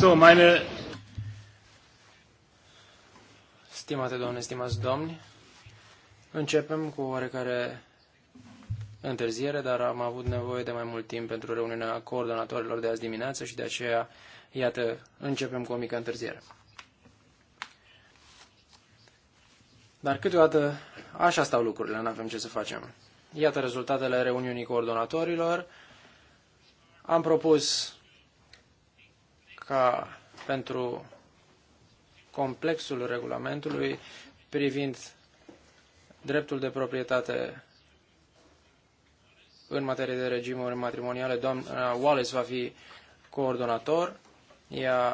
So, meine... Stimate doamne, stimați domni, începem cu oarecare întârziere, dar am avut nevoie de mai mult timp pentru reuniunea coordonatorilor de azi dimineață și de aceea, iată, începem cu o mică întârziere. Dar câteodată așa stau lucrurile, nu avem ce să facem. Iată rezultatele reuniunii coordonatorilor. Am propus ca pentru complexul regulamentului privind dreptul de proprietate în materie de regimuri matrimoniale. Doamna Wallace va fi coordonator. Ea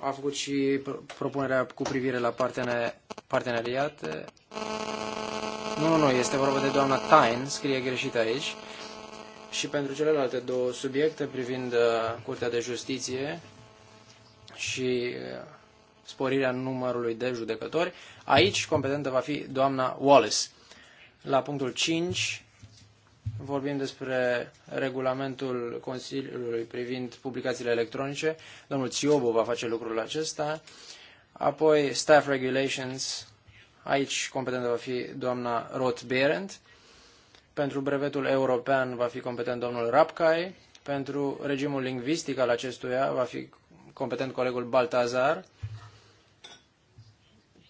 a făcut și propunerea cu privire la partene, parteneriate. Nu, nu, nu, este vorba de doamna Tain, scrie greșit aici și pentru celelalte două subiecte privind uh, Curtea de Justiție și uh, sporirea numărului de judecători. Aici competentă va fi doamna Wallace. La punctul 5 vorbim despre regulamentul Consiliului privind publicațiile electronice. Domnul Țiobu va face lucrul acesta. Apoi Staff Regulations. Aici competentă va fi doamna Roth Berendt pentru brevetul european va fi competent domnul Rapcai, pentru regimul lingvistic al acestuia va fi competent colegul Baltazar,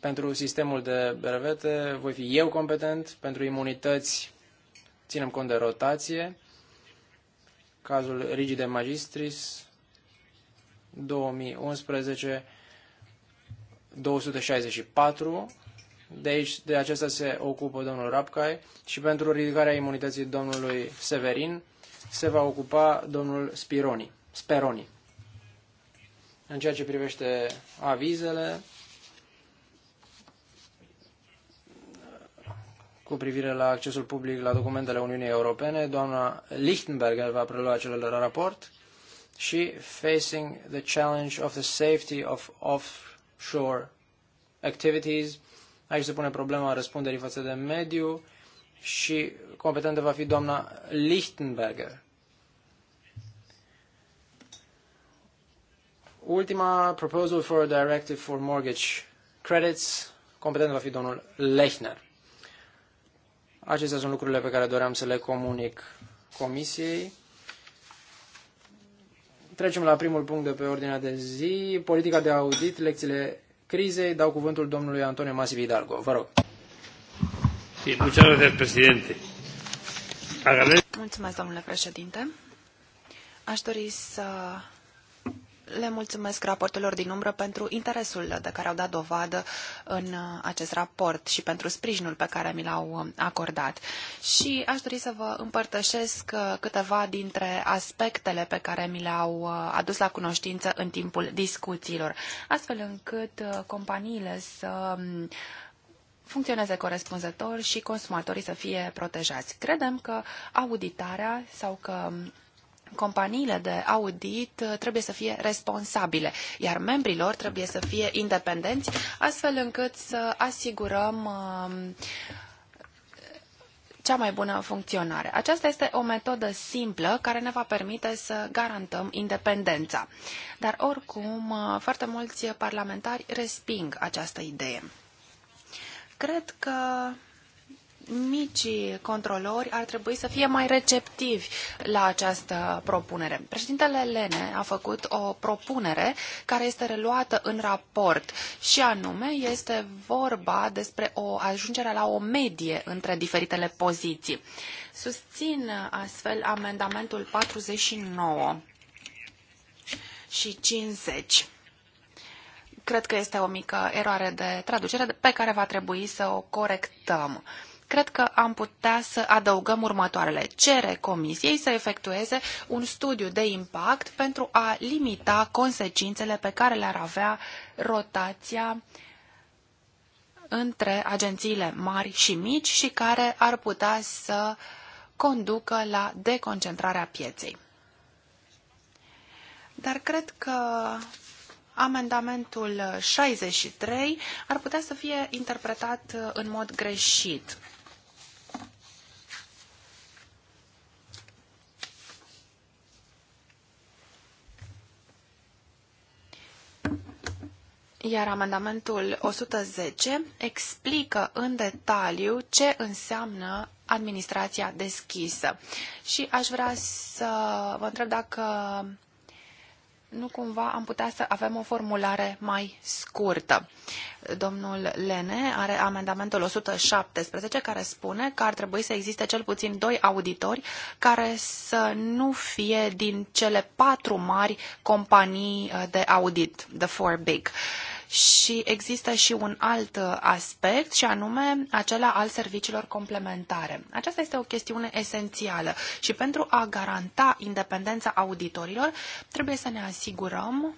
pentru sistemul de brevete voi fi eu competent, pentru imunități ținem cont de rotație, cazul Rigide Magistris 2011 264 de aici, de acesta se ocupă domnul Rapcai și pentru ridicarea imunității domnului Severin se va ocupa domnul Spironi, Speroni. În ceea ce privește avizele, cu privire la accesul public la documentele Uniunii Europene, doamna Lichtenberger va prelua acel raport și Facing the Challenge of the Safety of Offshore Activities – Aici se pune problema răspunderii față de mediu și competentă va fi doamna Lichtenberger. Ultima, proposal for a directive for mortgage credits, competent va fi domnul Lechner. Acestea sunt lucrurile pe care doream să le comunic comisiei. Trecem la primul punct de pe ordinea de zi, politica de audit, lecțiile crizei. Dau cuvântul domnului Antonio Masi Hidalgo. Vă rog. Mulțumesc, domnule președinte. Aș dori să le mulțumesc raportelor din umbră pentru interesul de care au dat dovadă în uh, acest raport și pentru sprijinul pe care mi l-au um, acordat. Și aș dori să vă împărtășesc uh, câteva dintre aspectele pe care mi le-au uh, adus la cunoștință în timpul discuțiilor, astfel încât companiile să um, funcționeze corespunzător și consumatorii să fie protejați. Credem că auditarea sau că um, companiile de audit uh, trebuie să fie responsabile, iar membrilor trebuie să fie independenți, astfel încât să asigurăm um, cea mai bună funcționare. Aceasta este o metodă simplă care ne va permite să garantăm independența. Dar oricum, uh, foarte mulți parlamentari resping această idee. Cred că micii controlori ar trebui să fie mai receptivi la această propunere. Președintele Lene a făcut o propunere care este reluată în raport și anume este vorba despre o ajungere la o medie între diferitele poziții. Susțin astfel amendamentul 49 și 50 cred că este o mică eroare de traducere pe care va trebui să o corectăm cred că am putea să adăugăm următoarele. Cere Comisiei să efectueze un studiu de impact pentru a limita consecințele pe care le-ar avea rotația între agențiile mari și mici și care ar putea să conducă la deconcentrarea pieței. Dar cred că amendamentul 63 ar putea să fie interpretat în mod greșit. Iar amendamentul 110 explică în detaliu ce înseamnă administrația deschisă. Și aș vrea să vă întreb dacă nu cumva am putea să avem o formulare mai scurtă. Domnul Lene are amendamentul 117 care spune că ar trebui să existe cel puțin doi auditori care să nu fie din cele patru mari companii de audit, the four big. Uh, și există și un alt uh, aspect și anume acela al serviciilor complementare. Aceasta este o chestiune esențială și pentru a garanta independența auditorilor trebuie să ne asigurăm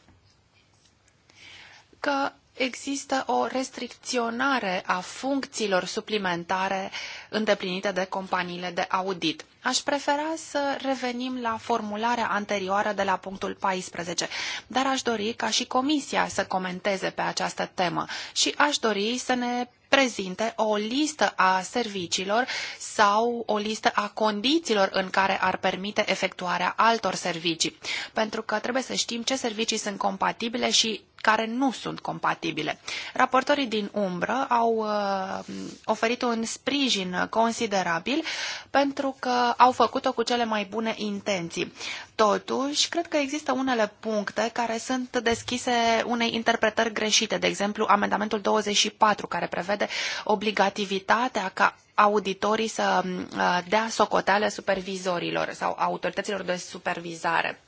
că există o restricționare a funcțiilor suplimentare îndeplinite de companiile de audit. Aș prefera să revenim la formularea anterioară de la punctul 14, dar aș dori ca și Comisia să comenteze pe această temă și aș dori să ne prezinte o listă a serviciilor sau o listă a condițiilor în care ar permite efectuarea altor servicii, pentru că trebuie să știm ce servicii sunt compatibile și care nu sunt compatibile. Raportorii din umbră au uh, oferit un sprijin considerabil pentru că au făcut-o cu cele mai bune intenții. Totuși, cred că există unele puncte care sunt deschise unei interpretări greșite, de exemplu amendamentul 24 care prevede obligativitatea ca auditorii să uh, dea socoteale supervizorilor sau autorităților de supervizare.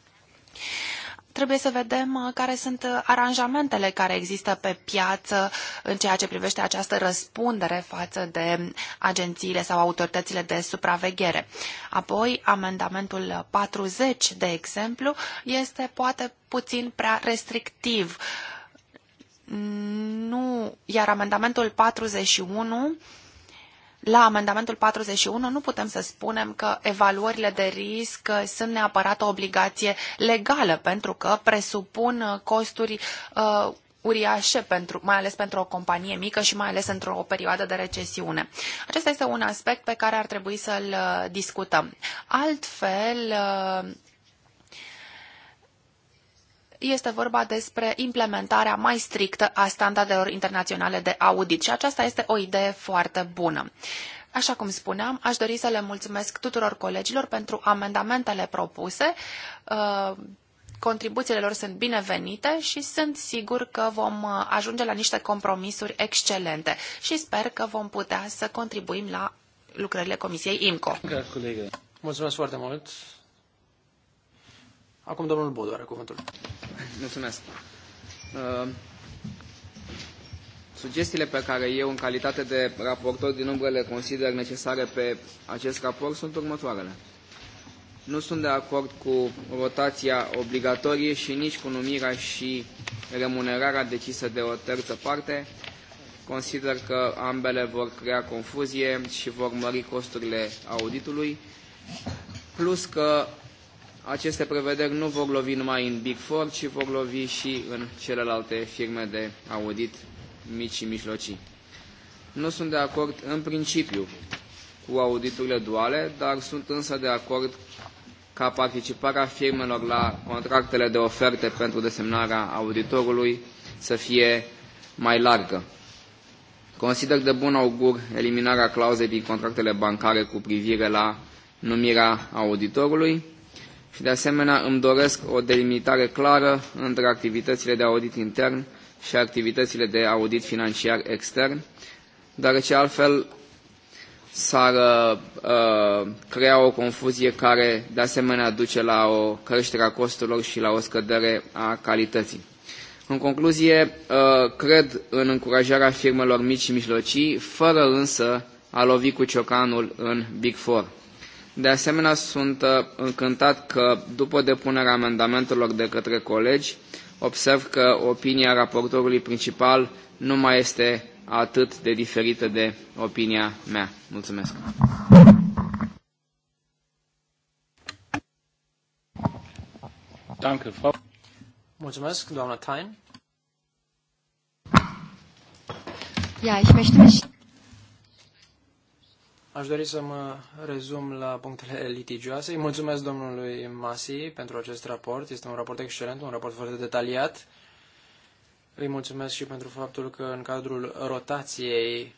Trebuie să vedem uh, care sunt uh, aranjamentele care există pe piață în ceea ce privește această răspundere față de agențiile sau autoritățile de supraveghere. Apoi, amendamentul 40, de exemplu, este poate puțin prea restrictiv. Nu, iar amendamentul 41 la amendamentul 41 nu putem să spunem că evaluările de risc sunt neapărat o obligație legală, pentru că presupun costuri uh, uriașe, pentru, mai ales pentru o companie mică și mai ales într-o perioadă de recesiune. Acesta este un aspect pe care ar trebui să-l uh, discutăm. Altfel, uh, este vorba despre implementarea mai strictă a standardelor internaționale de audit și aceasta este o idee foarte bună. Așa cum spuneam, aș dori să le mulțumesc tuturor colegilor pentru amendamentele propuse. Uh, contribuțiile lor sunt binevenite și sunt sigur că vom uh, ajunge la niște compromisuri excelente și sper că vom putea să contribuim la lucrările Comisiei IMCO. Mulțumesc foarte mult, Acum domnul Bodu are cuvântul. Mulțumesc. Uh, sugestiile pe care eu, în calitate de raportor din umbră, le consider necesare pe acest raport sunt următoarele. Nu sunt de acord cu rotația obligatorie și nici cu numirea și remunerarea decisă de o terță parte. Consider că ambele vor crea confuzie și vor mări costurile auditului, plus că aceste prevederi nu vor lovi numai în Big Four, ci vor lovi și în celelalte firme de audit mici și mijlocii. Nu sunt de acord în principiu cu auditurile duale, dar sunt însă de acord ca participarea firmelor la contractele de oferte pentru desemnarea auditorului să fie mai largă. Consider de bun augur eliminarea clauzei din contractele bancare cu privire la numirea auditorului, și de asemenea îmi doresc o delimitare clară între activitățile de audit intern și activitățile de audit financiar extern, deoarece altfel s-ar uh, uh, crea o confuzie care de asemenea duce la o creștere a costurilor și la o scădere a calității. În concluzie, uh, cred în încurajarea firmelor mici și mijlocii, fără însă a lovi cu ciocanul în Big Four. De asemenea, sunt uh, încântat că, după depunerea amendamentelor de către colegi, observ că opinia raportorului principal nu mai este atât de diferită de opinia mea. Mulțumesc! Danke, Frau. Mulțumesc, doamna Tain. Ja, ich möchte mich Aș dori să mă rezum la punctele litigioase. Îi mulțumesc domnului Masi pentru acest raport. Este un raport excelent, un raport foarte detaliat. Îi mulțumesc și pentru faptul că în cadrul rotației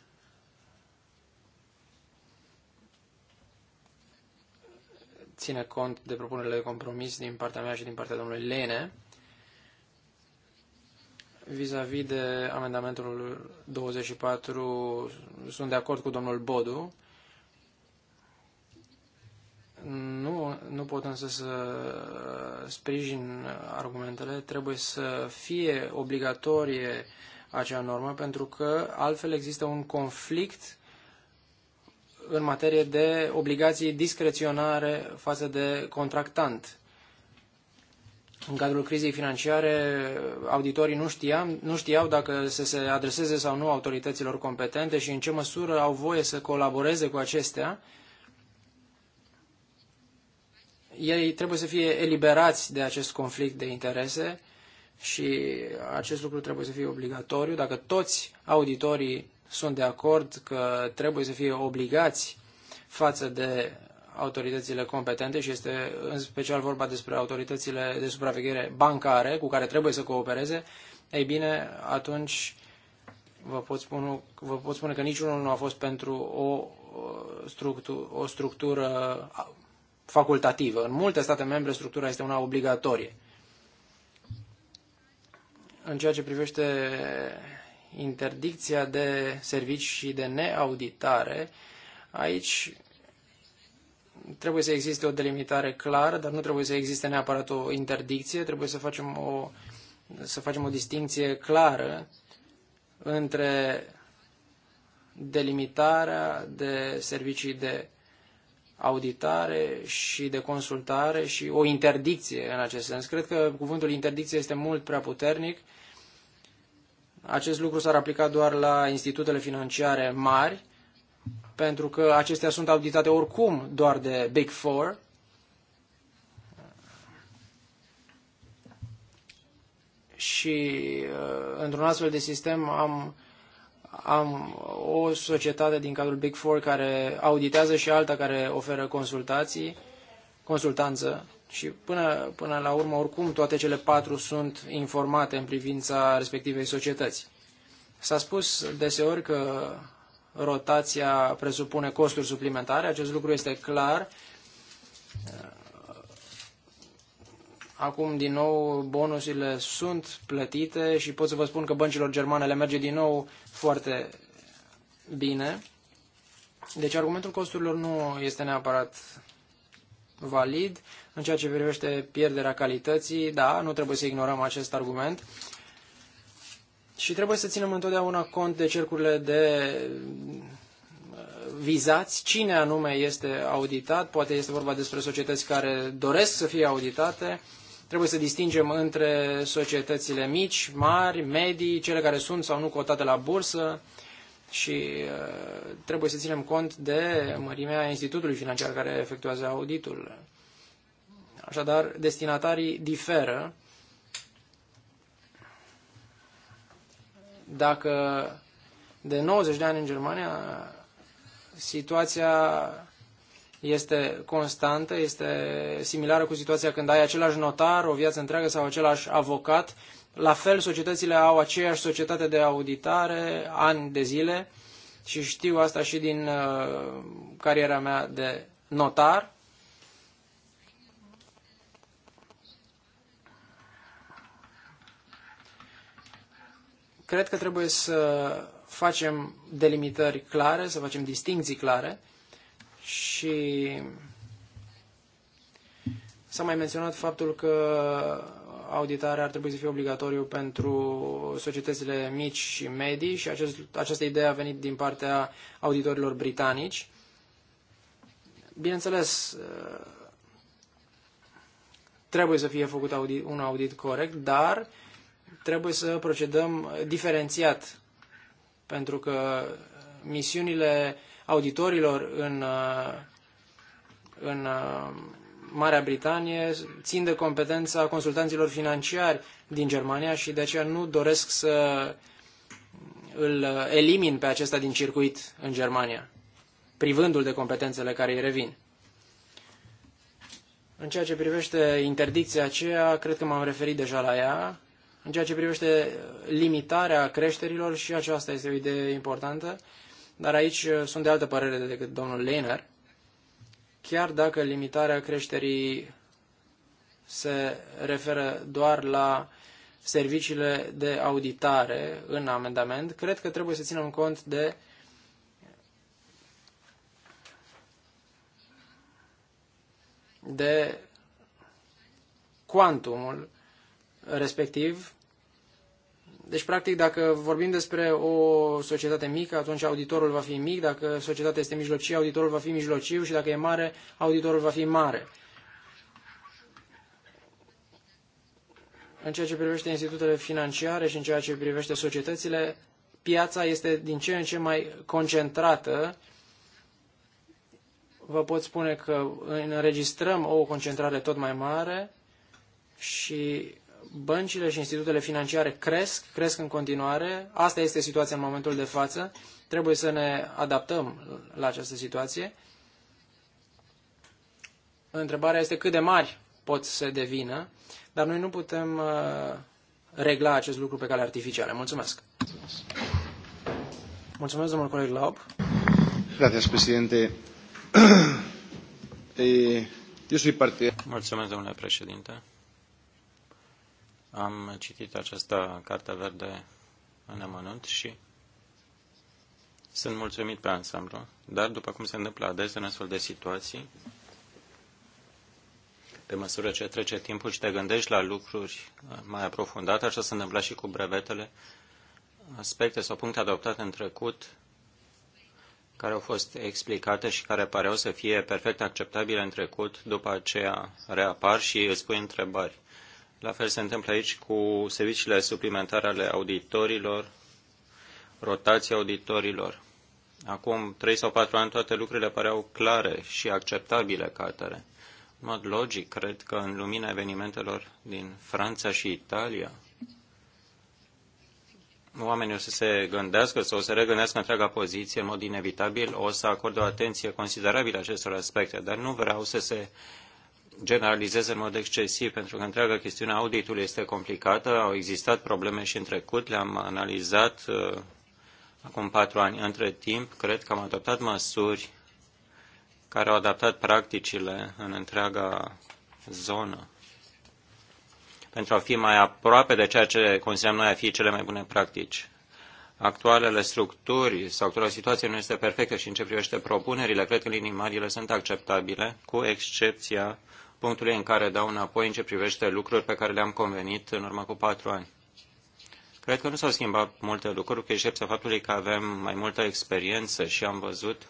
ține cont de propunerile de compromis din partea mea și din partea domnului Lene vis-a-vis -vis de amendamentul 24 sunt de acord cu domnul Bodu nu, nu pot însă să sprijin argumentele. Trebuie să fie obligatorie acea normă, pentru că altfel există un conflict în materie de obligații discreționare față de contractant. În cadrul crizei financiare, auditorii nu, știam, nu știau dacă să se adreseze sau nu autorităților competente și în ce măsură au voie să colaboreze cu acestea ei trebuie să fie eliberați de acest conflict de interese și acest lucru trebuie să fie obligatoriu. Dacă toți auditorii sunt de acord că trebuie să fie obligați față de autoritățile competente și este în special vorba despre autoritățile de supraveghere bancare cu care trebuie să coopereze, ei bine, atunci vă pot spune, vă pot spune că niciunul nu a fost pentru o, structu, o structură facultativă. În multe state membre structura este una obligatorie. În ceea ce privește interdicția de servici și de neauditare, aici trebuie să existe o delimitare clară, dar nu trebuie să existe neapărat o interdicție, trebuie să facem o, să facem o distinție clară între delimitarea de servicii de auditare și de consultare și o interdicție în acest sens. Cred că cuvântul interdicție este mult prea puternic. Acest lucru s-ar aplica doar la institutele financiare mari, pentru că acestea sunt auditate oricum doar de Big Four. Și uh, într-un astfel de sistem am am o societate din cadrul Big Four care auditează și alta care oferă consultații, consultanță și până, până la urmă, oricum, toate cele patru sunt informate în privința respectivei societăți. S-a spus deseori că rotația presupune costuri suplimentare, acest lucru este clar. Acum, din nou, bonusurile sunt plătite și pot să vă spun că băncilor germane le merge din nou foarte bine. Deci argumentul costurilor nu este neapărat valid. În ceea ce privește pierderea calității, da, nu trebuie să ignorăm acest argument. Și trebuie să ținem întotdeauna cont de cercurile de uh, vizați, cine anume este auditat, poate este vorba despre societăți care doresc să fie auditate, Trebuie să distingem între societățile mici, mari, medii, cele care sunt sau nu cotate la bursă și uh, trebuie să ținem cont de mărimea institutului financiar care efectuează auditul. Așadar, destinatarii diferă dacă de 90 de ani în Germania situația este constantă, este similară cu situația când ai același notar o viață întreagă sau același avocat. La fel, societățile au aceeași societate de auditare ani de zile și știu asta și din uh, cariera mea de notar. Cred că trebuie să facem delimitări clare, să facem distinții clare și s-a mai menționat faptul că auditarea ar trebui să fie obligatoriu pentru societățile mici și medii și acest, această idee a venit din partea auditorilor britanici. Bineînțeles, trebuie să fie făcut audit, un audit corect, dar trebuie să procedăm diferențiat, pentru că misiunile auditorilor în, în uh, Marea Britanie țin de competența consultanților financiari din Germania și de aceea nu doresc să îl elimin pe acesta din circuit în Germania, privându-l de competențele care îi revin. În ceea ce privește interdicția aceea, cred că m-am referit deja la ea. În ceea ce privește limitarea creșterilor, și aceasta este o idee importantă. Dar aici uh, sunt de altă părere decât domnul Lehner. Chiar dacă limitarea creșterii se referă doar la serviciile de auditare în amendament, cred că trebuie să ținem cont de de cuantumul respectiv deci, practic, dacă vorbim despre o societate mică, atunci auditorul va fi mic, dacă societatea este mijlocie, auditorul va fi mijlociu și dacă e mare, auditorul va fi mare. În ceea ce privește institutele financiare și în ceea ce privește societățile, piața este din ce în ce mai concentrată. Vă pot spune că înregistrăm o concentrare tot mai mare și băncile și institutele financiare cresc, cresc în continuare. Asta este situația în momentul de față. Trebuie să ne adaptăm la această situație. Întrebarea este cât de mari pot să devină, dar noi nu putem uh, regla acest lucru pe cale artificială. Mulțumesc! Mulțumesc, domnul coleg Laub. Gracias, presidente. Eu sunt partea. Mulțumesc, domnule președinte. Am citit această carte verde în amănunt și sunt mulțumit pe ansamblu, dar după cum se întâmplă adesea în astfel de situații, pe măsură ce trece timpul și te gândești la lucruri uh, mai aprofundate, așa se întâmplă și cu brevetele, aspecte sau puncte adoptate în trecut care au fost explicate și care pareau să fie perfect acceptabile în trecut, după aceea reapar și îți pui întrebări. La fel se întâmplă aici cu serviciile suplimentare ale auditorilor, rotația auditorilor. Acum trei sau patru ani toate lucrurile păreau clare și acceptabile ca atare. În mod logic, cred că în lumina evenimentelor din Franța și Italia, oamenii o să se gândească sau o să regândească întreaga poziție în mod inevitabil, o să acorde o atenție considerabilă acestor aspecte, dar nu vreau să se generalizez în mod excesiv, pentru că întreaga chestiune a auditului este complicată. Au existat probleme și în trecut, le-am analizat uh, acum patru ani. Între timp, cred că am adoptat măsuri care au adaptat practicile în întreaga zonă pentru a fi mai aproape de ceea ce considerăm noi a fi cele mai bune practici. Actualele structuri sau actuala situație nu este perfectă și în ce privește propunerile, cred că linii mari sunt acceptabile, cu excepția punctului în care dau înapoi în ce privește lucruri pe care le-am convenit în urmă cu patru ani. Cred că nu s-au schimbat multe lucruri, cu excepția faptului că avem mai multă experiență și am văzut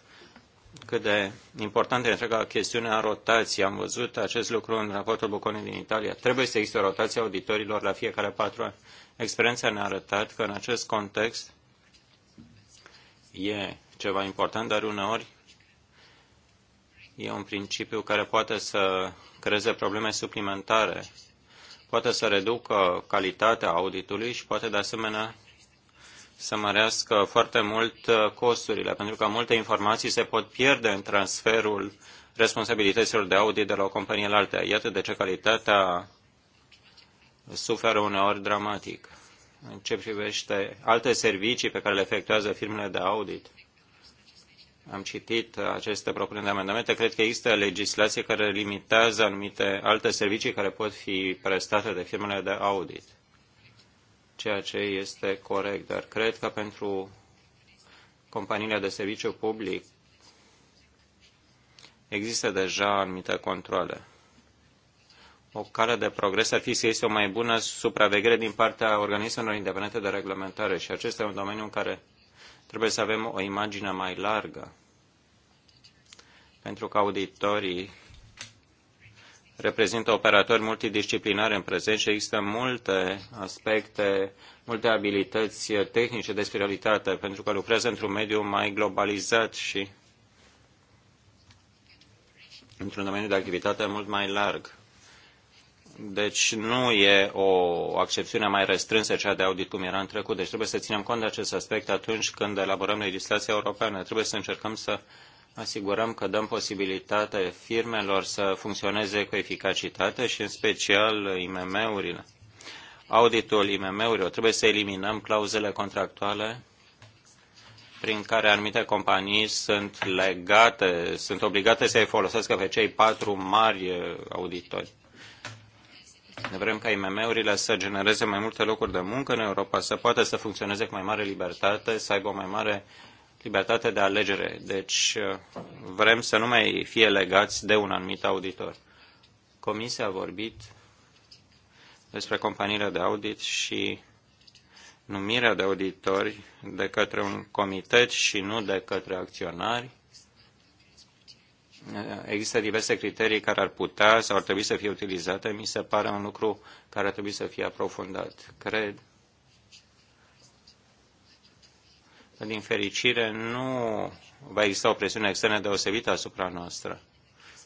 cât de importantă e întreaga chestiune a rotației. Am văzut acest lucru în raportul Bucone din Italia. Trebuie să existe o rotație auditorilor la fiecare patru ani. Experiența ne-a arătat că în acest context e ceva important, dar uneori e un principiu care poate să creeze probleme suplimentare, poate să reducă calitatea auditului și poate de asemenea să mărească foarte mult uh, costurile, pentru că multe informații se pot pierde în transferul responsabilităților de audit de la o companie la alta. Iată de ce calitatea suferă uneori dramatic. În ce privește alte servicii pe care le efectuează firmele de audit, am citit uh, aceste propuneri de amendamente, cred că există legislație care limitează anumite alte servicii care pot fi prestate de firmele de audit, ceea ce este corect, dar cred că pentru companiile de serviciu public există deja anumite controle. O cale de progres ar fi să este o mai bună supraveghere din partea organismelor independente de reglementare și acesta e un domeniu în care Trebuie să avem o imagine mai largă pentru că auditorii reprezintă operatori multidisciplinari în prezent și există multe aspecte, multe abilități tehnice de spiritualitate, pentru că lucrează într-un mediu mai globalizat și într-un domeniu de activitate mult mai larg. Deci nu e o accepțiune mai restrânsă cea de audit cum era în trecut. Deci trebuie să ținem cont de acest aspect atunci când elaborăm legislația europeană. Trebuie să încercăm să asigurăm că dăm posibilitate firmelor să funcționeze cu eficacitate și în special IMM-urile. Auditul IMM-urilor trebuie să eliminăm clauzele contractuale prin care anumite companii sunt legate, sunt obligate să-i folosească pe cei patru mari auditori. Vrem ca IMM-urile să genereze mai multe locuri de muncă în Europa, să poată să funcționeze cu mai mare libertate, să aibă o mai mare libertate de alegere. Deci vrem să nu mai fie legați de un anumit auditor. Comisia a vorbit despre companiile de audit și numirea de auditori de către un comitet și nu de către acționari există diverse criterii care ar putea sau ar trebui să fie utilizate, mi se pare un lucru care ar trebui să fie aprofundat. Cred că, din fericire, nu va exista o presiune externă deosebită asupra noastră.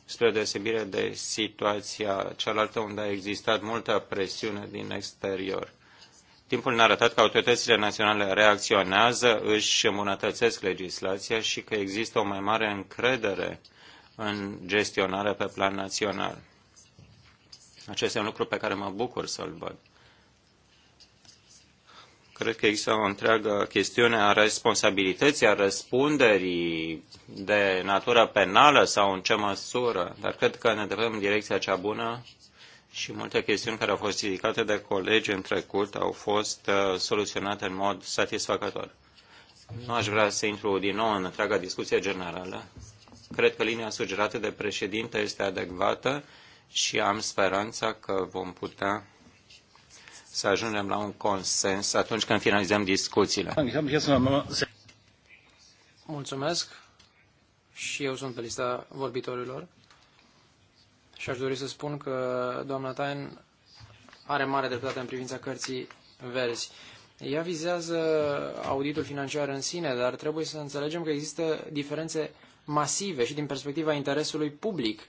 Spre deosebire de situația cealaltă unde a existat multă presiune din exterior. Timpul ne-a arătat că autoritățile naționale reacționează, își îmbunătățesc legislația și că există o mai mare încredere uh, în gestionare pe plan național. Acesta e un lucru pe care mă bucur să-l văd. Cred că există o întreagă chestiune a responsabilității, a răspunderii de natură penală sau în ce măsură, dar cred că ne devem în direcția cea bună și multe chestiuni care au fost ridicate de colegi în trecut au fost uh, soluționate în mod satisfăcător. Nu aș vrea să intru din nou în întreaga discuție generală, Cred că linia sugerată de președinte este adecvată și am speranța că vom putea să ajungem la un consens atunci când finalizăm discuțiile. Mulțumesc și eu sunt pe lista vorbitorilor și aș dori să spun că doamna Tain are mare dreptate în privința cărții verzi. Ea vizează auditul financiar în sine, dar trebuie să înțelegem că există diferențe masive și din perspectiva interesului public.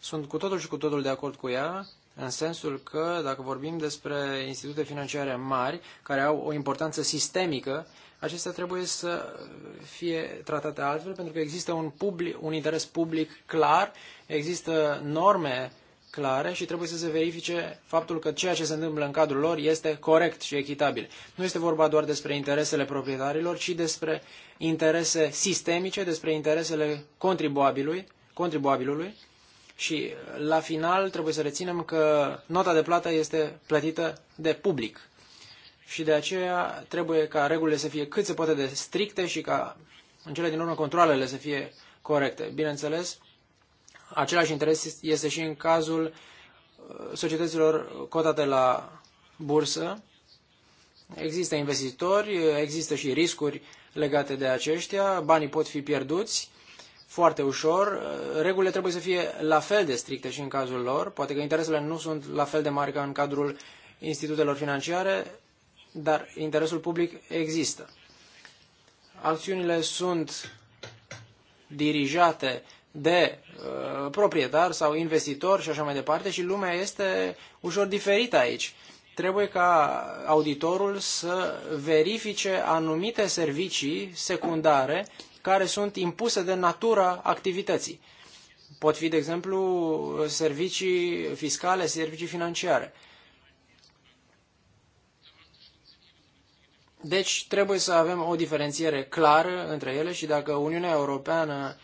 Sunt cu totul și cu totul de acord cu ea, în sensul că dacă vorbim despre institute financiare mari, care au o importanță sistemică, acestea trebuie să fie tratate altfel, pentru că există un, public, un interes public clar, există norme clare și trebuie să se verifice faptul că ceea ce se întâmplă în cadrul lor este corect și echitabil. Nu este vorba doar despre interesele proprietarilor, ci despre interese sistemice, despre interesele contribuabilului, contribuabilului și uh, la final trebuie să reținem că nota de plată este plătită de public. Și de aceea trebuie ca regulile să fie cât se poate de stricte și ca în cele din urmă controlele să fie corecte. Bineînțeles, Același interes este și în cazul uh, societăților cotate la bursă. Există investitori, există și riscuri legate de aceștia, banii pot fi pierduți foarte ușor. Uh, regulile trebuie să fie la fel de stricte și în cazul lor. Poate că interesele nu sunt la fel de mari ca în cadrul institutelor financiare, dar interesul public există. Acțiunile sunt dirijate de uh, proprietar sau investitor și așa mai departe și lumea este ușor diferită aici. Trebuie ca auditorul să verifice anumite servicii secundare care sunt impuse de natura activității. Pot fi, de exemplu, servicii fiscale, servicii financiare. Deci trebuie să avem o diferențiere clară între ele și dacă Uniunea Europeană uh,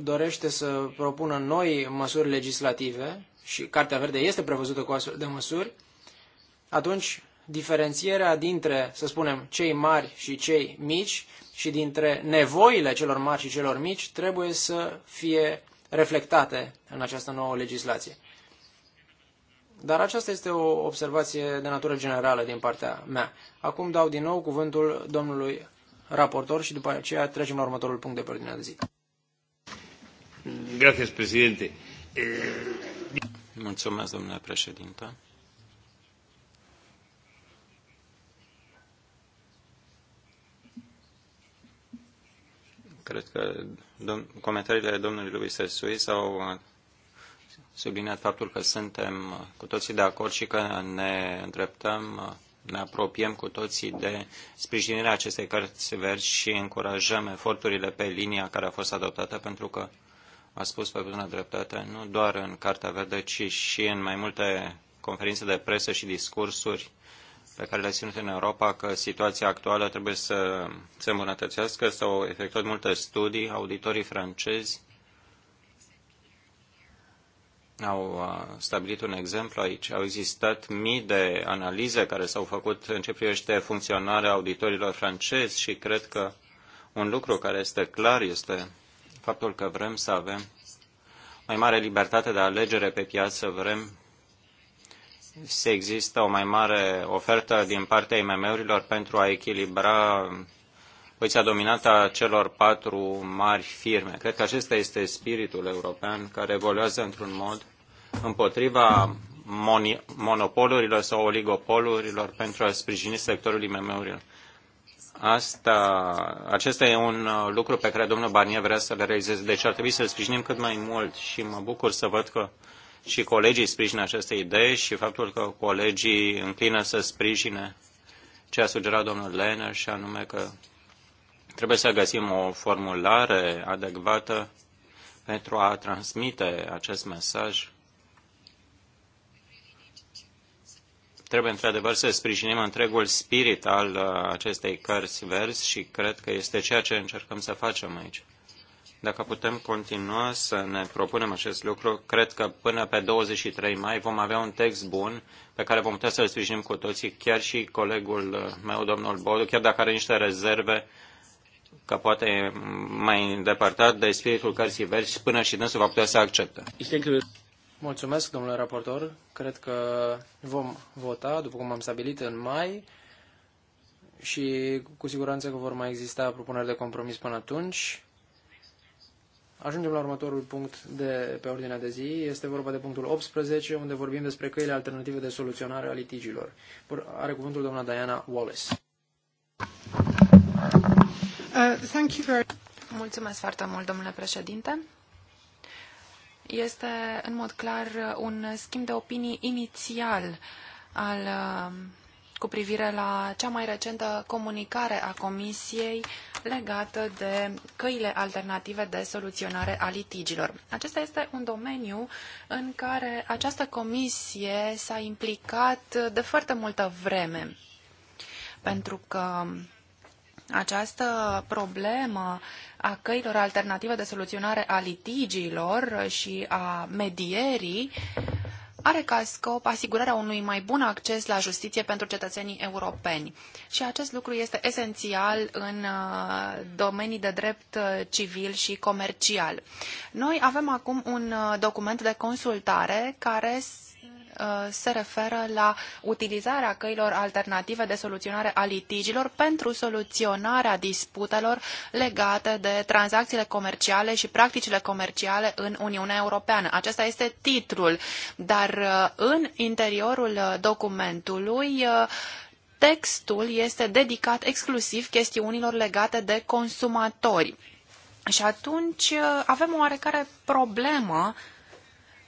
dorește să propună noi măsuri legislative și Cartea Verde este prevăzută cu astfel de măsuri, atunci diferențierea dintre, să spunem, cei mari și cei mici și dintre nevoile celor mari și celor mici trebuie să fie reflectate în această nouă legislație. Dar aceasta este o observație de natură generală din partea mea. Acum dau din nou cuvântul domnului raportor și după aceea trecem la următorul punct de pe ordinea de zi. Gracias, presidente. Mulțumesc, domnule președinte. Cred că dom- comentariile domnului lui Sesui s-au uh, subliniat faptul că suntem uh, cu toții de acord și că ne îndreptăm, uh, ne apropiem cu toții de sprijinirea acestei cărți verzi și încurajăm eforturile pe linia care a fost adoptată pentru că a spus pe bună dreptate, nu doar în Cartea Verde, ci și în mai multe conferințe de presă și discursuri pe care le-a ținut în Europa că situația actuală trebuie să se îmbunătățească. S-au efectuat multe studii, auditorii francezi au uh, stabilit un exemplu aici. Au existat mii de analize care s-au făcut în ce privește funcționarea auditorilor francezi și cred că un lucru care este clar este faptul că vrem să avem mai mare libertate de alegere pe piață, vrem să există o mai mare ofertă din partea IMM-urilor pentru a echilibra poziția dominată a celor patru mari firme. Cred că acesta este spiritul european care evoluează într-un mod împotriva monopolurilor sau oligopolurilor pentru a sprijini sectorul IMM-urilor. Asta, acesta e un uh, lucru pe care domnul Barnier vrea să-l realizeze, deci ar trebui să-l sprijinim cât mai mult și mă bucur să văd că și colegii sprijină această idee și faptul că colegii înclină să sprijine ce a sugerat domnul Lehner și anume că trebuie să găsim o formulare adecvată pentru a transmite acest mesaj Trebuie într-adevăr să sprijinim întregul spirit al uh, acestei cărți vers și cred că este ceea ce încercăm să facem aici. Dacă putem continua să ne propunem acest lucru, cred că până pe 23 mai vom avea un text bun pe care vom putea să-l sprijinim cu toții, chiar și colegul uh, meu, domnul Bodu, chiar dacă are niște rezerve că poate mai îndepărtat de spiritul cărții verzi, până și dânsul va putea să accepte. Mulțumesc, domnule raportor. Cred că vom vota, după cum am stabilit, în mai și cu siguranță că vor mai exista propuneri de compromis până atunci. Ajungem la următorul punct de pe ordinea de zi. Este vorba de punctul 18, unde vorbim despre căile alternative de soluționare a litigilor. Are cuvântul doamna Diana Wallace. Uh, thank you very... Mulțumesc foarte mult, domnule președinte este în mod clar un schimb de opinii inițial al, cu privire la cea mai recentă comunicare a Comisiei legată de căile alternative de soluționare a litigilor. Acesta este un domeniu în care această comisie s-a implicat de foarte multă vreme, pentru că această problemă a căilor alternative de soluționare a litigiilor și a medierii are ca scop asigurarea unui mai bun acces la justiție pentru cetățenii europeni. Și acest lucru este esențial în uh, domenii de drept uh, civil și comercial. Noi avem acum un uh, document de consultare care Uh, se referă la utilizarea căilor alternative de soluționare a litigilor pentru soluționarea disputelor legate de tranzacțiile comerciale și practicile comerciale în Uniunea Europeană. Acesta este titlul, dar uh, în interiorul uh, documentului textul este dedicat exclusiv chestiunilor legate de consumatori. Și atunci avem o oarecare problemă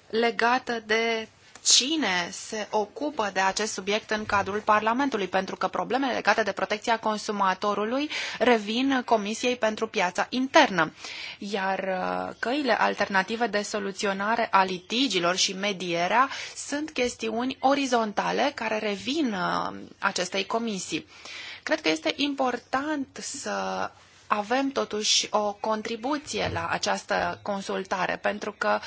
legată de cine se ocupă de acest subiect în cadrul Parlamentului, pentru că problemele legate de protecția consumatorului revin Comisiei pentru Piața Internă, iar uh, căile alternative de soluționare a litigilor și medierea sunt chestiuni orizontale care revin uh, acestei comisii. Cred că este important să avem totuși o contribuție la această consultare, pentru că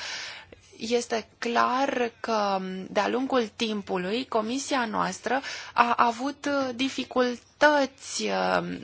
este clar că de-a lungul timpului comisia noastră a avut uh, dificultăți uh,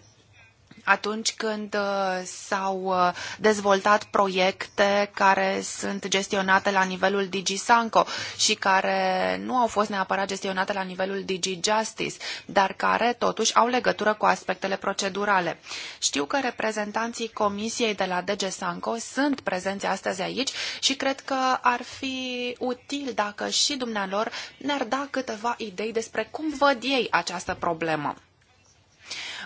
atunci când uh, s-au uh, dezvoltat proiecte care sunt gestionate la nivelul DigiSanco și care nu au fost neapărat gestionate la nivelul DigiJustice, dar care totuși au legătură cu aspectele procedurale. Știu că reprezentanții Comisiei de la Sanco sunt prezenți astăzi aici și cred că ar fi util dacă și dumnealor ne-ar da câteva idei despre cum văd ei această problemă.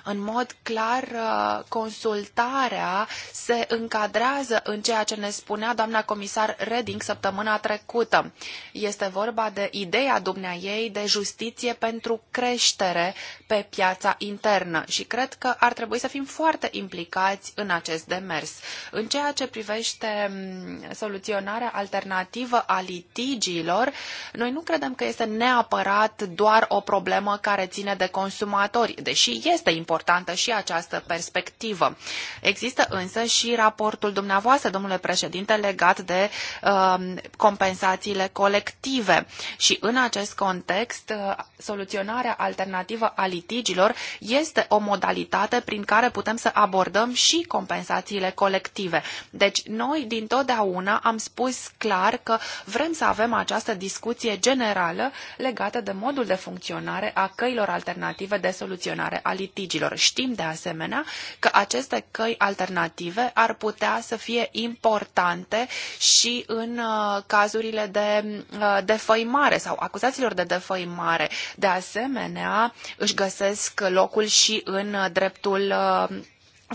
În mod clar, uh, consultarea se încadrează în ceea ce ne spunea doamna comisar Reding săptămâna trecută. Este vorba de ideea dumnea ei de justiție pentru creștere pe piața internă și cred că ar trebui să fim foarte implicați în acest demers. În ceea ce privește mm, soluționarea alternativă a litigiilor, noi nu credem că este neapărat doar o problemă care ține de consumatori, deși este importantă importantă și această perspectivă. Există însă și raportul dumneavoastră, domnule președinte, legat de uh, compensațiile colective și în acest context uh, soluționarea alternativă a litigilor este o modalitate prin care putem să abordăm și compensațiile colective. Deci noi din totdeauna am spus clar că vrem să avem această discuție generală legată de modul de funcționare a căilor alternative de soluționare a litigiilor serviciilor. Știm de asemenea că aceste căi alternative ar putea să fie importante și în uh, cazurile de uh, defăimare sau acuzațiilor de defăimare. De asemenea, își găsesc locul și în dreptul uh,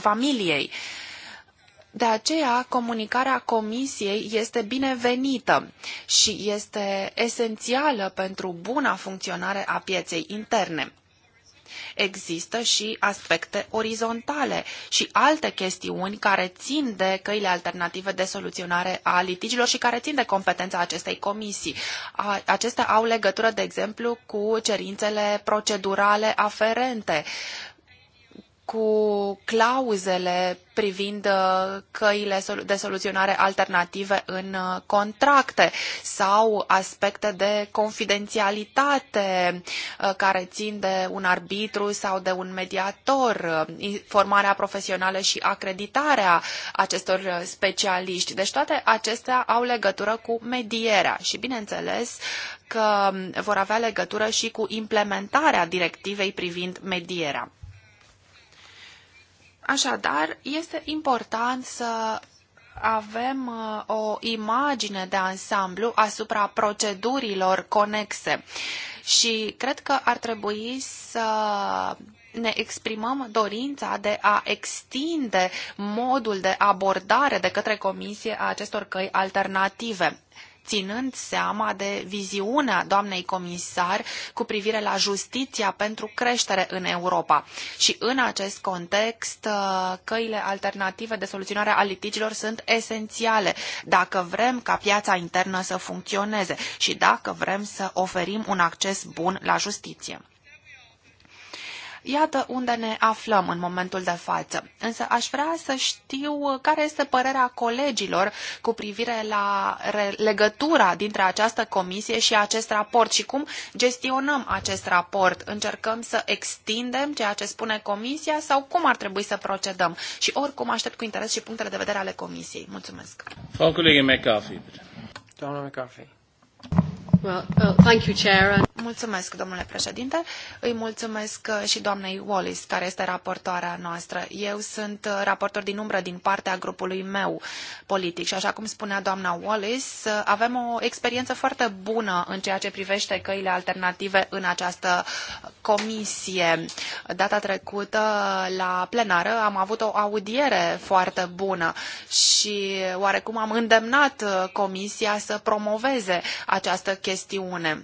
familiei. De aceea, comunicarea Comisiei este binevenită și este esențială pentru buna funcționare a pieței interne. Există și aspecte orizontale și alte chestiuni care țin de căile alternative de soluționare a litigilor și care țin de competența acestei comisii. Acestea au legătură, de exemplu, cu cerințele procedurale aferente cu clauzele privind uh, căile de soluționare alternative în uh, contracte sau aspecte de confidențialitate uh, care țin de un arbitru sau de un mediator, formarea profesională și acreditarea acestor specialiști. Deci toate acestea au legătură cu medierea și, bineînțeles, că um, vor avea legătură și cu implementarea directivei privind medierea. Așadar, este important să avem uh, o imagine de ansamblu asupra procedurilor conexe și cred că ar trebui să ne exprimăm dorința de a extinde modul de abordare de către Comisie a acestor căi alternative ținând seama de viziunea doamnei comisar cu privire la justiția pentru creștere în Europa. Și în acest context, uh, căile alternative de soluționare a litigilor sunt esențiale dacă vrem ca piața internă să funcționeze și dacă vrem să oferim un acces bun la justiție. Iată unde ne aflăm în momentul de față. Însă aș vrea să știu uh, care este părerea colegilor cu privire la legătura dintre această comisie și acest raport și cum gestionăm acest raport. Încercăm să extindem ceea ce spune comisia sau cum ar trebui să procedăm? Și oricum aștept cu interes și punctele de vedere ale comisiei. Mulțumesc. Doamna McAfee. Well, uh, thank you, Chair. Mulțumesc, domnule președinte. Îi mulțumesc uh, și doamnei Wallis, care este raportoarea noastră. Eu sunt uh, raportor din umbră din partea grupului meu politic și, așa cum spunea doamna Wallis, uh, avem o experiență foarte bună în ceea ce privește căile alternative în această comisie. Data trecută, la plenară, am avut o audiere foarte bună și oarecum am îndemnat comisia să promoveze această chestiune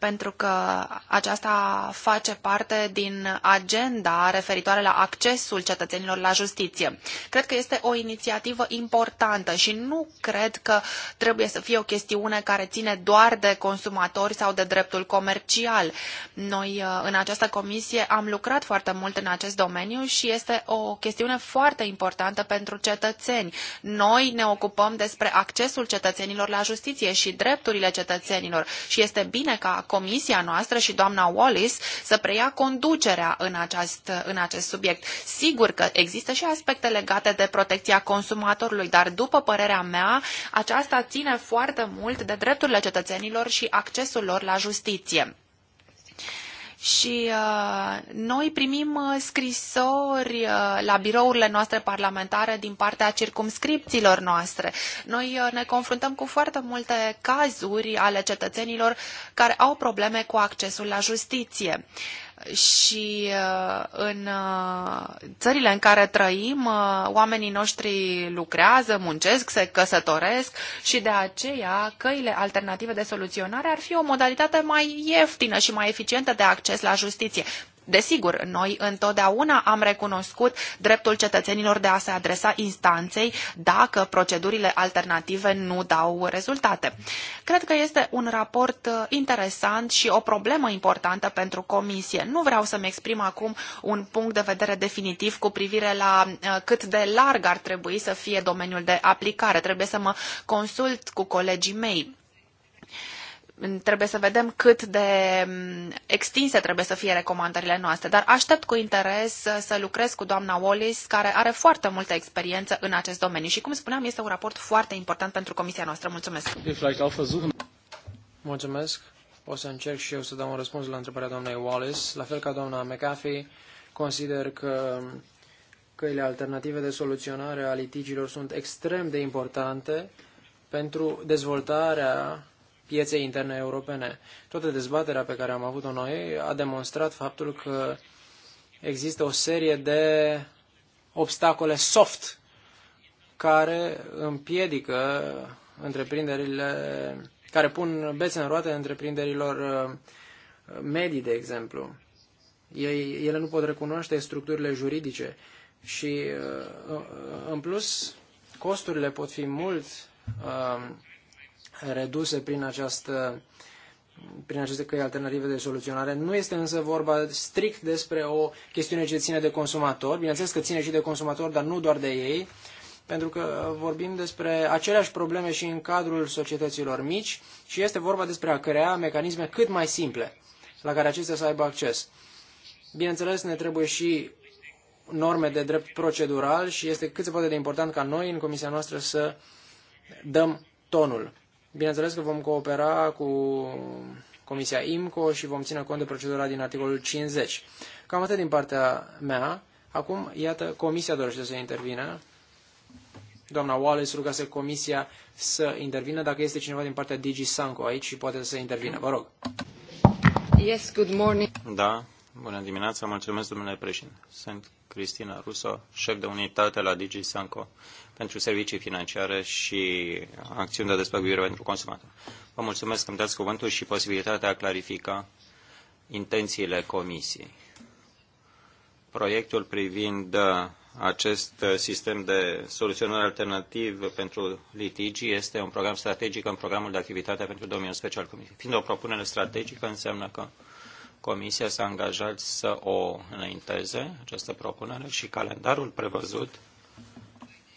pentru că aceasta face parte din agenda referitoare la accesul cetățenilor la justiție. Cred că este o inițiativă importantă și nu cred că trebuie să fie o chestiune care ține doar de consumatori sau de dreptul comercial. Noi uh, în această comisie am lucrat foarte mult în acest domeniu și este o chestiune foarte importantă pentru cetățeni. Noi ne ocupăm despre accesul cetățenilor la justiție și drepturile cetățenilor și este bine ca comisia noastră și doamna Wallis să preia conducerea în acest, în acest subiect. Sigur că există și aspecte legate de protecția consumatorului, dar după părerea mea, aceasta ține foarte mult de drepturile cetățenilor și accesul lor la justiție și uh, noi primim uh, scrisori uh, la birourile noastre parlamentare din partea circumscripțiilor noastre. Noi ne confruntăm cu foarte multe cazuri ale cetățenilor care au probleme cu accesul la justiție. Uh, și uh, în uh, țările în care trăim, uh, oamenii noștri lucrează, muncesc, se căsătoresc și de aceea căile alternative de soluționare ar fi o modalitate mai ieftină și mai eficientă de acces la justiție. Desigur, noi întotdeauna am recunoscut dreptul cetățenilor de a se adresa instanței dacă procedurile alternative nu dau rezultate. Cred că este un raport uh, interesant și o problemă importantă pentru Comisie. Nu vreau să-mi exprim acum un punct de vedere definitiv cu privire la uh, cât de larg ar trebui să fie domeniul de aplicare. Trebuie să mă consult cu colegii mei. Trebuie să vedem cât de mm, extinse trebuie să fie recomandările noastre, dar aștept cu interes să lucrez cu doamna Wallis, care are foarte multă experiență în acest domeniu și, cum spuneam, este un raport foarte important pentru comisia noastră. Mulțumesc! Mulțumesc! O să încerc și eu să dau un răspuns la întrebarea doamnei Wallace. La fel ca doamna McAfee, consider că căile alternative de soluționare a litigiilor sunt extrem de importante pentru dezvoltarea pieței interne europene. Toată dezbaterea pe care am avut-o noi a demonstrat faptul că există o serie de obstacole soft care împiedică întreprinderile, care pun bețe în roate întreprinderilor uh, medii, de exemplu. Ei, ele nu pot recunoaște structurile juridice și, uh, în plus, costurile pot fi mult uh, reduse prin, această, prin aceste căi alternative de soluționare. Nu este însă vorba strict despre o chestiune ce ține de consumator, bineînțeles că ține și de consumator, dar nu doar de ei, pentru că vorbim despre aceleași probleme și în cadrul societăților mici și este vorba despre a crea mecanisme cât mai simple la care acestea să aibă acces. Bineînțeles, ne trebuie și norme de drept procedural și este cât se poate de important ca noi în comisia noastră să dăm tonul. Bineînțeles că vom coopera cu Comisia IMCO și vom ține cont de procedura din articolul 50. Cam atât din partea mea. Acum, iată, Comisia dorește să intervină. Doamna Wallace rugase Comisia să intervină dacă este cineva din partea Digi Sanco aici și poate să intervină. Vă rog. Yes, good morning. Da, bună dimineața, mulțumesc domnule președinte. Sunt Cristina Ruso, șef de unitate la Digi Sanco pentru servicii financiare și acțiuni de despăgubire pentru consumator. Vă mulțumesc că îmi dați cuvântul și posibilitatea de a clarifica intențiile comisiei. Proiectul privind acest sistem de soluționare alternativ pentru litigi este un program strategic în programul de activitate pentru domeniul special comisiei. Fiind o propunere strategică, înseamnă că Comisia s-a angajat să o înainteze, această propunere, și calendarul prevăzut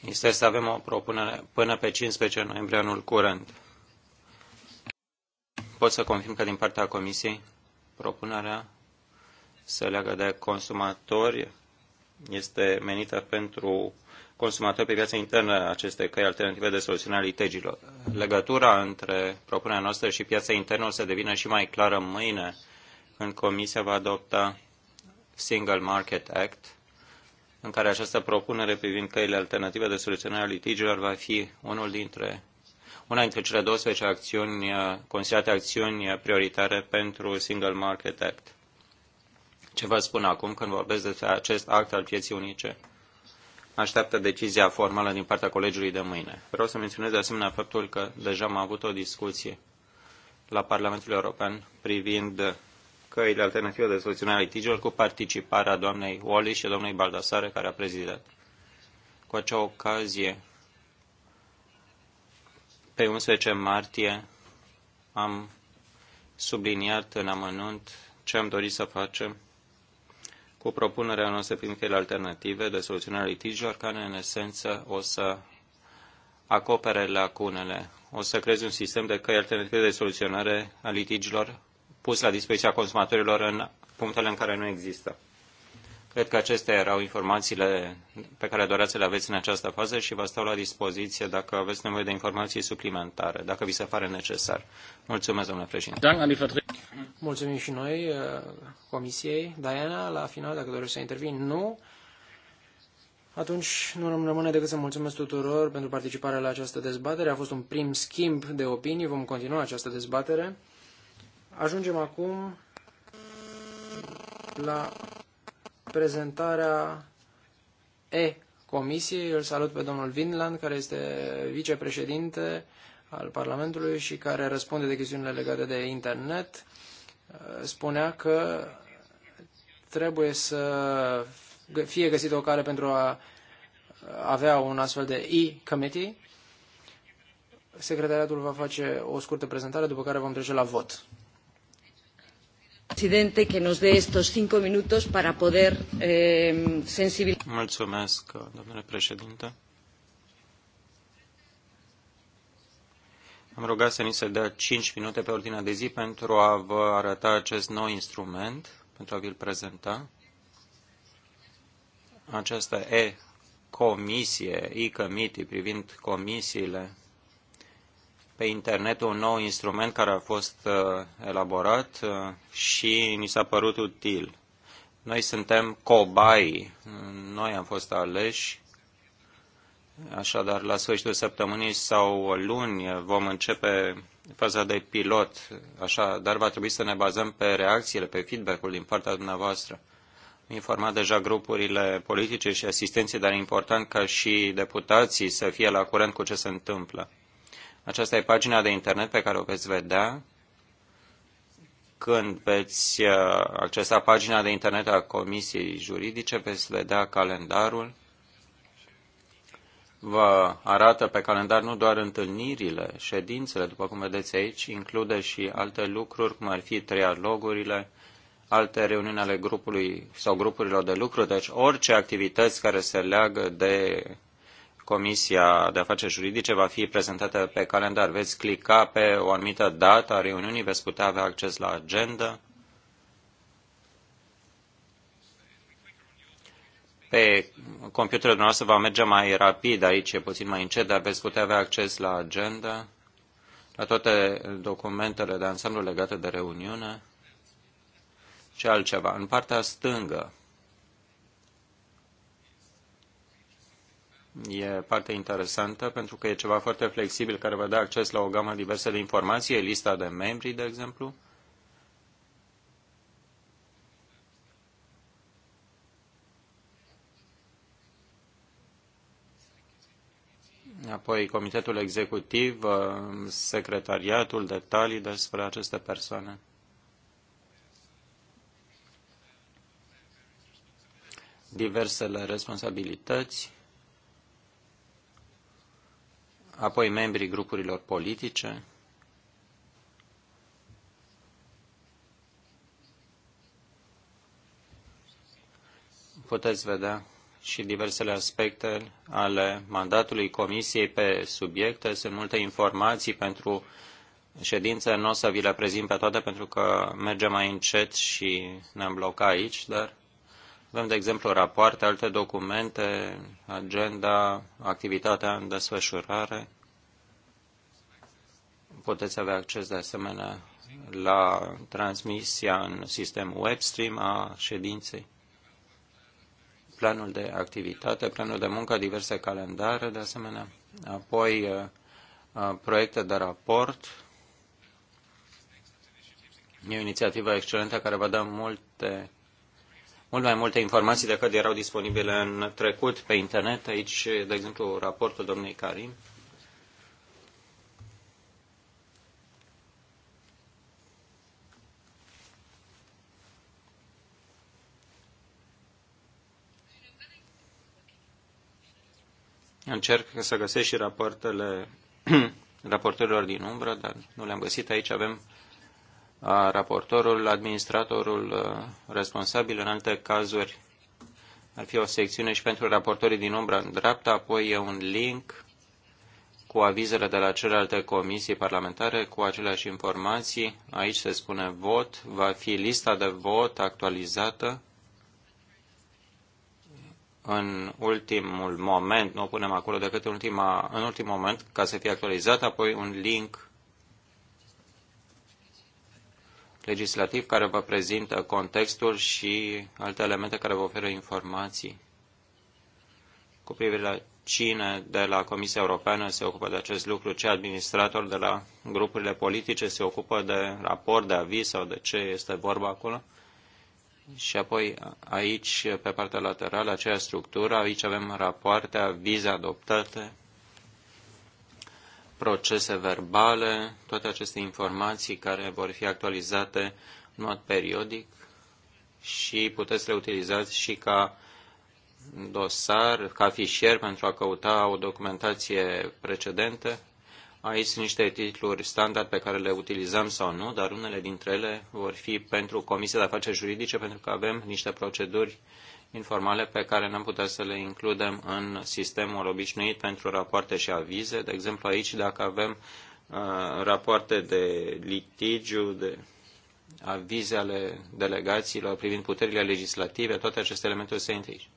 este să avem o propunere până pe 15 noiembrie anul curent. Pot să confirm că din partea Comisiei propunerea se leagă de consumatori este menită pentru consumatori pe piața internă aceste căi alternative de soluționare litegilor. Legătura între propunerea noastră și piața internă o să devină și mai clară mâine când Comisia va adopta Single Market Act, în care această propunere privind căile alternative de soluționare a litigiilor va fi unul dintre, una dintre cele 12 acțiuni, uh, considerate acțiuni uh, prioritare pentru Single Market Act. Ce vă spun acum când vorbesc despre acest act al pieții unice? Așteaptă decizia formală din partea colegiului de mâine. Vreau să menționez de asemenea faptul că deja am avut o discuție la Parlamentul European privind căile alternative de soluționare a litigilor cu participarea doamnei Wally și domnului Baldasare, care a prezidat. Cu acea ocazie, pe 11 martie, am subliniat în amănunt ce am dorit să facem cu propunerea noastră prin căile alternative de soluționare a litigilor, care în esență o să acopere lacunele. O să creezi un sistem de căi alternative de soluționare a litigilor pus la dispoziția consumatorilor în punctele în care nu există. Cred că acestea erau informațiile pe care doreați să le aveți în această fază și vă stau la dispoziție dacă aveți nevoie de informații suplimentare, dacă vi se pare necesar. Mulțumesc, domnule președinte. Mulțumim și noi uh, comisiei. Diana, la final, dacă dorești să intervii, nu. Atunci nu îmi rămâne decât să mulțumesc tuturor pentru participarea la această dezbatere. A fost un prim schimb de opinii. Vom continua această dezbatere. Ajungem acum la prezentarea E-Comisiei. Îl salut pe domnul Vinland, care este vicepreședinte al Parlamentului și care răspunde de chestiunile legate de internet. Spunea că trebuie să fie găsită o cale pentru a avea un astfel de E-Committee. Secretariatul va face o scurtă prezentare, după care vom trece la vot presidente que nos dé estos cinco minutos para poder eh, sensibilizar. Mulțumesc, domnule președinte. Am rugat să ni se dea 5 minute pe ordinea de zi pentru a vă arăta acest nou instrument, pentru a vi-l prezenta. Această e-comisie, e-committee privind comisiile pe internet un nou instrument care a fost uh, elaborat uh, și ni s-a părut util. Noi suntem cobai, noi am fost aleși, așadar la sfârșitul săptămânii sau luni vom începe faza de pilot, așa, dar va trebui să ne bazăm pe reacțiile, pe feedback-ul din partea dumneavoastră. Am informat deja grupurile politice și asistenții, dar e important ca și deputații să fie la curent cu ce se întâmplă. Aceasta e pagina de internet pe care o veți vedea când veți uh, accesa pagina de internet a Comisiei Juridice, veți vedea calendarul. Vă arată pe calendar nu doar întâlnirile, ședințele, după cum vedeți aici, include și alte lucruri, cum ar fi trialogurile, alte reuniuni ale grupului sau grupurilor de lucru, deci orice activități care se leagă de Comisia de Afaceri Juridice va fi prezentată pe calendar. Veți clica pe o anumită dată a reuniunii, veți putea avea acces la agenda. Pe computerul noastră va merge mai rapid, aici e puțin mai încet, dar veți putea avea acces la agenda, la toate documentele de ansamblu legate de reuniune Ce altceva. În partea stângă, E parte interesantă pentru că e ceva foarte flexibil care vă dă da acces la o gamă diversă de informații, e lista de membri, de exemplu. apoi comitetul executiv, uh, secretariatul, detalii despre aceste persoane. Diversele responsabilități apoi membrii grupurilor politice, puteți vedea și diversele aspecte ale mandatului Comisiei pe subiecte. Sunt multe informații pentru ședință. Nu o să vi le prezint pe toate pentru că mergem mai încet și ne-am blocat aici, dar avem, de exemplu, rapoarte, alte documente, agenda, activitatea în desfășurare. Puteți avea acces, de asemenea, la transmisia în sistem webstream a ședinței, planul de activitate, planul de muncă, diverse calendare, de asemenea, apoi uh, uh, proiecte de raport. E o inițiativă excelentă care va da multe mult mai multe informații decât erau disponibile în trecut pe internet. Aici, de exemplu, raportul domnului Karim. Încerc să găsesc și rapoartele raportorilor din umbră, dar nu le-am găsit. Aici avem raportorul, administratorul uh, responsabil, în alte cazuri ar fi o secțiune și pentru raportorii din umbra în dreapta, apoi e un link cu avizele de la celelalte comisii parlamentare cu aceleași informații. Aici se spune vot, va fi lista de vot actualizată în ultimul moment, nu o punem acolo decât în, ultima, în ultimul moment ca să fie actualizat, apoi un link legislativ care vă prezintă contextul și alte elemente care vă oferă informații cu privire la cine de la Comisia Europeană se ocupă de acest lucru, ce administrator de la grupurile politice se ocupă de raport, de aviz sau de ce este vorba acolo. Și apoi aici, pe partea laterală, aceea structură, aici avem rapoarte, avize adoptate procese verbale, toate aceste informații care vor fi actualizate în mod periodic și puteți le utilizați și ca dosar, ca fișier pentru a căuta o documentație precedentă. Aici sunt niște titluri standard pe care le utilizăm sau nu, dar unele dintre ele vor fi pentru Comisia de Afaceri Juridice, pentru că avem niște proceduri uh, informale pe care n-am putea să le includem în sistemul obișnuit pentru rapoarte și avize. De exemplu, aici, dacă avem uh, rapoarte de litigiu, de avize ale delegațiilor privind puterile legislative, toate aceste elemente se aici.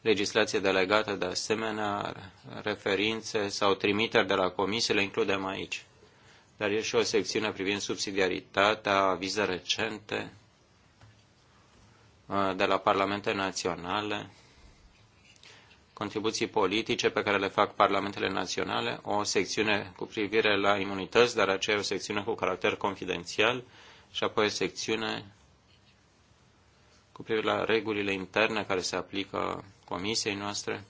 Legislație delegată, de asemenea, referințe sau trimiteri de la comisie le includem aici. Dar e și o secțiune privind subsidiaritatea, avize recente, Uh, de la parlamente naționale, contribuții politice pe care le fac parlamentele naționale, o secțiune cu privire la imunități, dar aceea e o secțiune cu caracter confidențial și apoi o secțiune cu privire la regulile interne care se aplică comisiei noastre,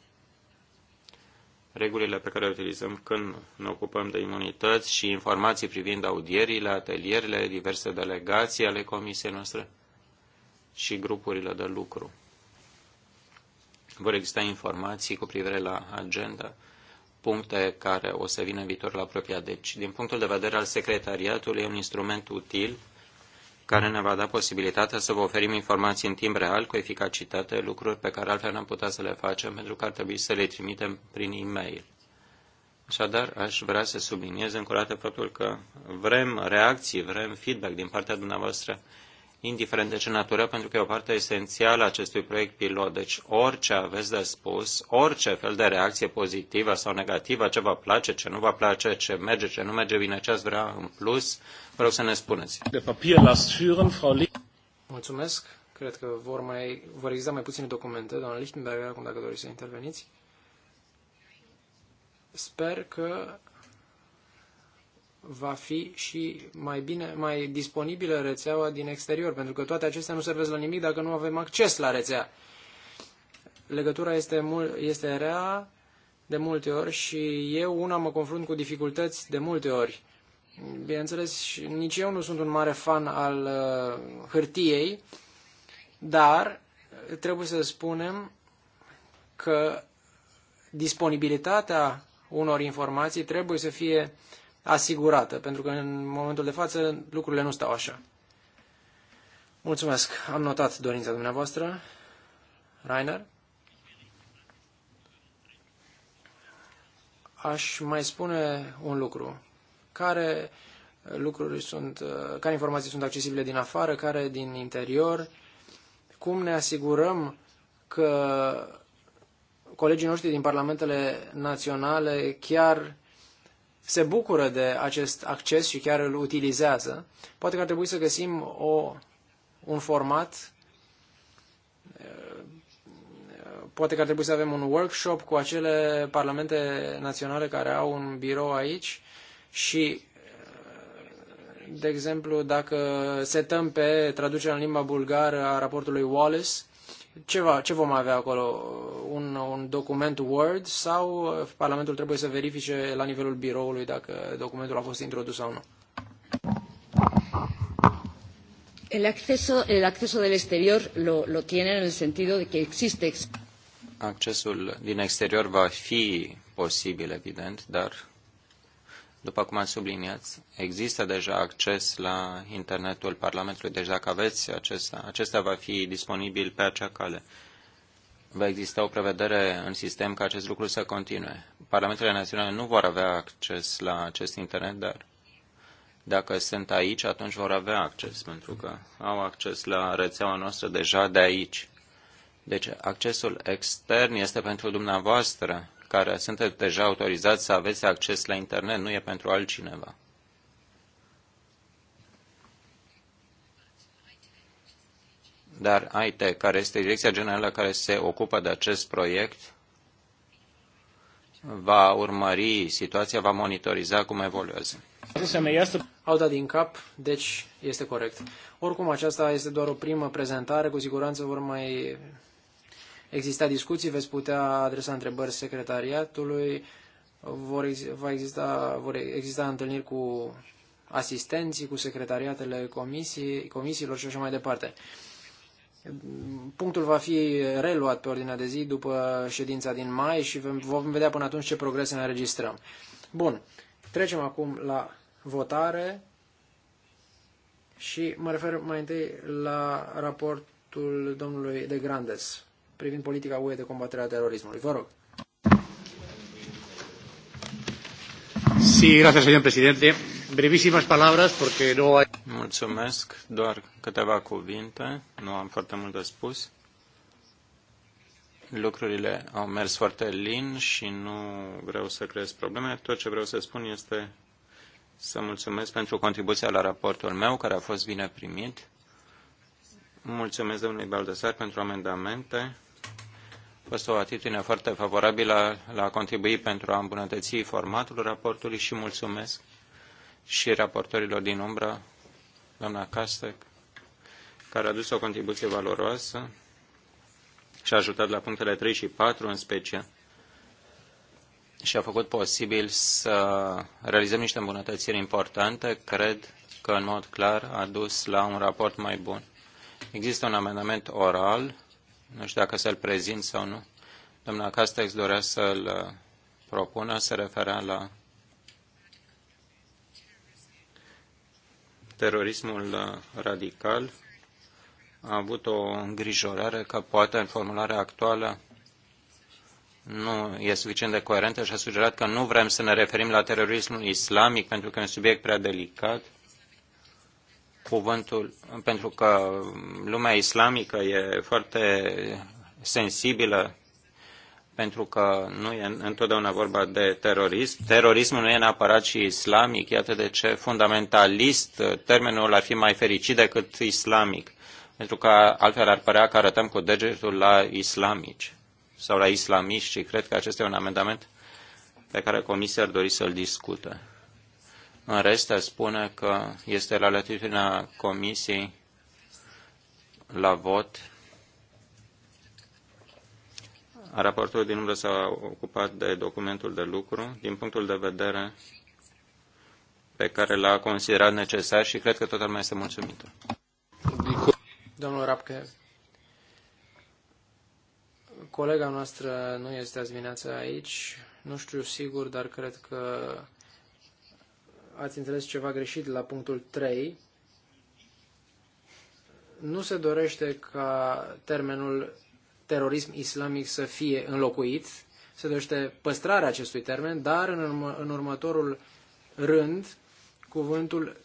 regulile pe care le utilizăm când ne ocupăm de imunități și informații privind audierile, atelierile, diverse delegații ale comisiei noastre și grupurile de lucru. Vor exista informații cu privire la agenda, puncte care o să vină în viitor la propria. Deci, din punctul de vedere al secretariatului, e un instrument util care ne va da posibilitatea să vă oferim informații în timp real, cu eficacitate, lucruri pe care altfel n-am putea să le facem, pentru că ar trebui să le trimitem prin e-mail. Așadar, aș vrea să subliniez încă o dată faptul că vrem reacții, vrem feedback din partea dumneavoastră indiferent de ce natură, pentru că e o parte esențială a acestui proiect pilot. Deci orice aveți de spus, orice fel de reacție pozitivă sau negativă, ce vă place, ce nu vă place, ce merge, ce nu merge bine, ce ați vrea în plus, vă rog să ne spuneți. De papier las führen, Frau Mulțumesc. Cred că vor, mai, vor exista mai puține documente, doamna Lichtenberger, acum dacă doriți să interveniți. Sper că va fi și mai bine, mai disponibilă rețeaua din exterior, pentru că toate acestea nu servesc la nimic dacă nu avem acces la rețea. Legătura este, mul- este rea de multe ori și eu una mă confrunt cu dificultăți de multe ori. Bineînțeles, nici eu nu sunt un mare fan al uh, hârtiei, dar trebuie să spunem că disponibilitatea unor informații trebuie să fie uh, asigurată, pentru că în momentul de față lucrurile nu stau așa. Mulțumesc. Am notat dorința dumneavoastră. Rainer? Aș mai spune un lucru. Care lucruri sunt, uh, care informații sunt accesibile din afară, care din interior, cum ne asigurăm că colegii noștri din parlamentele naționale chiar se bucură de acest acces și chiar îl utilizează. Poate că ar trebui să găsim o, un format, eh, poate că ar trebui să avem un workshop cu acele parlamente naționale care au un birou aici și eh, de exemplu, dacă setăm pe traducerea în limba bulgară a raportului Wallace, ce, va, ce vom avea acolo? Un, un document Word sau uh, Parlamentul trebuie să verifice la nivelul biroului dacă documentul a fost introdus sau nu? El acceso, el acceso del exterior lo, lo tiene en el sentido de que existe. Accesul din exterior va fi posibil, evident, dar după cum am subliniat, există deja acces la internetul Parlamentului, deci dacă aveți acesta, acesta va fi disponibil pe acea cale. Va exista o prevedere în sistem ca acest lucru să continue. Parlamentele naționale nu vor avea acces la acest internet, dar dacă sunt aici, atunci vor avea acces, pentru că au acces la rețeaua noastră deja de aici. Deci accesul extern este pentru dumneavoastră care sunteți deja autorizați să aveți acces la internet, nu e pentru altcineva. Dar AITE, care este direcția generală care se ocupă de acest proiect, va urmări situația, va monitoriza cum evoluează. Au dat din cap, deci este corect. Oricum, aceasta este doar o primă prezentare, cu siguranță vor mai exista discuții, veți putea adresa întrebări secretariatului, vor, va exista, vor exista întâlniri cu asistenții, cu secretariatele comisii, comisiilor și așa mai departe. Punctul va fi reluat pe ordinea de zi după ședința din mai și vom vedea până atunci ce progrese ne înregistrăm. Bun, trecem acum la votare și mă refer mai întâi la raportul domnului de Grandes privind politica UE de combatere a terorismului. Vă rog. Sí, gracias, señor presidente. Brevísimas palabras, porque no hay... Mulțumesc, doar câteva cuvinte, nu am foarte mult de spus. Lucrurile au mers foarte lin și nu vreau să creez probleme. Tot ce vreau să spun este să mulțumesc pentru contribuția la raportul meu, care a fost bine primit. Mulțumesc domnului Baldesar pentru amendamente fost o atitudine foarte favorabilă la a contribui pentru a îmbunătăți formatul raportului și mulțumesc și raportorilor din umbră, doamna Castec, care a adus o contribuție valoroasă și a ajutat la punctele 3 și 4 în special și a făcut posibil să realizăm niște îmbunătățiri importante, cred că în mod clar a dus la un raport mai bun. Există un amendament oral nu știu dacă să-l prezint sau nu. Doamna Castex dorea să-l uh, propună, se referea la terorismul uh, radical. A avut o îngrijorare că poate în formularea actuală nu e suficient de coerentă și a sugerat că nu vrem să ne referim la terorismul islamic pentru că e un subiect prea delicat cuvântul, pentru că lumea islamică e foarte sensibilă, pentru că nu e întotdeauna vorba de terorism. Terorismul nu e neapărat și islamic, iată de ce fundamentalist termenul ar fi mai fericit decât islamic, pentru că altfel ar părea că arătăm cu degetul la islamici sau la islamiști și cred că acesta e un amendament pe care Comisia ar dori să-l discute. În rest, spune că este la latitudinea Comisiei la vot. Raportul din urmă s-a ocupat de documentul de lucru din punctul de vedere pe care l-a considerat necesar și cred că toată mai este mulțumită. Domnul Rapke, colega noastră nu este azi aici. Nu știu sigur, dar cred că ați înțeles ceva greșit la punctul 3. Nu se dorește ca termenul terorism islamic să fie înlocuit, se dorește păstrarea acestui termen, dar în, urmă, în următorul rând, cuvântul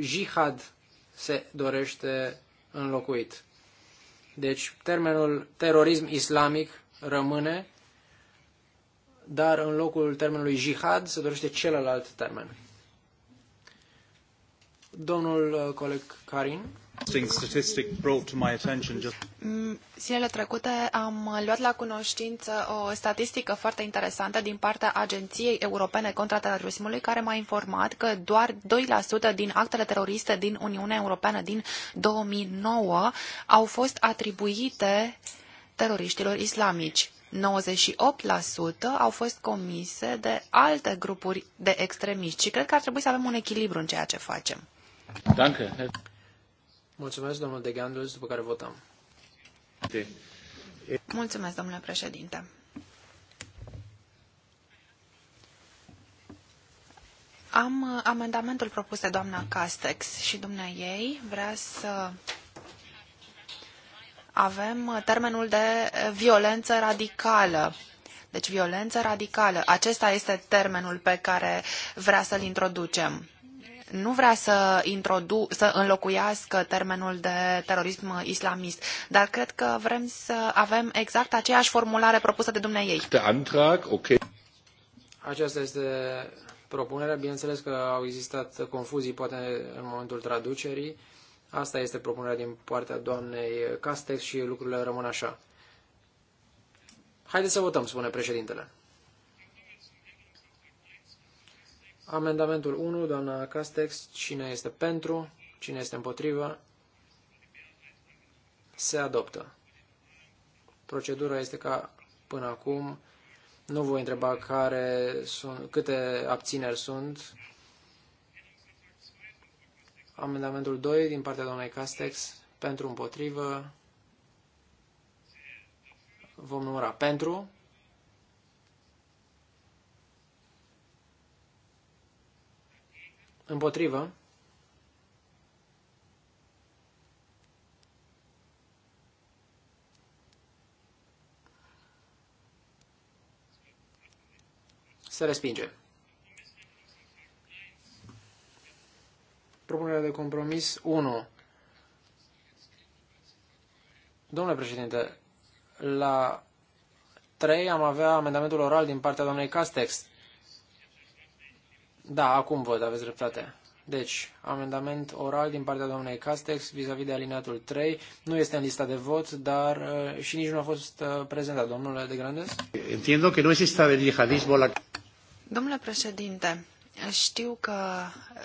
jihad se dorește înlocuit. Deci termenul terorism islamic rămâne, dar în locul termenului jihad se dorește celălalt termen. Domnul uh, coleg Karin. Mm, zilele trecute am luat la cunoștință o statistică foarte interesantă din partea Agenției Europene contra Terorismului, care m-a informat că doar 2% din actele teroriste din Uniunea Europeană din 2009 au fost atribuite teroriștilor islamici. 98% au fost comise de alte grupuri de extremiști și cred că ar trebui să avem un echilibru în ceea ce facem. Danke. Mulțumesc, domnul De Gandus, după care votăm. Mulțumesc, domnule președinte. Am uh, amendamentul propus de doamna Castex și dumnea ei vrea să avem uh, termenul de uh, violență radicală. Deci violență radicală. Acesta este termenul pe care vrea să-l introducem nu vrea să, introdu- să înlocuiască termenul de terorism islamist, dar cred că vrem să avem exact aceeași formulare propusă de Okay. Aceasta este propunerea. Bineînțeles că au existat confuzii, poate în momentul traducerii. Asta este propunerea din partea doamnei Castex și lucrurile rămân așa. Haideți să votăm, spune președintele. Amendamentul 1, doamna Castex, cine este pentru, cine este împotrivă, se adoptă. Procedura este ca până acum. Nu voi întreba care sunt, câte abțineri sunt. Amendamentul 2 din partea doamnei Castex pentru împotrivă. Vom număra pentru, Împotrivă. Se respinge. Propunerea de compromis 1. Domnule președinte, la 3 am avea amendamentul oral din partea doamnei Castex. Da, acum văd, aveți dreptate. Deci, amendament oral din partea doamnei Castex vis-a-vis -vis de alineatul 3 nu este în lista de vot, dar uh, și nici nu a fost uh, prezentat. Domnule de Grandes? Entiendo că nu există de la... Domnule președinte, știu că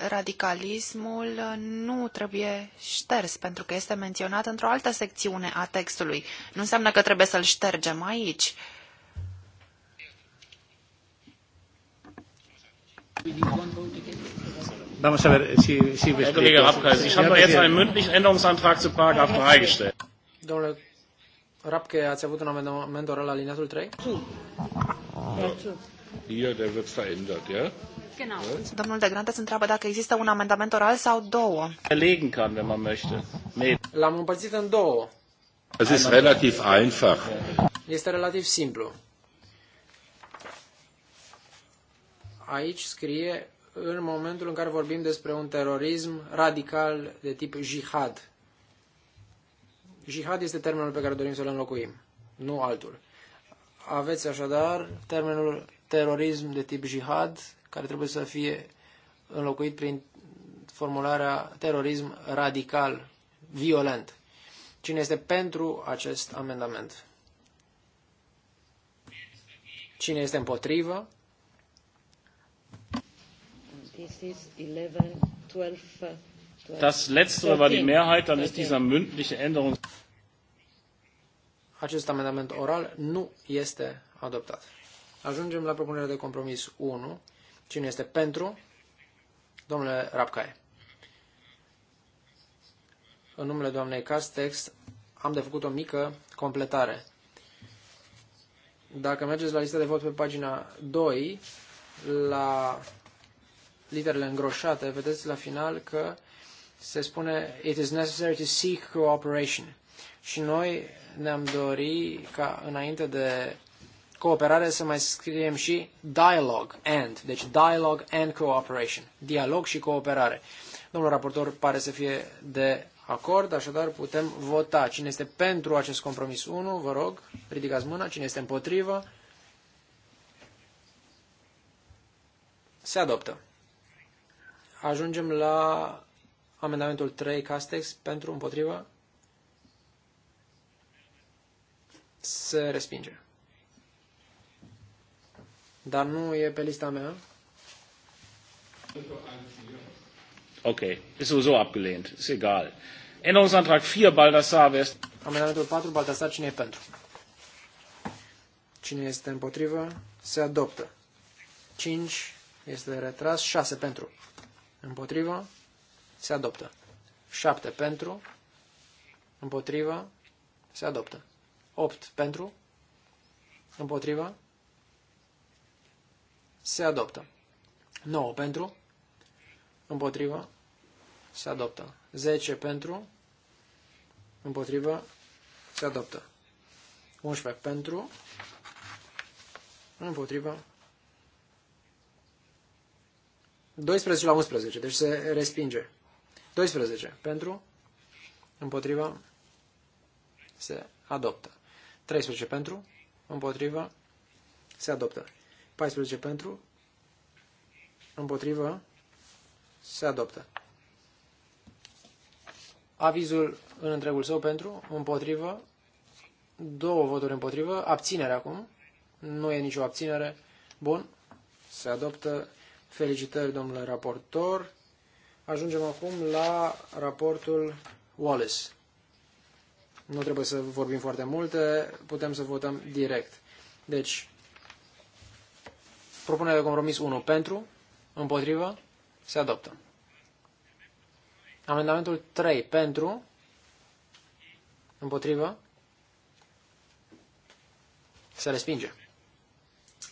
radicalismul nu trebuie șters, pentru că este menționat într-o altă secțiune a textului. Nu înseamnă că trebuie să-l ștergem aici. Uh, Vamos da, a ver si, si Herr Kollege Rapkay, Sie jetzt einen mündlichen Änderungsantrag zu Paragraph 3 gestellt. Domnule Rapke, ați avut un amendament oral la alineatul 3? Hier, der wird verändert, ja? Genau. Domnul de se întreabă dacă există un amendament oral sau două. Erlegen kann, wenn man möchte. L-am împărțit în două. Das ist relativ einfach. Este relativ simplu. aici scrie în momentul în care vorbim despre un terorism radical de tip jihad. Jihad este termenul pe care dorim să-l înlocuim, nu altul. Aveți așadar termenul terorism de tip jihad, care trebuie să fie înlocuit prin formularea terorism radical, violent. Cine este pentru acest amendament? Cine este împotrivă? das letztere war die Mehrheit, dann 13. ist dieser mündliche Änderung. Acest amendament oral nu este adoptat. Ajungem la propunerea de compromis 1. Cine este pentru? Domnule Rapcaie. În numele doamnei Castex am de făcut o mică completare. Dacă mergeți la lista de vot pe pagina 2, la literele îngroșate, vedeți la final că se spune It is necessary to seek cooperation. Și noi ne-am dori ca înainte de cooperare să mai scriem și dialogue and, deci dialogue and cooperation, dialog și cooperare. Domnul raportor pare să fie de acord, așadar putem vota. Cine este pentru acest compromis 1, vă rog, ridicați mâna. Cine este împotrivă, se adoptă. Ajungem la amendamentul 3, Castex, pentru, împotrivă, se respinge. Dar nu e pe lista mea. Ok, ist o abgelehnt, ist egal. Änderungsantrag 4, Baldassar, wer ist... Amendamentul 4, Baldassar, cine e pentru? Cine este împotrivă? Se adoptă. 5 este retras, 6 pentru. Împotrivă. se adoptă. 7 pentru, Împotrivă. se adoptă. 8 pentru, Împotrivă. se adoptă. 9 pentru, Împotrivă. se adoptă. 10 pentru, Împotrivă. se adoptă. 11 pentru, Împotrivă. 12 la 11, deci se respinge. 12 pentru, împotriva, se adoptă. 13 pentru, împotriva, se adoptă. 14 pentru, împotriva, se adoptă. Avizul în întregul său pentru, împotrivă, două voturi împotrivă, abținere acum, nu e nicio abținere, bun, se adoptă Felicitări, domnule raportor. Ajungem acum la raportul Wallace. Nu trebuie să vorbim foarte multe, putem să votăm direct. Deci, propunerea de compromis 1 pentru, împotrivă, se adoptă. Amendamentul 3 pentru, împotrivă, se respinge.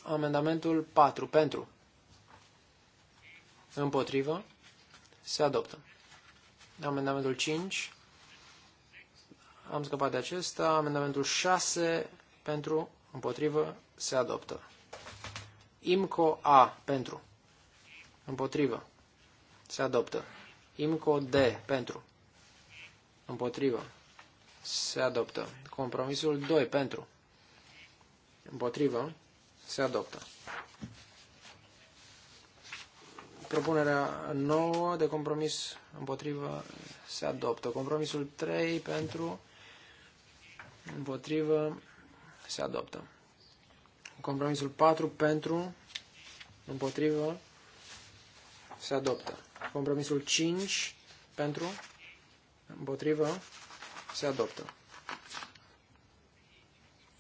Amendamentul 4 pentru, Împotrivă. Se adoptă. Amendamentul 5. Am scăpat de acesta. Amendamentul 6 pentru, împotrivă, se adoptă. IMCO A pentru, împotrivă, se adoptă. IMCO D pentru, împotrivă, se adoptă. Compromisul 2 pentru, împotrivă, se adoptă. Propunerea 9 de compromis împotrivă se adoptă. Compromisul 3 pentru împotrivă se adoptă. Compromisul 4 pentru împotrivă se adoptă. Compromisul 5 pentru împotrivă se adoptă.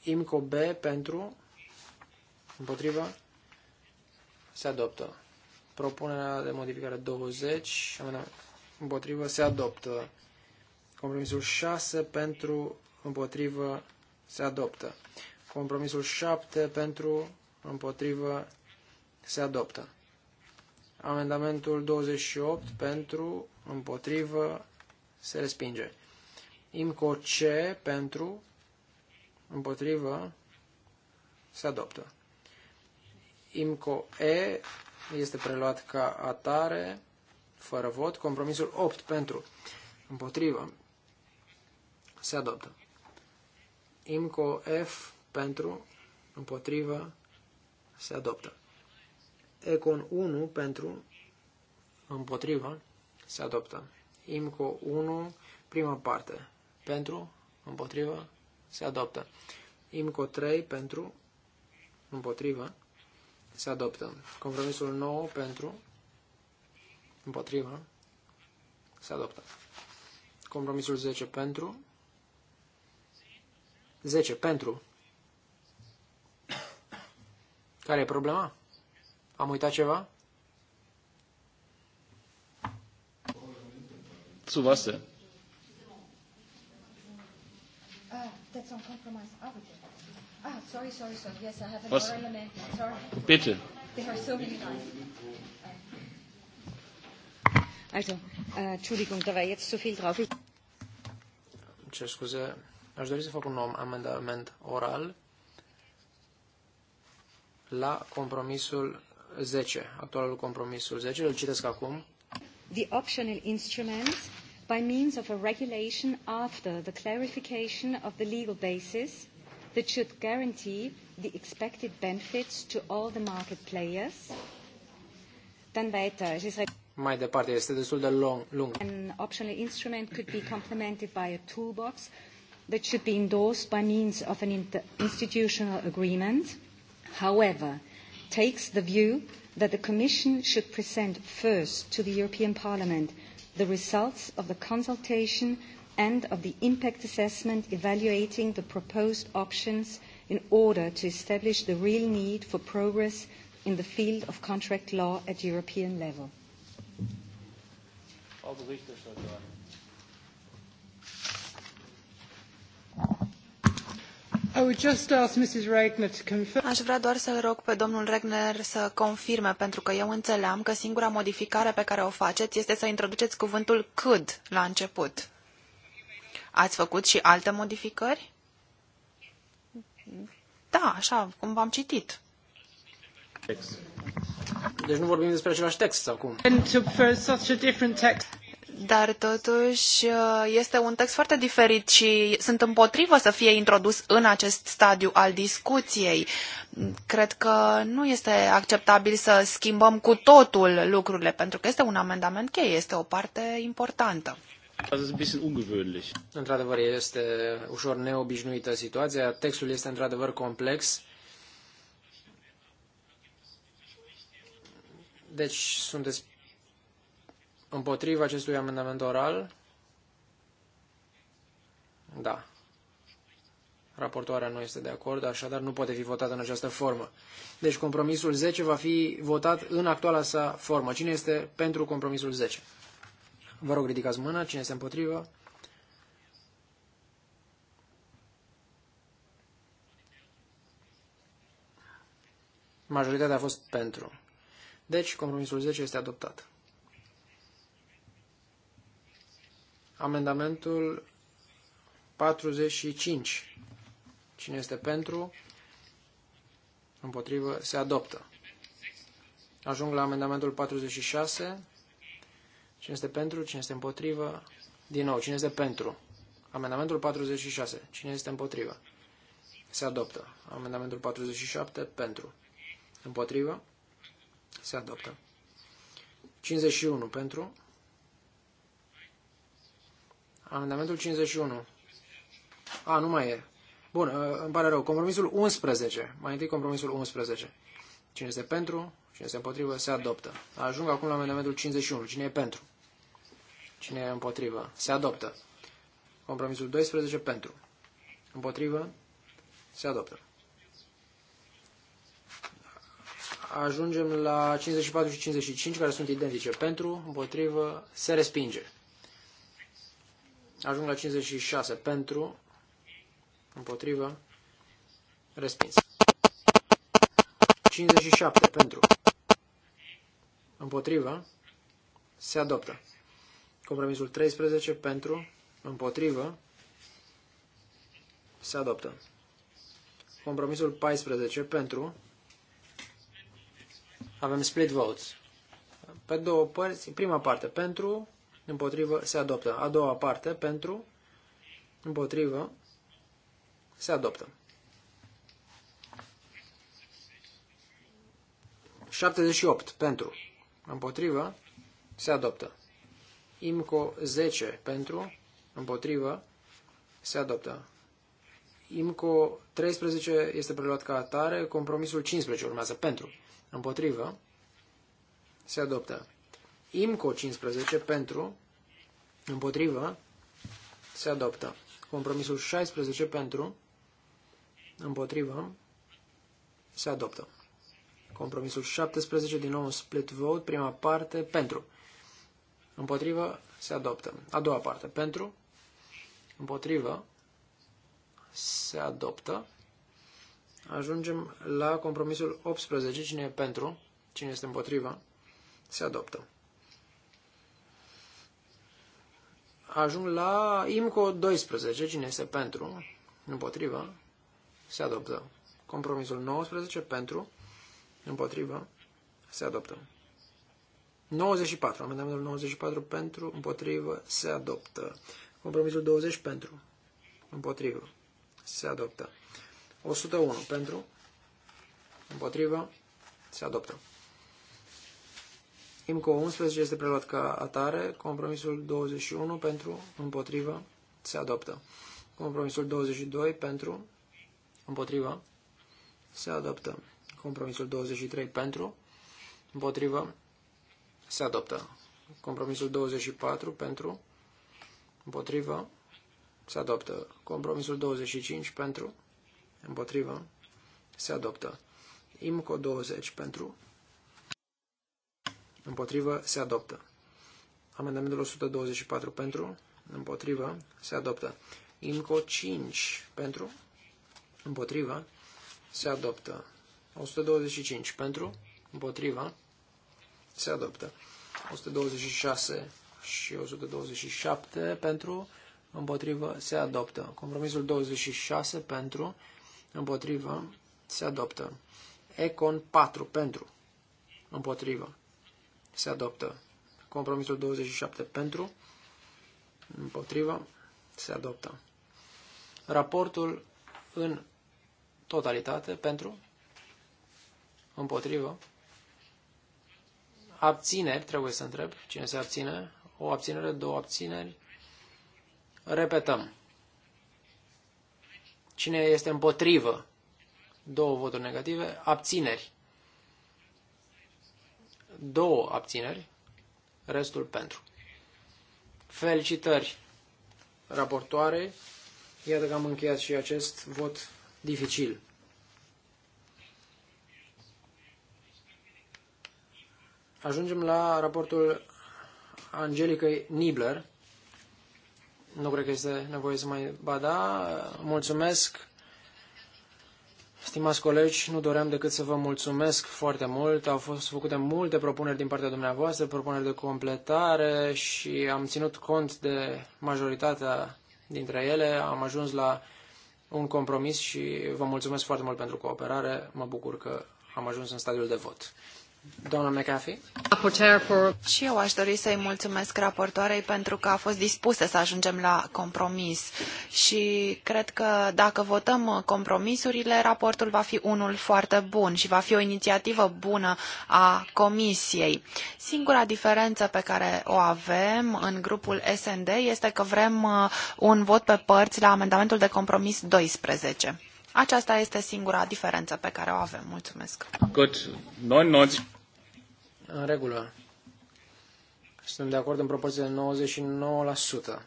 IMCO B pentru împotrivă se adoptă. Propunerea de modificare 20, împotrivă, se adoptă. Compromisul 6 pentru, împotrivă, se adoptă. Compromisul 7 pentru, împotrivă, se adoptă. Amendamentul 28 pentru, împotrivă, se respinge. IMCO C pentru, împotrivă, se adoptă. IMCO E este preluat ca atare, fără vot. Compromisul 8 pentru, împotrivă, se adoptă. IMCO F pentru, împotrivă, se adoptă. Econ 1 pentru, împotrivă, se adoptă. IMCO 1, prima parte, pentru, împotrivă, se adoptă. IMCO 3 pentru, împotrivă, se adoptă. Compromisul nou pentru, împotrivă, se adoptă. Compromisul 10 pentru, 10 pentru. Care e problema? Am uitat ceva? Suvase. was Ah, that's on compromise. Ah, Ah, sorry, sorry, sorry. Yes, I have an Was? oral Sorry. Bitte. There are so many lines. Äh. Also, äh, Entschuldigung, da war jetzt zu viel drauf. Ich Ce scuze, aș dori să fac un amendament oral la compromisul 10, actualul compromisul 10, îl citesc acum. The optional instrument by means of a regulation after the clarification of the legal basis that should guarantee the expected benefits to all the market players. Dann weiter. Mai departe, este destul de lung. lung. An optional instrument could be complemented by a toolbox that should be endorsed by means of an institutional agreement. However, takes the view that the Commission should present first to the European Parliament the results of the consultation and of the impact assessment evaluating the proposed options in order to establish the real need for progress in the field of contract law at European level. I would just ask Mrs. Regner to confirm. Aș vrea doar să rog pe domnul Regner să confirme, pentru că eu înțeleam că singura modificare pe care o faceți este să introduceți cuvântul could la început. Ați făcut și alte modificări? Da, așa, cum v-am citit. Deci nu vorbim despre același text acum. Dar totuși uh, este un text foarte diferit și sunt împotrivă să fie introdus în acest stadiu al discuției. Cred că nu este acceptabil să schimbăm cu totul lucrurile, pentru că este un amendament cheie, este o parte importantă. Într-adevăr, este ușor neobișnuită situația. Textul este într-adevăr complex. Deci sunteți împotriva acestui amendament oral? Da. Raportoarea nu este de acord, așadar nu poate fi votat în această formă. Deci compromisul 10 va fi votat în actuala sa formă. Cine este pentru compromisul 10? Vă rog, ridicați mâna. Cine este împotrivă? Majoritatea a fost pentru. Deci, compromisul 10 este adoptat. Amendamentul 45. Cine este pentru? Împotrivă? Se adoptă. Ajung la amendamentul 46. Cine este pentru? Cine este împotrivă? Din nou, cine este pentru? Amendamentul 46. Cine este împotrivă? Se adoptă. Amendamentul 47. Pentru. Împotrivă? Se adoptă. 51. Pentru. Amendamentul 51. A, nu mai e. Bun, ă, îmi pare rău. Compromisul 11. Mai întâi compromisul 11. Cine este pentru, cine este împotrivă, se adoptă. Ajung acum la amendamentul 51. Cine e pentru? Cine e împotrivă? Se adoptă. Compromisul 12 pentru. Împotrivă? Se adoptă. Ajungem la 54 și 55, care sunt identice. Pentru, împotrivă, se respinge. Ajung la 56. Pentru, împotrivă, respins. 57. Pentru, împotrivă, se adoptă. Compromisul 13 pentru, împotrivă, se adoptă. Compromisul 14 pentru, avem split votes. Pe două părți, prima parte pentru, împotrivă, se adoptă. A doua parte pentru, împotrivă, se adoptă. 78 pentru, împotrivă, se adoptă. IMCO 10 pentru, împotrivă, se adoptă. IMCO 13 este preluat ca atare, compromisul 15 urmează pentru, împotrivă, se adoptă. IMCO 15 pentru, împotrivă, se adoptă. Compromisul 16 pentru, împotrivă, se adoptă. Compromisul 17, din nou un split vote, prima parte, pentru, Împotrivă se adoptă. A doua parte. Pentru. Împotrivă se adoptă. Ajungem la compromisul 18. Cine e pentru? Cine este împotrivă? Se adoptă. Ajung la IMCO 12. Cine este pentru? Împotrivă? Se adoptă. Compromisul 19 pentru? Împotrivă? Se adoptă. 94. Amendamentul 94 pentru, împotrivă, se adoptă. Compromisul 20 pentru, împotrivă, se adoptă. 101 pentru, împotrivă, se adoptă. IMCO 11 este preluat ca atare. Compromisul 21 pentru, împotrivă, se adoptă. Compromisul 22 pentru, împotrivă, se adoptă. Compromisul 23 pentru, împotrivă, se adoptă. Compromisul 24 pentru, împotrivă, se adoptă. Compromisul 25 pentru, împotrivă, se adoptă. IMCO 20 pentru, împotrivă, se adoptă. Amendamentul 124 pentru, împotrivă, se adoptă. IMCO 5 pentru, împotrivă, se adoptă. 125 pentru, împotrivă, se adoptă. 126 și 127 pentru, împotrivă, se adoptă. Compromisul 26 pentru, împotrivă, se adoptă. Econ 4 pentru, împotrivă, se adoptă. Compromisul 27 pentru, împotrivă, se adoptă. Raportul în totalitate pentru, împotrivă, Abțineri, trebuie să întreb. Cine se abține? O abținere, două abțineri. Repetăm. Cine este împotrivă? Două voturi negative. Abțineri. Două abțineri. Restul pentru. Felicitări raportoare. Iată că am încheiat și acest vot dificil. Ajungem la raportul Angelicăi Nibler. Nu cred că este nevoie să mai bada. Mulțumesc, stimați colegi, nu doream decât să vă mulțumesc foarte mult. Au fost făcute multe propuneri din partea dumneavoastră, propuneri de completare și am ținut cont de majoritatea dintre ele. Am ajuns la un compromis și vă mulțumesc foarte mult pentru cooperare. Mă bucur că am ajuns în stadiul de vot. Doamna McAfee. Și eu aș dori să-i mulțumesc raportoarei pentru că a fost dispusă să ajungem la compromis. Și cred că dacă votăm compromisurile, raportul va fi unul foarte bun și va fi o inițiativă bună a Comisiei. Singura diferență pe care o avem în grupul SND este că vrem uh, un vot pe părți la amendamentul de compromis 12. Aceasta este singura diferență pe care o avem. Mulțumesc. Good. 99. În regulă. Sunt de acord în proporție de 99%.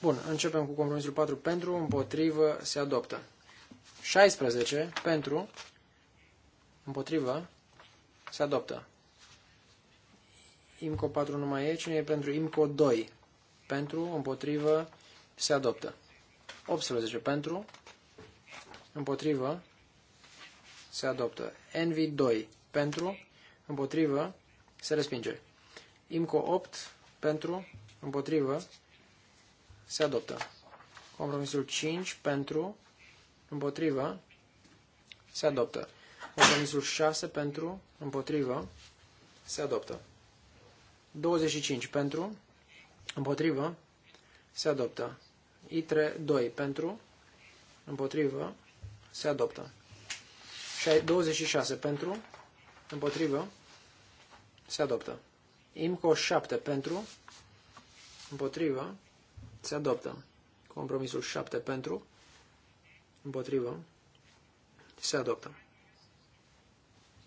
Bun, începem cu compromisul 4 pentru, împotrivă, se adoptă. 16 pentru, împotrivă, se adoptă. IMCO 4 nu mai e, cine e pentru IMCO 2? Pentru, împotrivă, se adoptă. 18 pentru, împotrivă, se adoptă. NV 2 pentru, împotrivă, se respinge. IMCO 8 pentru, împotrivă, se adoptă. Compromisul 5 pentru, împotrivă, se adoptă. Compromisul 6 pentru, împotrivă, se adoptă. 25 pentru, împotrivă, se adoptă. I3 2 pentru, împotrivă, se adoptă. 26 pentru, împotrivă, se adoptă. IMCO 7 pentru, împotrivă, se adoptă. Compromisul 7 pentru, împotrivă, se adoptă.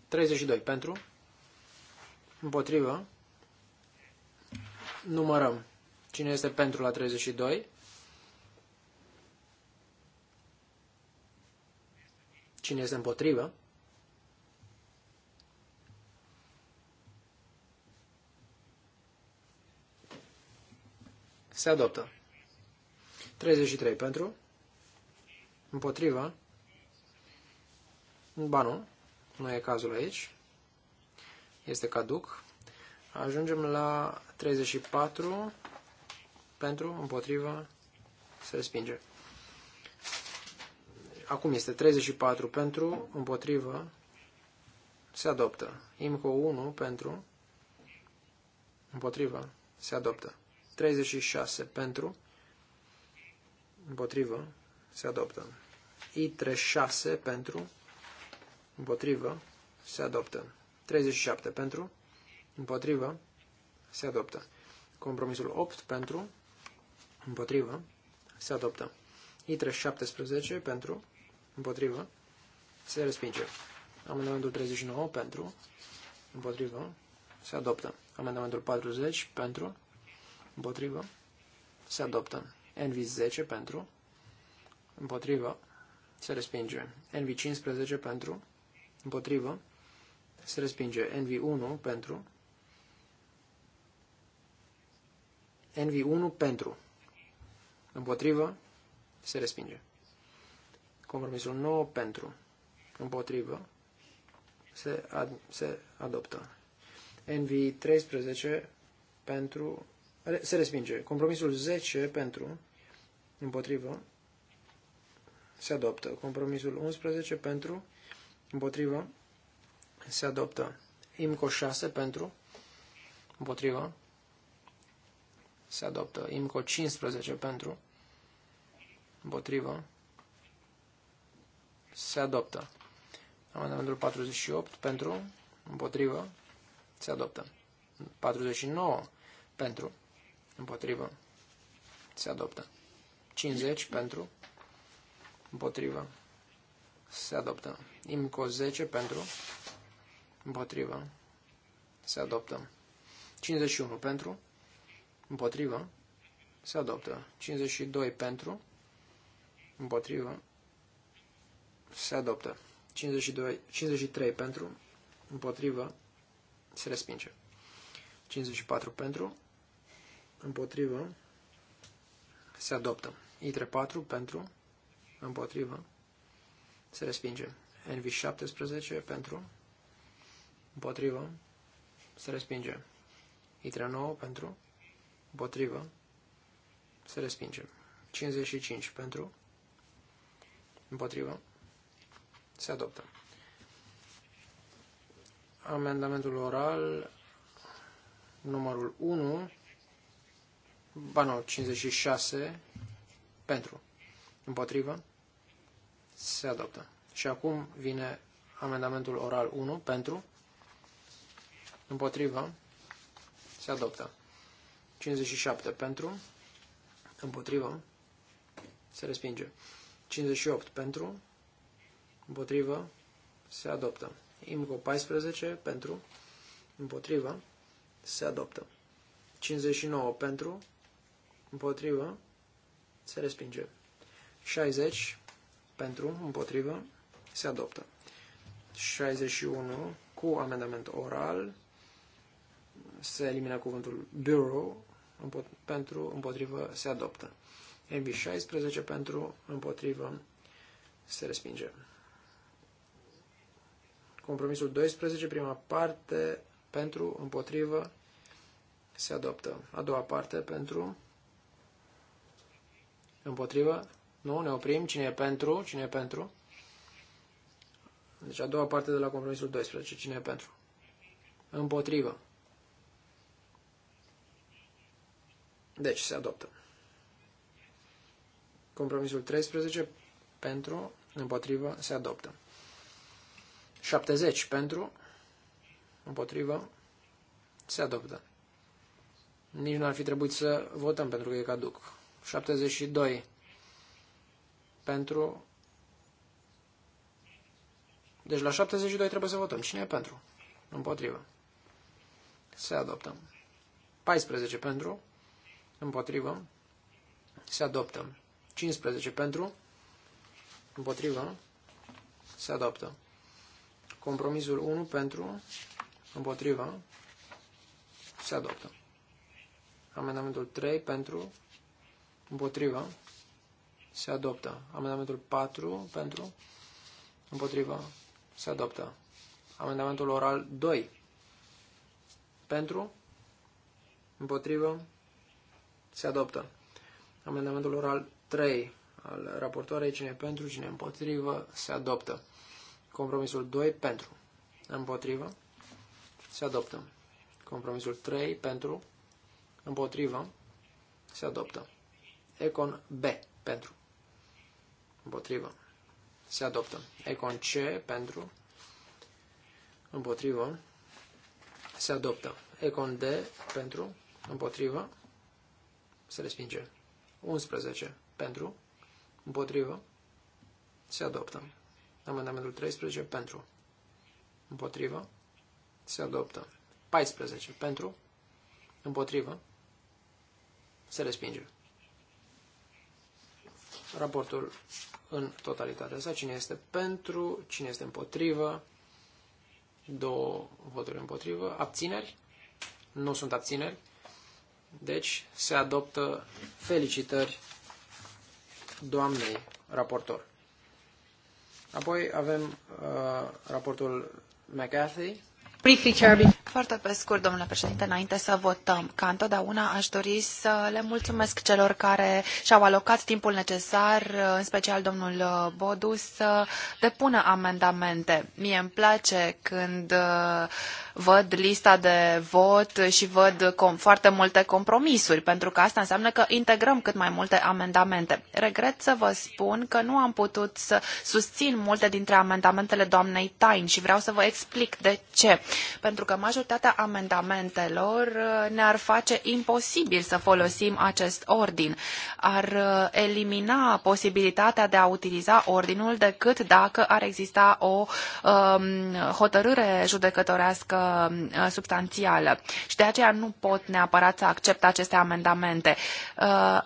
32 pentru, împotrivă, numărăm cine este pentru la 32, cine este împotrivă, Se adoptă. 33 pentru. Împotriva. Ba nu. Nu e cazul aici. Este caduc. Ajungem la 34 pentru, împotriva, se respinge. Acum este 34 pentru, împotriva se adoptă. IMCO 1 pentru, împotriva, se adoptă. 36 pentru, împotrivă, se adoptă. I36 pentru, împotrivă, se adoptă. 37 pentru, împotrivă, se adoptă. Compromisul 8 pentru, împotrivă, se adoptă. I317 pentru, împotrivă, se respinge. Amendamentul 39 pentru, împotrivă, se adoptă. Amendamentul 40 pentru, Împotrivă. Se adoptă. NV10 pentru. Împotrivă. Se respinge. NV15 pentru. Împotrivă. Se respinge. NV1 pentru. NV1 pentru. Împotrivă. Se respinge. Compromisul 9 pentru. Împotrivă. Se, ad, se adoptă. NV 13 pentru se respinge. Compromisul 10 pentru, împotrivă, se adoptă. Compromisul 11 pentru, împotrivă, se adoptă. IMCO 6 pentru, împotrivă, se adoptă. IMCO 15 pentru, împotrivă, se adoptă. Amendamentul 48 pentru, împotrivă, se adoptă. 49 pentru, împotrivă, se adoptă. 50 pentru, împotrivă, se adoptă. IMCO 10 pentru, împotrivă, se adoptă. 51 pentru, împotrivă, se adoptă. 52 pentru, împotrivă, se adoptă. 52, 53 pentru, împotrivă, se respinge. 54 pentru, împotrivă, se adoptă. i 3 4 pentru, împotrivă, se respinge. NV 17 pentru, împotrivă, se respinge. i 3 9 pentru, împotrivă, se respinge. 55 pentru, împotrivă, se adoptă. Amendamentul oral numărul 1 ba nu, 56 pentru, împotrivă, se adoptă. Și acum vine amendamentul oral 1 pentru, împotrivă, se adoptă. 57 pentru, împotrivă, se respinge. 58 pentru, împotrivă, se adoptă. IMCO 14 pentru, împotrivă, se adoptă. 59 pentru, împotrivă, se respinge. 60 pentru, împotrivă, se adoptă. 61 cu amendament oral se elimină cuvântul bureau pentru, împotrivă, se adoptă. MB16 pentru, împotrivă, se respinge. Compromisul 12, prima parte, pentru, împotrivă, se adoptă. A doua parte, pentru, Împotrivă? Nu, ne oprim. Cine e pentru? Cine e pentru? Deci a doua parte de la compromisul 12. Cine e pentru? Împotrivă. Deci se adoptă. Compromisul 13 pentru, împotrivă, se adoptă. 70 pentru, împotrivă, se adoptă. Nici nu ar fi trebuit să votăm pentru că e caduc. 72 pentru. Deci la 72 trebuie să votăm. Cine e pentru? Împotrivă. Se adoptă. 14 pentru. Împotrivă. Se adoptă. 15 pentru. Împotrivă. Se adoptă. Compromisul 1 pentru. Împotrivă. Se adoptă. Amendamentul 3 pentru. Împotriva. Se adoptă. Amendamentul 4 pentru. Împotriva. Se adoptă. Amendamentul oral 2. Pentru. Împotrivă. Se adoptă. Amendamentul oral 3 al raportoarei. Cine pentru, cine împotrivă. Se adoptă. Compromisul 2 pentru. Împotrivă. Se adoptă. Compromisul 3 pentru. Împotrivă. Se adoptă. Econ B pentru. Împotrivă. Se adoptă. Econ C pentru. Împotrivă. Se adoptă. Econ D pentru. Împotrivă. Se respinge. 11 pentru. Împotrivă. Se adoptă. Amendamentul 13 pentru. Împotrivă. Se adoptă. 14 pentru. Împotrivă. Se respinge raportul în totalitatea sa, cine este pentru, cine este împotrivă, două voturi împotrivă, abțineri, nu sunt abțineri, deci se adoptă felicitări doamnei raportor. Apoi avem uh, raportul McCarthy, foarte pe scurt, domnule președinte, înainte să votăm, ca întotdeauna aș dori să le mulțumesc celor care și-au alocat timpul necesar, în special domnul uh, Bodu, să depună amendamente. Mie îmi place când uh, văd lista de vot și văd foarte multe compromisuri, pentru că asta înseamnă că integrăm cât mai multe amendamente. Regret să vă spun că nu am putut să susțin multe dintre amendamentele doamnei Tain și vreau să vă explic de ce pentru că majoritatea amendamentelor uh, ne-ar face imposibil să folosim acest ordin. Ar uh, elimina posibilitatea de a utiliza ordinul decât dacă ar exista o um, hotărâre judecătorească uh, substanțială. Și de aceea nu pot neapărat să accept aceste amendamente. Uh,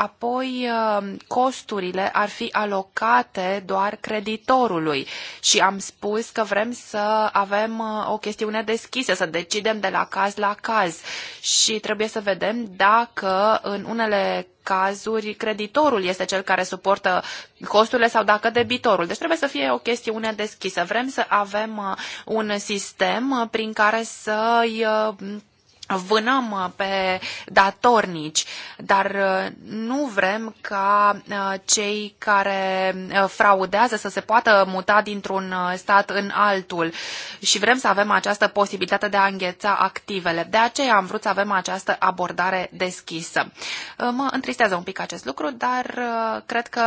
apoi uh, costurile ar fi alocate doar creditorului și am spus că vrem să avem uh, o chestiune deschisă, să decidem de la caz la caz și trebuie să vedem dacă în unele cazuri creditorul este cel care suportă costurile sau dacă debitorul. Deci trebuie să fie o chestiune deschisă. Vrem să avem uh, un sistem prin care să i vânăm uh, pe datornici, dar uh, nu vrem ca uh, cei care fraudează să se poată muta dintr-un stat în altul și vrem să avem această posibilitate de a îngheța activele. De aceea am vrut să avem această abordare deschisă. Mă întristează un pic acest lucru, dar cred că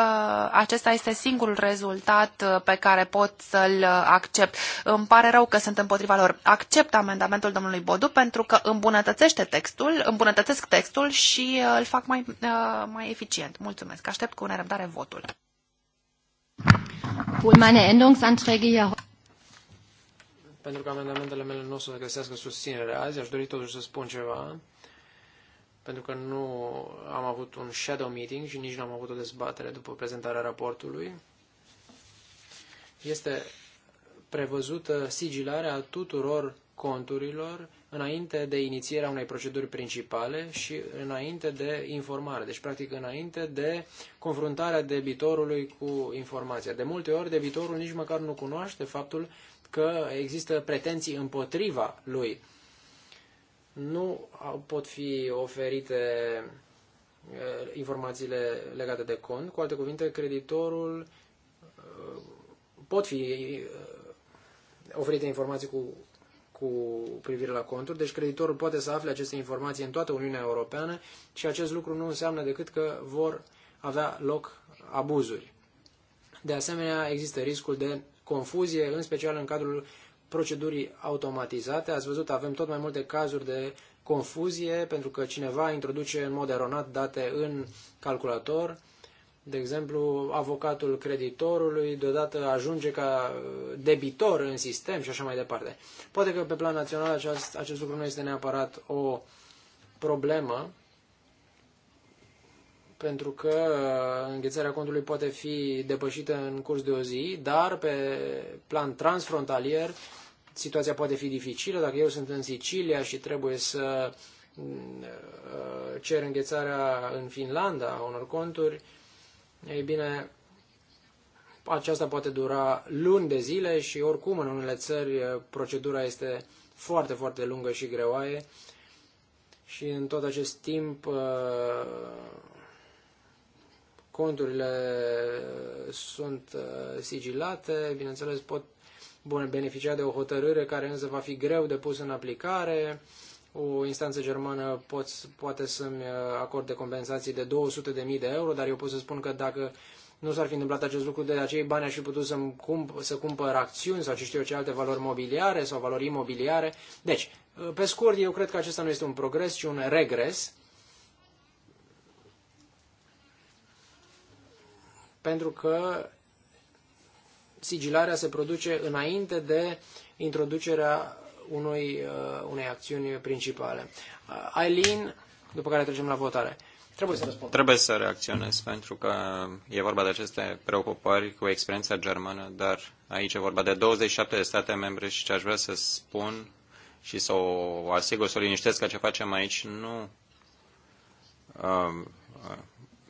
acesta este singurul rezultat pe care pot să-l accept. Îmi pare rău că sunt împotriva lor. Accept amendamentul domnului Bodu pentru că îmbunătățește îmbunătățește textul, îmbunătățesc textul și uh, îl fac mai, uh, mai eficient. Mulțumesc. Aștept cu nerăbdare votul. Pentru că amendamentele mele nu o să găsească susținere azi, aș dori totuși să spun ceva, pentru că nu am avut un shadow meeting și nici nu am avut o dezbatere după prezentarea raportului. Este prevăzută sigilarea tuturor conturilor înainte de inițierea unei proceduri principale și înainte de informare. Deci, practic, înainte de confruntarea debitorului cu informația. De multe ori, debitorul nici măcar nu cunoaște faptul că există pretenții împotriva lui. Nu pot fi oferite uh, informațiile legate de cont. Cu alte cuvinte, creditorul uh, pot fi uh, oferite informații cu cu privire la conturi, deci creditorul poate să afle aceste informații în toată Uniunea Europeană și acest lucru nu înseamnă decât că vor avea loc abuzuri. De asemenea, există riscul de confuzie, în special în cadrul procedurii automatizate. Ați văzut, avem tot mai multe cazuri de confuzie pentru că cineva introduce în mod eronat date în calculator de exemplu, avocatul creditorului deodată ajunge ca uh, debitor în sistem și așa mai departe. Poate că pe plan național acest, acest lucru nu este neapărat o problemă, pentru că uh, înghețarea contului poate fi depășită în curs de o zi, dar pe plan transfrontalier situația poate fi dificilă. Dacă eu sunt în Sicilia și trebuie să uh, cer înghețarea în Finlanda a unor conturi, ei bine, aceasta poate dura luni de zile și oricum în unele țări eh, procedura este foarte, foarte lungă și greoaie și în tot acest timp eh, conturile eh, sunt sigilate, bineînțeles pot beneficia de o hotărâre care însă va fi greu de pus în aplicare, o instanță germană pot, poate să-mi uh, acorde compensații de 200.000 de euro, dar eu pot să spun că dacă nu s-ar fi întâmplat acest lucru, de acei bani aș fi putut să, cump, să cumpăr acțiuni sau ce știu eu ce alte valori mobiliare sau valori imobiliare. Deci, uh, pe scurt, eu cred că acesta nu este un progres, ci un regres. Pentru că sigilarea se produce înainte de introducerea unui, uh, unei acțiuni principale. Uh, Aileen, după care trecem la votare. Trebuie să răspund. Trebuie să reacționez, pentru că e vorba de aceste preocupări cu experiența germană, dar aici e vorba de 27 de state membre și ce aș vrea să spun și să o asigur, să o liniștesc că ce facem aici nu um,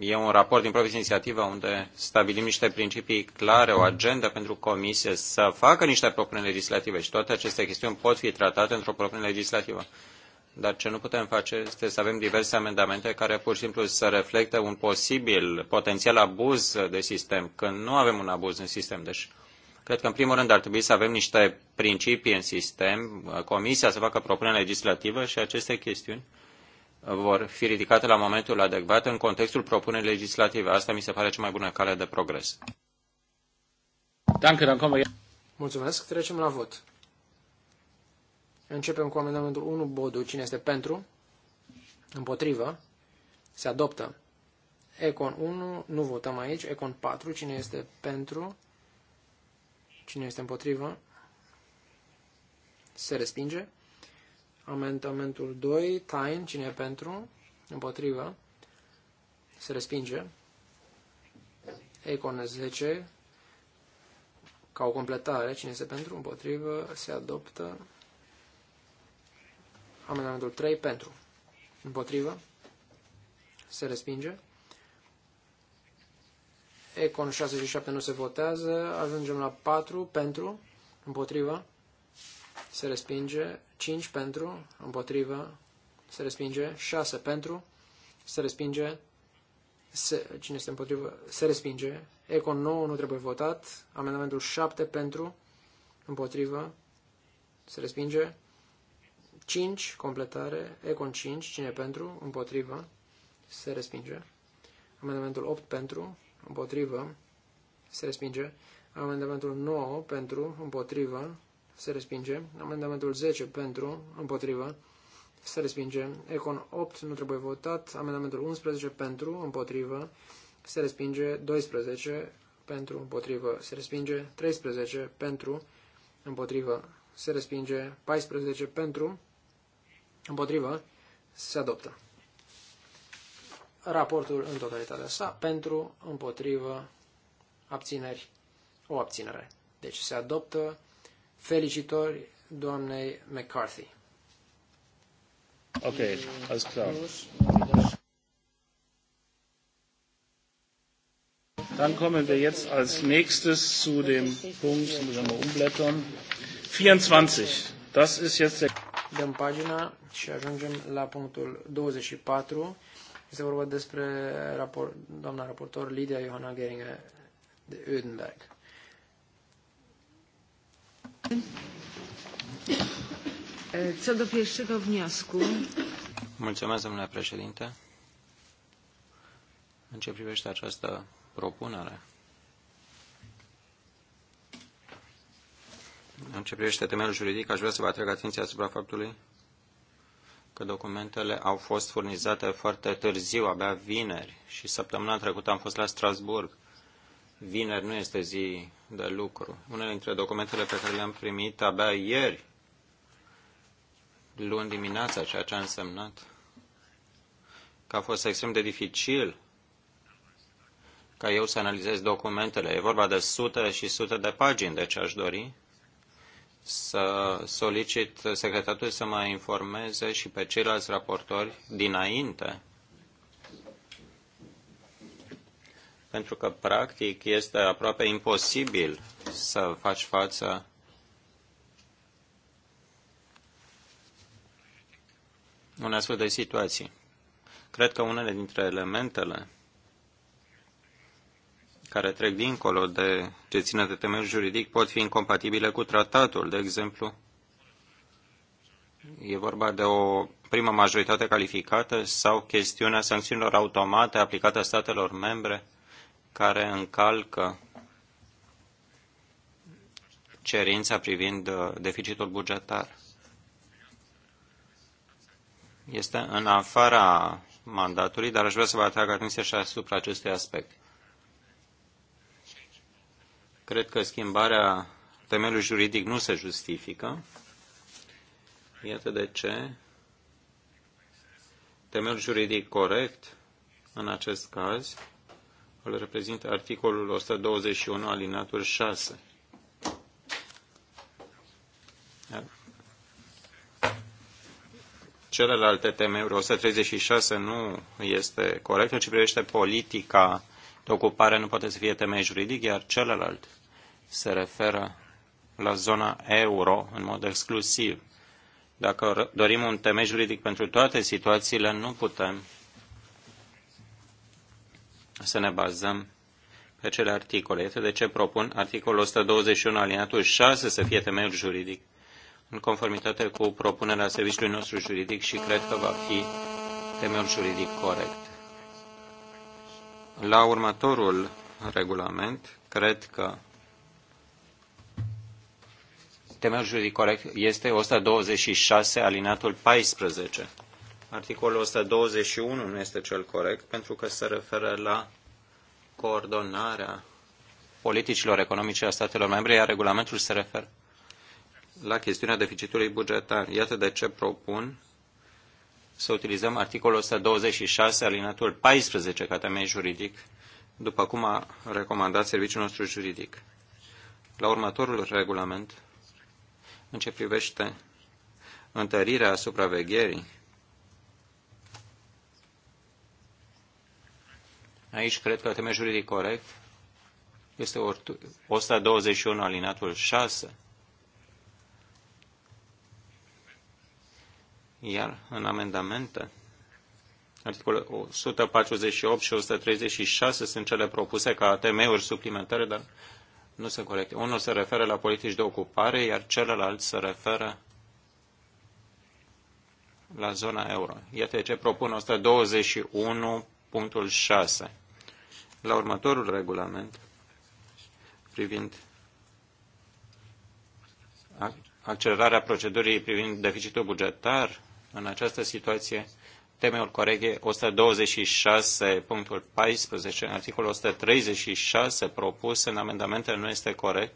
E un raport din proprie inițiativă unde stabilim niște principii clare, o agendă pentru comisie să facă niște propuneri legislative și toate aceste chestiuni pot fi tratate într-o propunere legislativă. Dar ce nu putem face este să avem diverse amendamente care pur și simplu să reflecte un posibil, potențial abuz de sistem, când nu avem un abuz în sistem. Deci, cred că în primul rând ar trebui să avem niște principii în sistem, uh, comisia să facă propunere legislativă și aceste chestiuni vor fi ridicate la momentul adecvat în contextul propunerii legislative. Asta mi se pare cea mai bună cale de progres. Mulțumesc. Trecem la vot. Începem cu amendamentul 1, Bodu. Cine este pentru? Împotrivă? Se adoptă. Econ 1, nu votăm aici. Econ 4, cine este pentru? Cine este împotrivă? Se respinge. Amendamentul 2, Tain, cine e pentru? Împotrivă. Se respinge. Econ 10, ca o completare, cine este pentru? Împotrivă. Se adoptă. Amendamentul 3, pentru. Împotrivă. Se respinge. Econ 67 nu se votează. Ajungem la 4, pentru. Împotrivă. Se respinge. 5 pentru, împotrivă, se respinge. 6 pentru, se respinge. Se, cine este împotrivă, se respinge. eco 9 nu trebuie votat. Amendamentul 7 pentru, împotrivă, se respinge. 5, completare, Econ 5, cine pentru, împotrivă, se respinge. Amendamentul 8 pentru, împotrivă, se respinge. Amendamentul 9 pentru, împotrivă, se respinge. Amendamentul 10 pentru, împotrivă, se respinge. Econ 8 nu trebuie votat. Amendamentul 11 pentru, împotrivă, se respinge. 12 pentru, împotrivă, se respinge. 13 pentru, împotrivă, se respinge. 14 pentru, împotrivă, se adoptă. Raportul în totalitatea sa pentru, împotrivă, abțineri, o abținere. Deci se adoptă Felicitări doamnei McCarthy. Ok, alles klar. Dann kommen wir jetzt als nächstes zu dem Punkt, muss wir mal umblättern, 24. Das ist jetzt der... Dăm pagina și ajungem la punctul 24. Este vorba despre rapor, doamna raportor Lidia Johanna Geringer de Ödenberg. Co do pierwszego wniosku. Mulțumesc, domnule președinte. În ce privește această propunere, în ce privește temelul juridic, aș vrea să vă atrag atenția asupra faptului că documentele au fost furnizate foarte târziu, abia vineri, și săptămâna trecută am fost la Strasburg vineri nu este zi de lucru. Unele dintre documentele pe care le-am primit abia ieri, luni dimineața, ceea ce a însemnat că a fost extrem de dificil ca eu să analizez documentele. E vorba de sute și sute de pagini, deci aș dori să solicit secretarului să mă informeze și pe ceilalți raportori dinainte pentru că, practic, este aproape imposibil să faci față unei astfel de situații. Cred că unele dintre elementele care trec dincolo de ce ține de temeiul juridic pot fi incompatibile cu tratatul. De exemplu, e vorba de o primă majoritate calificată sau chestiunea sancțiunilor automate aplicate statelor membre care încalcă cerința privind uh, deficitul bugetar. Este în afara mandatului, dar aș vrea să vă atrag atenția și asupra acestui aspect. Cred că schimbarea temelului juridic nu se justifică. Iată de ce Temelul juridic corect în acest caz îl reprezintă articolul 121 alinatul 6. Celelalte temeiuri, 136 nu este corect, în ce privește politica de ocupare nu poate să fie teme juridic, iar celălalt se referă la zona euro în mod exclusiv. Dacă dorim un teme juridic pentru toate situațiile, nu putem să ne bazăm pe cele articole. Iată de ce propun articolul 121 alinatul 6 să fie temeiul juridic în conformitate cu propunerea serviciului nostru juridic și cred că va fi temeiul juridic corect. La următorul regulament, cred că temeiul juridic corect este 126 alinatul 14. Articolul 121 nu este cel corect pentru că se referă la coordonarea politicilor economice a statelor membre, iar regulamentul se referă la chestiunea deficitului bugetar. Iată de ce propun să utilizăm articolul 126, alinatul 14, ca temei juridic, după cum a recomandat serviciul nostru juridic. La următorul regulament, în ce privește întărirea supravegherii Aici cred că temei juridic corect este 121 alinatul 6. Iar în amendamente, articolul 148 și 136 sunt cele propuse ca temeiuri suplimentare, dar nu sunt corecte. Unul se referă la politici de ocupare, iar celălalt se referă la zona euro. Iată ce propun 121.6 la următorul regulament privind accelerarea procedurii privind deficitul bugetar. În această situație, temeul corect e 126.14, în articolul 136 propus în amendamente nu este corect,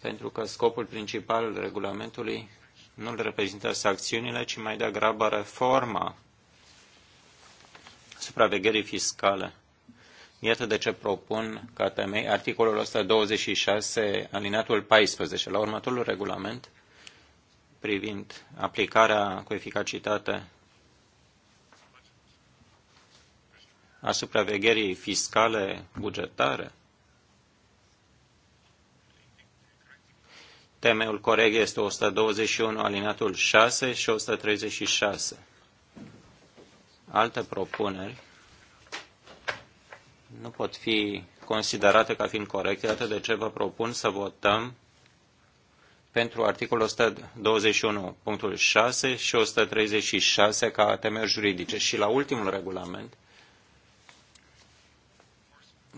pentru că scopul principal al regulamentului nu îl reprezintă sancțiunile, ci mai degrabă reforma supravegherii fiscale Iată de ce propun ca temei articolul 126, alineatul 14, la următorul regulament privind aplicarea cu eficacitate a supravegherii fiscale bugetare. Temeiul corect este 121, alineatul 6 și 136. Alte propuneri nu pot fi considerate ca fiind corecte, atât de ce vă propun să votăm pentru articolul 121.6 și 136 ca temeri juridice. Și la ultimul regulament,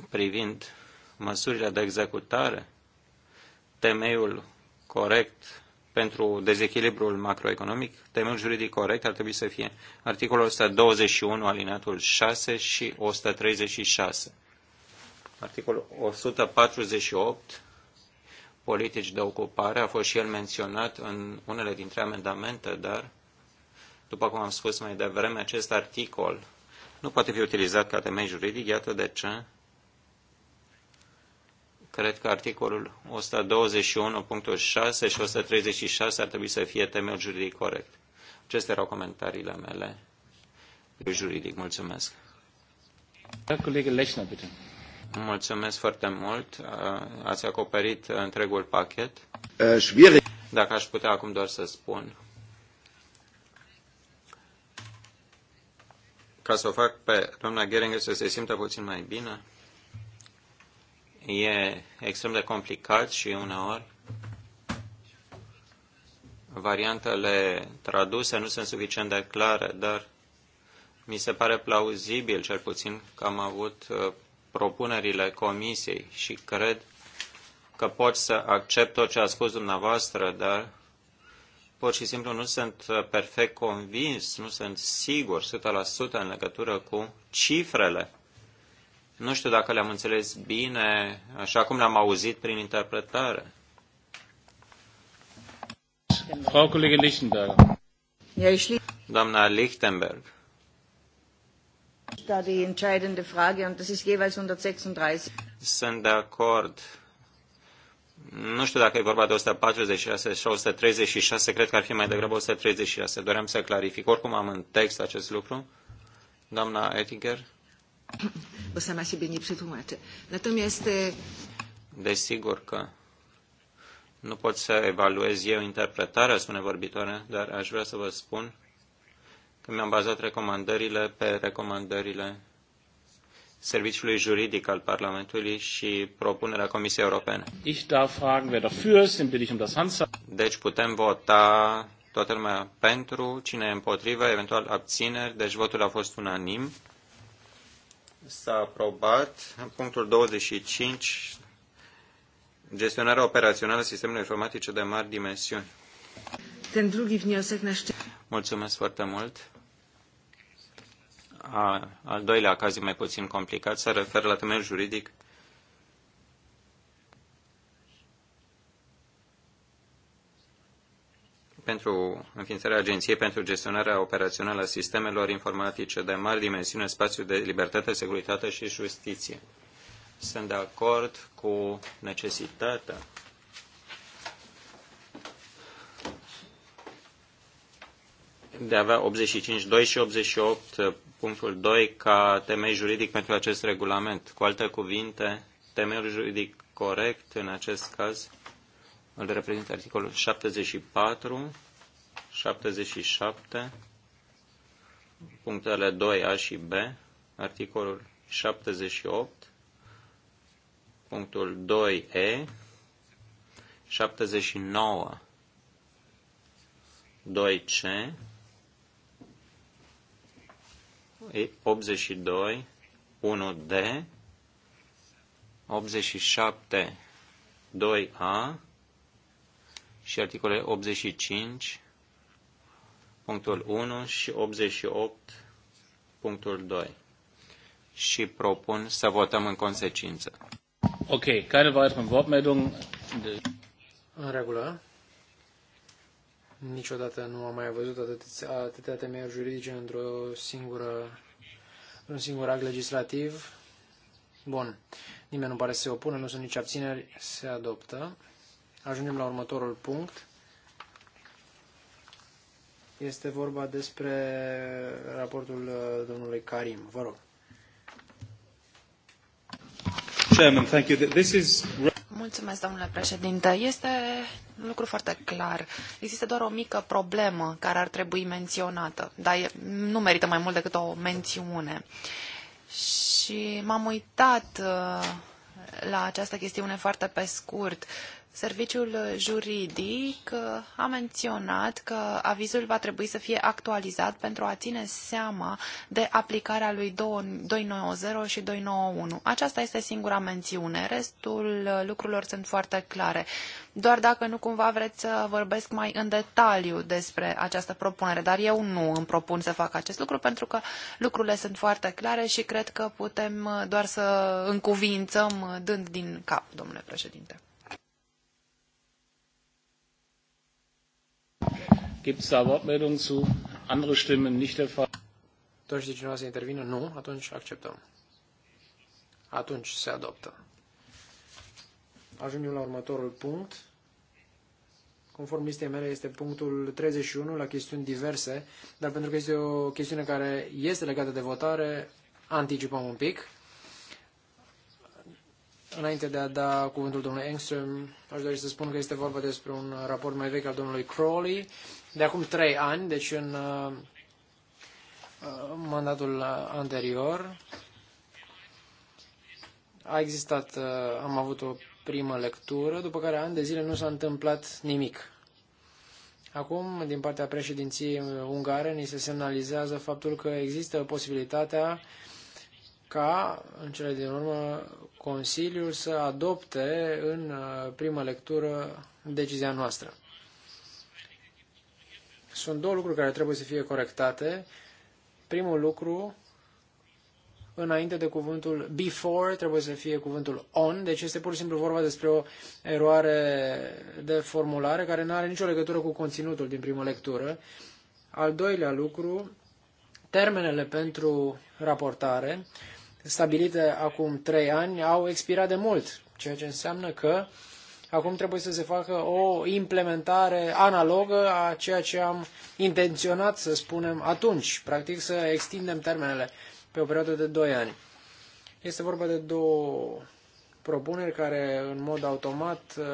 privind măsurile de executare, temeiul corect pentru dezechilibrul macroeconomic, temeiul juridic corect ar trebui să fie articolul 121, alineatul 6 și 136. Articolul 148, politici de ocupare, a fost și el menționat în unele dintre amendamente, dar, după cum am spus mai devreme, acest articol nu poate fi utilizat ca temei juridic, iată de ce Cred că articolul 121.6 și 136 ar trebui să fie temel juridic corect. Acestea erau comentariile mele. pe juridic, mulțumesc. Da, mulțumesc foarte mult. Uh, ați acoperit întregul pachet. Uh, Dacă aș putea acum doar să spun. Ca să o fac pe doamna Geringer să se simtă puțin mai bine e extrem de complicat și uneori variantele traduse nu sunt suficient de clare, dar mi se pare plauzibil, cel puțin, că am avut uh, propunerile comisiei și cred că pot să accept tot ce a spus dumneavoastră, dar pur și simplu nu sunt uh, perfect convins, nu sunt sigur 100% în legătură cu cifrele nu știu dacă le-am înțeles bine, așa cum le-am auzit prin interpretare. Frau Kollegin Lichtenberger. Doamna Lichtenberg. Da, die entscheidende Frage, und das ist jeweils 136. Sunt de acord. Nu știu dacă e vorba de 146 sau 136, cred că ar fi mai degrabă 136. Doream să clarific. Oricum am în text acest lucru. Doamna Ettinger bo sama siebie nie przetłumaczę. Natomiast... Desigur că nu pot să evaluez eu interpretarea, spune vorbitoare, dar aș vrea să vă spun că mi-am bazat recomandările pe recomandările Serviciului Juridic al Parlamentului și propunerea Comisiei Europene. Ich darf fragen, wer dafür ist, den bitte ich um das Handzeichen. Deci putem vota toată lumea pentru, cine e împotrivă, eventual abțineri, deci votul a fost unanim. S-a aprobat punctul 25, gestionarea operațională a sistemelor informatice de mari dimensiuni. Mulțumesc foarte mult. A, al doilea caz e mai puțin complicat, se referă la temel juridic pentru înființarea Agenției pentru gestionarea operațională a sistemelor informatice de mari dimensiune, spațiu de libertate, securitate și justiție. Sunt de acord cu necesitatea de a avea 85, 2 și 88, punctul 2, ca temei juridic pentru acest regulament. Cu alte cuvinte, temeiul juridic corect în acest caz îl reprezintă articolul 74, 77, punctele 2a și b, articolul 78, punctul 2e, 79, 2c, 82, 1D, 87, 2A, și articolele 85, punctul 1 și 88, punctul 2. Și propun să votăm în consecință. Ok, care va fi Wortmeldungen? De... În regulă. Niciodată nu am mai văzut atâtea, atâtea temeiuri juridice într-o singură, într-un singur act legislativ. Bun. Nimeni nu pare să se opună, nu sunt nici abțineri, se adoptă. Ajungem la următorul punct. Este vorba despre raportul uh, domnului Karim. Vă rog. Chairman, thank you. This is... Mulțumesc, domnule președinte. Este un lucru foarte clar. Există doar o mică problemă care ar trebui menționată, dar nu merită mai mult decât o mențiune. Și m-am uitat uh, la această chestiune foarte pe scurt Serviciul juridic uh, a menționat că avizul va trebui să fie actualizat pentru a ține seama de aplicarea lui 290 și 291. Aceasta este singura mențiune. Restul uh, lucrurilor sunt foarte clare. Doar dacă nu cumva vreți să vorbesc mai în detaliu despre această propunere, dar eu nu îmi propun să fac acest lucru pentru că lucrurile sunt foarte clare și cred că putem uh, doar să încuvințăm dând din cap, domnule președinte. Gibt es da Wortmeldungen zu? Andere Stimmen nicht der Fall. Dorește cineva să intervină? Nu? Atunci acceptăm. Atunci se adoptă. Ajungem la următorul punct. Conform listei mele este punctul 31 la chestiuni diverse, dar pentru că este o chestiune care este legată de votare, anticipăm un pic. Înainte de a da cuvântul domnului Engström, aș dori să spun că este vorba despre un raport mai vechi al domnului Crowley, de acum trei ani, deci în uh, uh, mandatul anterior. A existat, uh, am avut o primă lectură, după care ani de zile nu s-a întâmplat nimic. Acum, din partea președinției ungare, ni se semnalizează faptul că există posibilitatea uh, ca, în cele din urmă, Consiliul să adopte în uh, prima lectură decizia noastră. Sunt două lucruri care trebuie să fie corectate. Primul lucru, înainte de cuvântul before, trebuie să fie cuvântul on, deci este pur și simplu vorba despre o eroare de formulare care nu are nicio legătură cu conținutul din prima lectură. Al doilea lucru, termenele pentru raportare stabilite acum trei ani au expirat de mult, ceea ce înseamnă că acum trebuie să se facă o implementare analogă a ceea ce am intenționat să spunem atunci, practic să extindem termenele pe o perioadă de doi ani. Este vorba de două propuneri care în mod automat uh,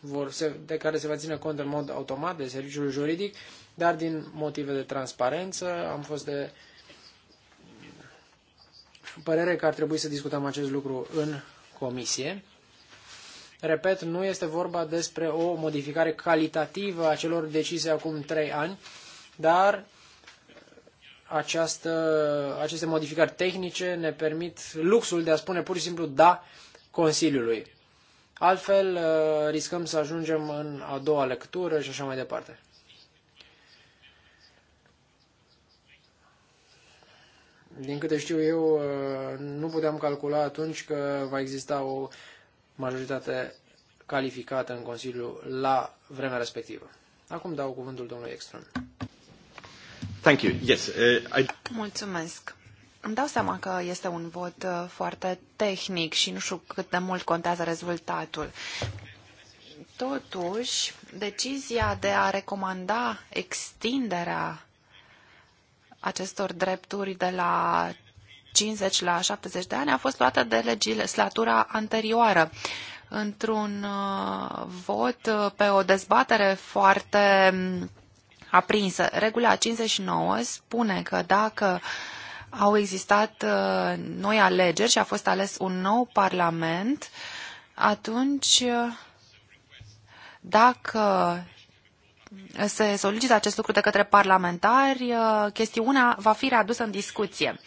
vor se, de care se va ține cont în mod automat de serviciul juridic, dar din motive de transparență am fost de părere că ar trebui să discutăm acest lucru în comisie. Repet, nu este vorba despre o modificare calitativă a celor decise acum trei ani, dar această, aceste modificări tehnice ne permit luxul de a spune pur și simplu da Consiliului. Altfel, riscăm să ajungem în a doua lectură și așa mai departe. Din câte știu eu, uh, nu puteam calcula atunci că va exista o majoritate calificată în Consiliu la vremea respectivă. Acum dau cuvântul domnului Ekström. Thank you. Yes, uh, I... Mulțumesc. Îmi dau seama că este un vot uh, foarte tehnic și nu știu cât de mult contează rezultatul. Totuși, decizia de a recomanda extinderea acestor drepturi de la 50 la 70 de ani a fost luată de legislatura anterioară într-un uh, vot uh, pe o dezbatere foarte mm, aprinsă. Regula 59 spune că dacă au existat uh, noi alegeri și a fost ales un nou parlament, atunci dacă se solicită acest lucru de către parlamentari, uh, chestiunea va fi readusă în discuție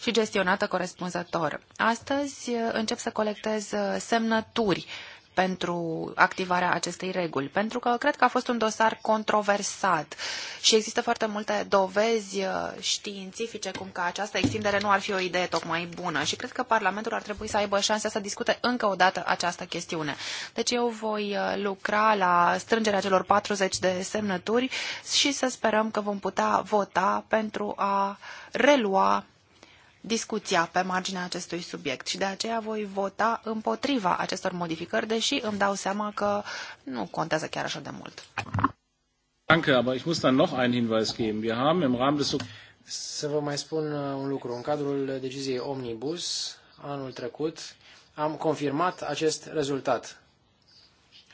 și gestionată corespunzător. Astăzi uh, încep să colectez uh, semnături pentru activarea acestei reguli, pentru că cred că a fost un dosar controversat și există foarte multe dovezi uh, științifice cum că această extindere nu ar fi o idee tocmai bună și cred că Parlamentul ar trebui să aibă șansa să discute încă o dată această chestiune. Deci eu voi uh, lucra la strângerea celor 40 de semnături și să sperăm că vom putea vota pentru a relua discuția pe marginea acestui subiect și de aceea voi vota împotriva acestor modificări, deși îmi dau seama că nu contează chiar așa de mult. Danke, aber ich muss dann noch einen Hinweis geben. Wir haben im Rahmen des Să vă mai spun uh, un lucru. În cadrul deciziei Omnibus, anul trecut, am confirmat acest rezultat.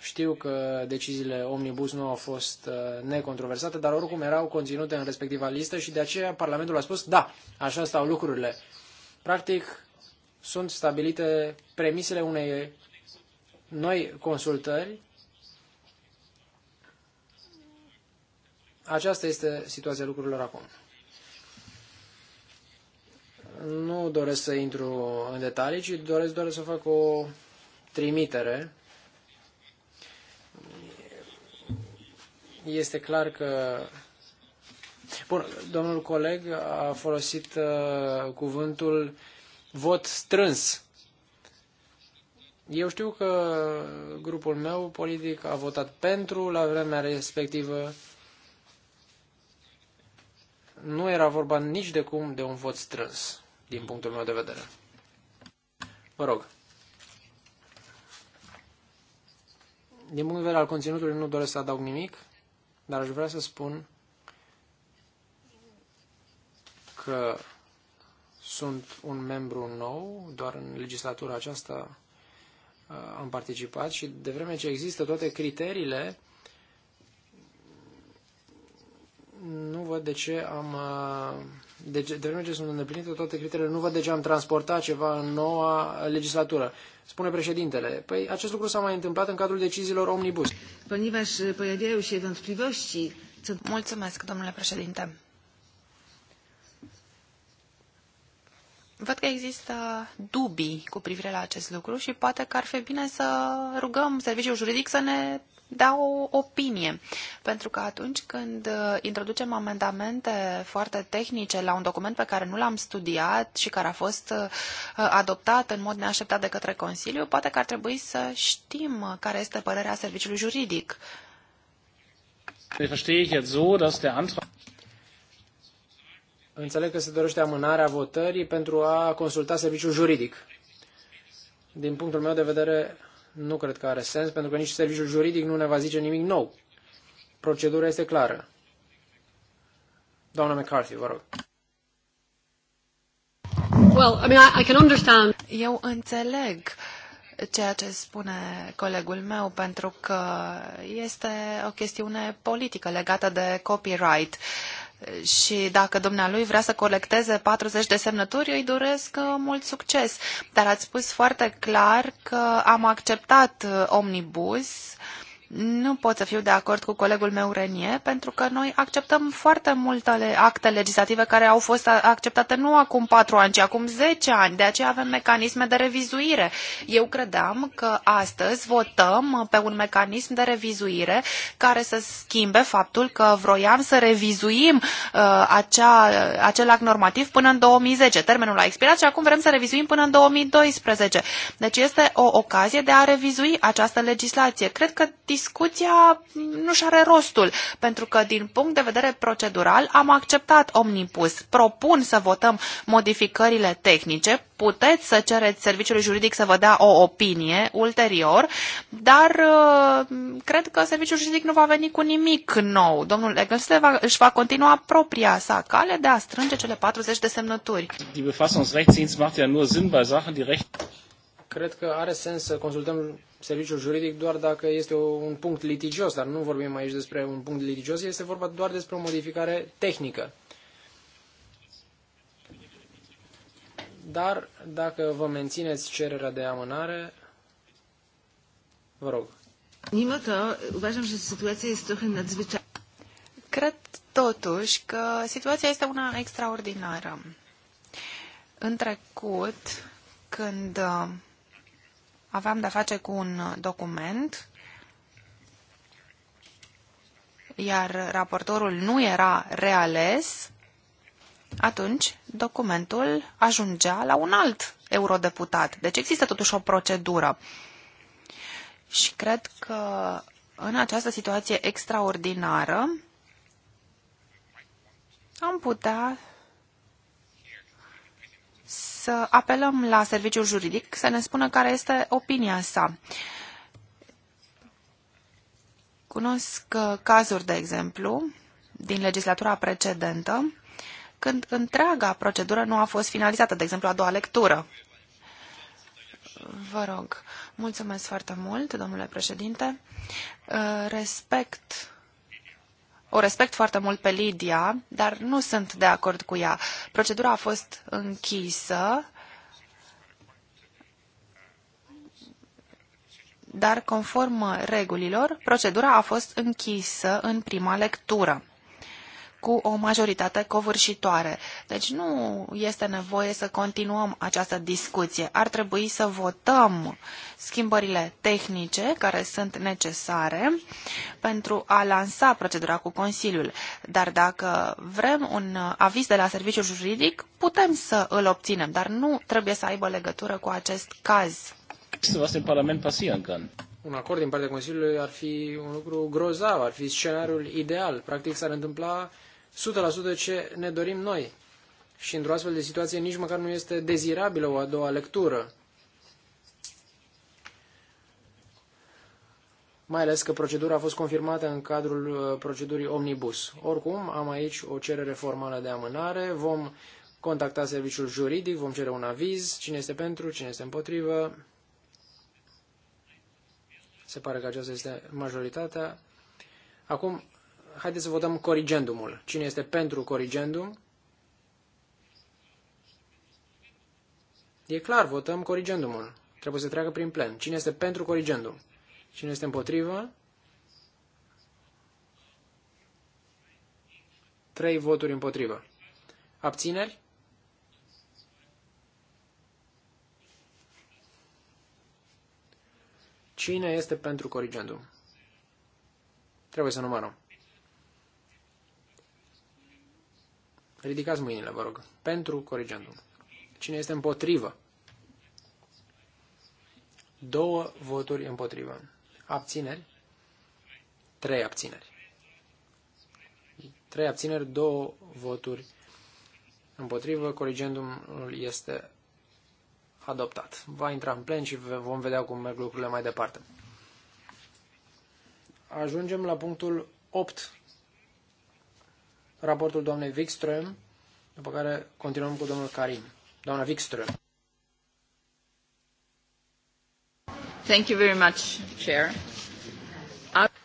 Știu că deciziile Omnibus nu au fost uh, necontroversate, dar oricum erau conținute în respectiva listă și de aceea Parlamentul a spus, da, așa stau lucrurile. Practic, sunt stabilite premisele unei noi consultări. Aceasta este situația lucrurilor acum. Nu doresc să intru în detalii, ci doresc doar să fac o trimitere Este clar că Bun, domnul coleg a folosit uh, cuvântul vot strâns. Eu știu că grupul meu politic a votat pentru la vremea respectivă. Nu era vorba nici de cum de un vot strâns, din punctul meu de vedere. Vă rog. Din punct de vedere al conținutului nu doresc să adaug nimic. Dar aș vrea să spun că sunt un membru nou, doar în legislatura aceasta uh, am participat și de vreme ce există toate criteriile, nu văd de ce am... Uh, de, ce, de vreme ce sunt îndeplinite toate criteriile, nu văd de ce am transportat ceva în noua legislatură spune președintele. Păi acest lucru s-a mai întâmplat în cadrul deciziilor omnibus. Mulțumesc, domnule președinte. Văd că există dubii cu privire la acest lucru și poate că ar fi bine să rugăm serviciul juridic să ne da o opinie. Pentru că atunci când uh, introducem amendamente foarte tehnice la un document pe care nu l-am studiat și care a fost uh, adoptat în mod neașteptat de către Consiliu, poate că ar trebui să știm care este părerea serviciului juridic. Deci Înțeleg că se dorește amânarea votării pentru a consulta serviciul juridic. Din punctul meu de vedere, nu cred că are sens, pentru că nici serviciul juridic nu ne va zice nimic nou. Procedura este clară. Doamna McCarthy, vă rog. Well, I mean, I, I can understand. Eu înțeleg ceea ce spune colegul meu, pentru că este o chestiune politică legată de copyright. Uh, și dacă dumnealui vrea să colecteze 40 de semnături, îi doresc uh, mult succes. Dar ați spus foarte clar că am acceptat uh, omnibus nu pot să fiu de acord cu colegul meu Renie, pentru că noi acceptăm foarte multe acte legislative care au fost acceptate nu acum patru ani, ci acum zece ani. De aceea avem mecanisme de revizuire. Eu credeam că astăzi votăm pe un mecanism de revizuire care să schimbe faptul că vroiam să revizuim uh, acea, acel act normativ până în 2010. Termenul a expirat și acum vrem să revizuim până în 2012. Deci este o ocazie de a revizui această legislație. Cred că discuția nu-și are rostul, pentru că din punct de vedere procedural am acceptat omnipus. Propun să votăm modificările tehnice. Puteți să cereți serviciului juridic să vă dea o opinie ulterior, dar uh, cred că serviciul juridic nu va veni cu nimic nou. Domnul Egelsle își va continua propria sa cale de a strânge cele 40 de semnături. Die Befassungsrechtsdienst macht ja nur Sinn bei Sachen, die recht Cred că are sens să consultăm serviciul juridic doar dacă este un punct litigios, dar nu vorbim aici despre un punct litigios, este vorba doar despre o modificare tehnică. Dar dacă vă mențineți cererea de amânare, vă rog. Mimo to, uważam, że sytuacja jest trochę nadzwyczajna. Cred totuși că situația este una extraordinară. În trecut, când aveam de-a face cu un document, iar raportorul nu era reales, atunci documentul ajungea la un alt eurodeputat. Deci există totuși o procedură. Și cred că în această situație extraordinară am putea să apelăm la serviciul juridic să ne spună care este opinia sa. Cunosc uh, cazuri, de exemplu, din legislatura precedentă, când întreaga procedură nu a fost finalizată, de exemplu, a doua lectură. Vă rog, mulțumesc foarte mult, domnule președinte. Uh, respect o respect foarte mult pe Lidia, dar nu sunt de acord cu ea. Procedura a fost închisă, dar conform regulilor, procedura a fost închisă în prima lectură cu o majoritate covârșitoare. Deci nu este nevoie să continuăm această discuție. Ar trebui să votăm schimbările tehnice care sunt necesare pentru a lansa procedura cu Consiliul. Dar dacă vrem un aviz de la serviciul juridic, putem să îl obținem, dar nu trebuie să aibă legătură cu acest caz. Was im Parlament un acord din partea Consiliului ar fi un lucru grozav, ar fi scenariul ideal. Practic s-ar întâmpla 100% ce ne dorim noi. Și într-o astfel de situație nici măcar nu este dezirabilă o a doua lectură. mai ales că procedura a fost confirmată în cadrul uh, procedurii Omnibus. Oricum, am aici o cerere formală de amânare, vom contacta serviciul juridic, vom cere un aviz, cine este pentru, cine este împotrivă. Se pare că aceasta este majoritatea. Acum Haideți să votăm corigendumul. Cine este pentru corigendum? E clar, votăm corigendumul. Trebuie să treacă prin plen. Cine este pentru corigendum? Cine este împotrivă? Trei voturi împotrivă. Abțineri? Cine este pentru corigendum? Trebuie să numărăm. Ridicați mâinile, vă rog, pentru corigendum. Cine este împotrivă? Două voturi împotrivă. Abțineri? Trei abțineri. Trei abțineri, două voturi împotrivă. Corigendumul este adoptat. Va intra în plen și vom vedea cum merg lucrurile mai departe. Ajungem la punctul 8 raportul doamnei Wikström, după care continuăm cu domnul Karim. Doamna Wikström. Thank you very much, Chair.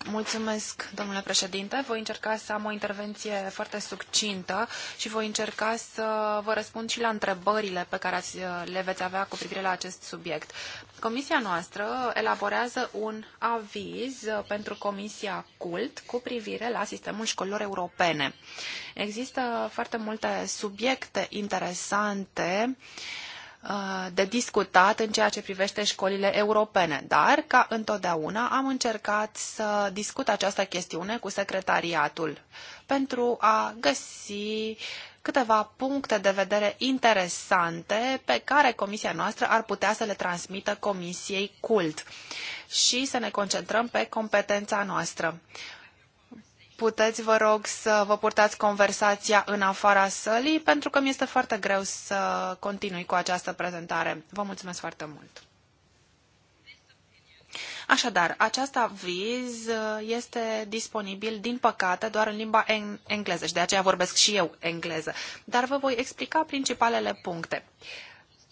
Mulțumesc, domnule președinte. Voi încerca să am o intervenție foarte succintă și voi încerca să vă răspund și la întrebările pe care le veți avea cu privire la acest subiect. Comisia noastră elaborează un aviz pentru Comisia CULT cu privire la sistemul școlilor europene. Există foarte multe subiecte interesante uh, Uh, de discutat în ceea ce privește școlile europene, dar, ca întotdeauna, am încercat să discut această chestiune cu secretariatul pentru a găsi câteva puncte de vedere interesante pe care comisia noastră ar putea să le transmită comisiei cult și să ne concentrăm pe competența noastră puteți, vă rog, să vă purtați conversația în afara sălii, pentru că mi este foarte greu să continui cu această prezentare. Vă mulțumesc foarte mult! Așadar, acest aviz uh, este disponibil, din păcate, doar în limba en- engleză și de aceea vorbesc și eu engleză, dar vă voi explica principalele puncte. Uh,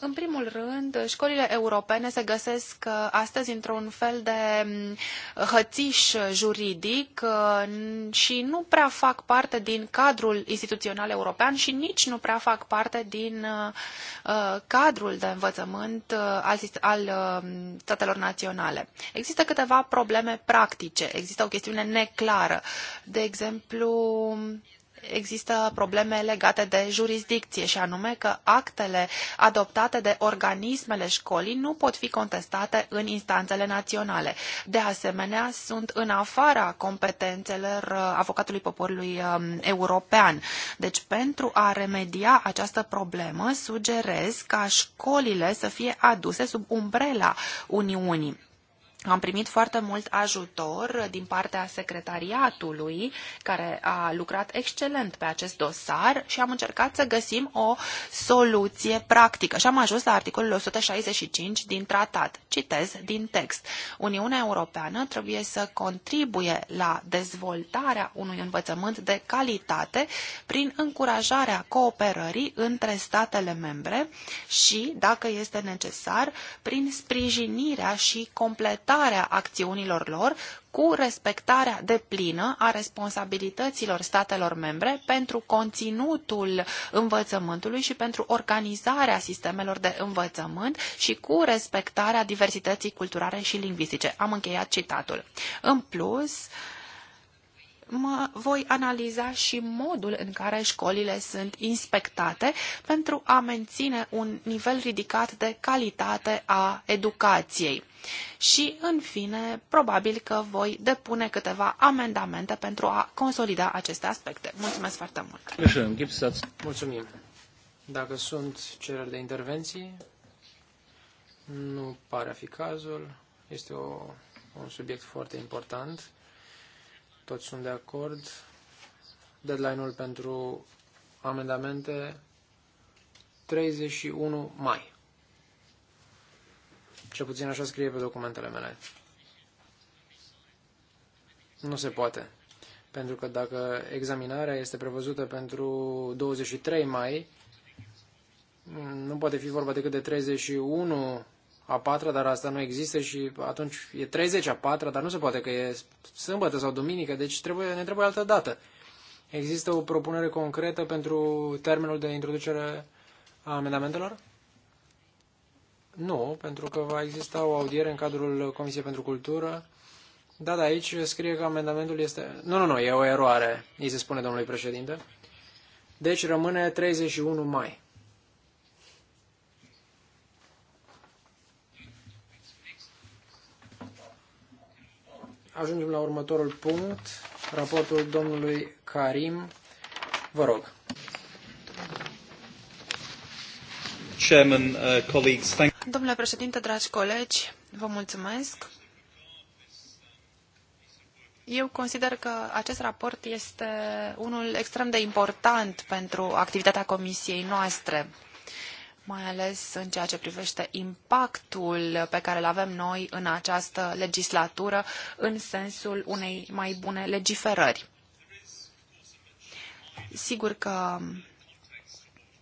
în primul rând, școlile europene se găsesc uh, astăzi într-un fel de mm, hățiș juridic uh, și nu prea fac parte din cadrul instituțional european și nici nu prea fac parte din uh, cadrul de învățământ al um, statelor naționale. Există câteva probleme practice, există o chestiune neclară. De exemplu, există probleme legate de jurisdicție și anume că actele adoptate de organismele școlii nu pot fi contestate în instanțele naționale. De asemenea, sunt în afara competențelor uh, avocatului poporului um, european. Deci, pentru a remedia această problemă, sugerez ca școlile să fie aduse sub umbrela Uniunii am primit foarte mult ajutor din partea secretariatului, care a lucrat excelent pe acest dosar și am încercat să găsim o soluție practică. Și am ajuns la articolul 165 din tratat. Citez din text. Uniunea Europeană trebuie să contribuie la dezvoltarea unui învățământ de calitate prin încurajarea cooperării între statele membre și, dacă este necesar, prin sprijinirea și completarea completarea acțiunilor lor cu respectarea deplină a responsabilităților statelor membre pentru conținutul învățământului și pentru organizarea sistemelor de învățământ și cu respectarea diversității culturale și lingvistice. Am încheiat citatul. În plus, mă voi analiza și modul în care școlile sunt inspectate pentru a menține un nivel ridicat de calitate a educației. Și, în fine, probabil că voi depune câteva amendamente pentru a consolida aceste aspecte. Mulțumesc foarte mult! Mulțumim! Dacă sunt cereri de intervenții, nu pare a fi cazul. Este o, un subiect foarte important toți sunt de acord. Deadline-ul pentru amendamente 31 mai. Ce puțin așa scrie pe documentele mele. Nu se poate. Pentru că dacă examinarea este prevăzută pentru 23 mai, nu poate fi vorba decât de 31 a patra, dar asta nu există și atunci e 30 a patra, dar nu se poate că e sâmbătă sau duminică, deci trebuie, ne trebuie altă dată. Există o propunere concretă pentru termenul de introducere a amendamentelor? Nu, pentru că va exista o audiere în cadrul Comisiei pentru Cultură. Da, da, aici scrie că amendamentul este... Nu, nu, nu, e o eroare, îi se spune domnului președinte. Deci rămâne 31 mai. Ajungem la următorul punct, raportul domnului Karim. Vă rog. Chairman, uh, colleagues, thank Domnule președinte, dragi colegi, vă mulțumesc. Eu consider că acest raport este unul extrem de important pentru activitatea comisiei noastre mai ales în ceea ce privește impactul pe care îl avem noi în această legislatură în sensul unei mai bune legiferări. Sigur că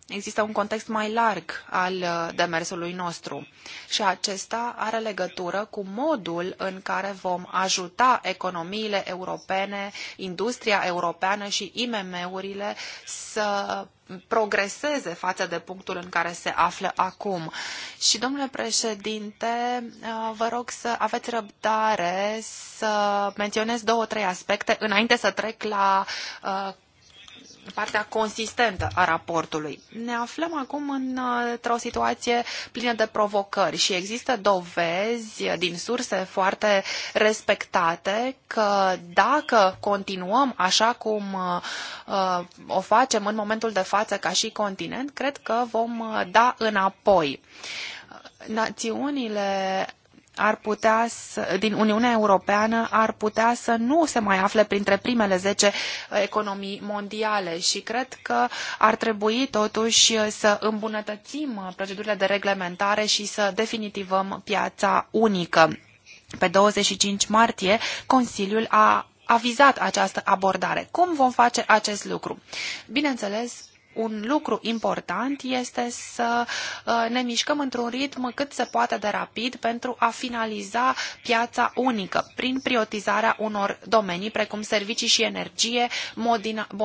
există un context mai larg al demersului nostru și acesta are legătură cu modul în care vom ajuta economiile europene, industria europeană și IMM-urile să progreseze față de punctul în care se află acum. Și, domnule președinte, uh, vă rog să aveți răbdare să menționez două, trei aspecte înainte să trec la uh, partea consistentă a raportului. Ne aflăm acum într-o situație plină de provocări și există dovezi din surse foarte respectate că dacă continuăm așa cum uh, o facem în momentul de față ca și continent, cred că vom uh, da înapoi. Națiunile ar putea să, din Uniunea Europeană ar putea să nu se mai afle printre primele 10 economii mondiale și cred că ar trebui totuși să îmbunătățim procedurile de reglementare și să definitivăm piața unică. Pe 25 martie, Consiliul a avizat această abordare. Cum vom face acest lucru? Bineînțeles, un lucru important este să uh, ne mișcăm într-un ritm cât se poate de rapid pentru a finaliza piața unică prin priorizarea unor domenii precum servicii și energie,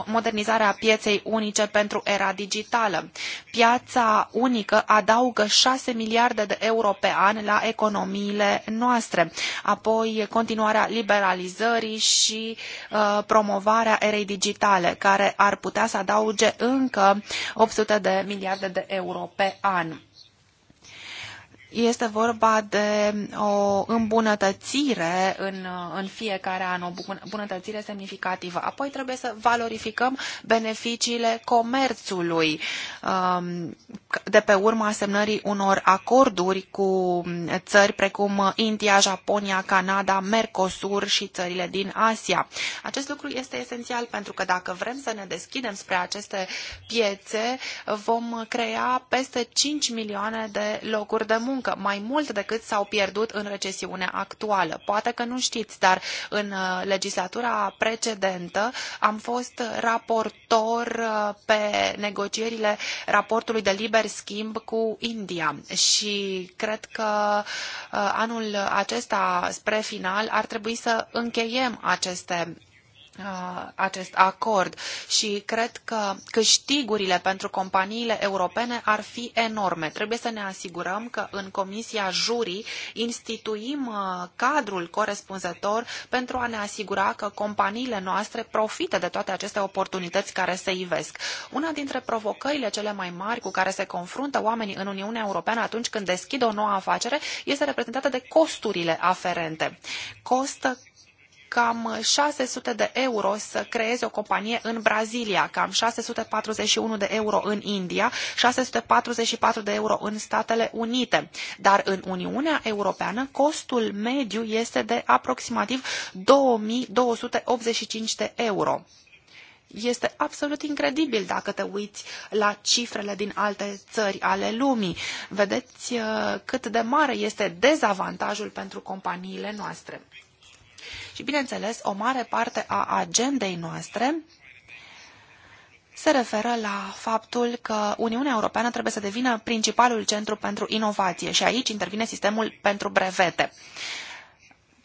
modernizarea pieței unice pentru era digitală. Piața unică adaugă 6 miliarde de euro pe an la economiile noastre, apoi continuarea liberalizării și uh, promovarea erei digitale, care ar putea să adauge încă circa 800 de miliarde de euro pe an. Este vorba de o îmbunătățire în, în fiecare an, o îmbunătățire semnificativă. Apoi trebuie să valorificăm beneficiile comerțului um, de pe urma semnării unor acorduri cu țări precum India, Japonia, Canada, Mercosur și țările din Asia. Acest lucru este esențial pentru că dacă vrem să ne deschidem spre aceste piețe, vom crea peste 5 milioane de locuri de muncă muncă, mai mult decât s-au pierdut în recesiunea actuală. Poate că nu știți, dar în uh, legislatura precedentă am fost raportor uh, pe negocierile raportului de liber schimb cu India și cred că uh, anul acesta, spre final, ar trebui să încheiem aceste Uh, acest acord și cred că câștigurile pentru companiile europene ar fi enorme. Trebuie să ne asigurăm că în Comisia Jurii instituim uh, cadrul corespunzător pentru a ne asigura că companiile noastre profită de toate aceste oportunități care se ivesc. Una dintre provocările cele mai mari cu care se confruntă oamenii în Uniunea Europeană atunci când deschid o nouă afacere este reprezentată de costurile aferente. Costă cam 600 de euro să creezi o companie în Brazilia, cam 641 de euro în India, 644 de euro în Statele Unite. Dar în Uniunea Europeană costul mediu este de aproximativ 2285 de euro. Este absolut incredibil dacă te uiți la cifrele din alte țări ale lumii. Vedeți uh, cât de mare este dezavantajul pentru companiile noastre și, bineînțeles, o mare parte a agendei noastre se referă la faptul că Uniunea Europeană trebuie să devină principalul centru pentru inovație și aici intervine sistemul pentru brevete.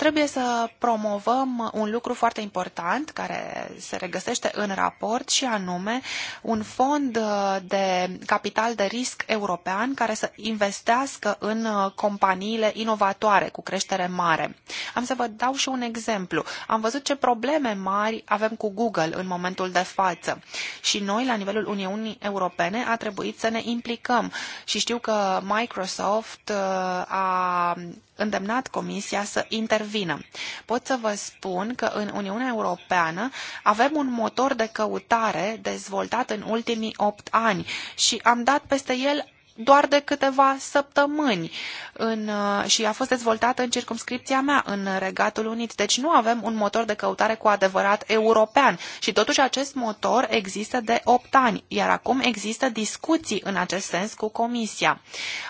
Trebuie să promovăm un lucru foarte important care se regăsește în raport și anume un fond uh, de capital de risc european care să investească în uh, companiile inovatoare cu creștere mare. Am să vă dau și un exemplu. Am văzut ce probleme mari avem cu Google în momentul de față și noi, la nivelul Uniunii Europene, a trebuit să ne implicăm și știu că Microsoft uh, a îndemnat Comisia să intervină. Pot să vă spun că în Uniunea Europeană avem un motor de căutare dezvoltat în ultimii opt ani și am dat peste el doar de câteva săptămâni în, uh, și a fost dezvoltată în circumscripția mea, în Regatul Unit. Deci nu avem un motor de căutare cu adevărat european și totuși acest motor există de 8 ani, iar acum există discuții în acest sens cu Comisia.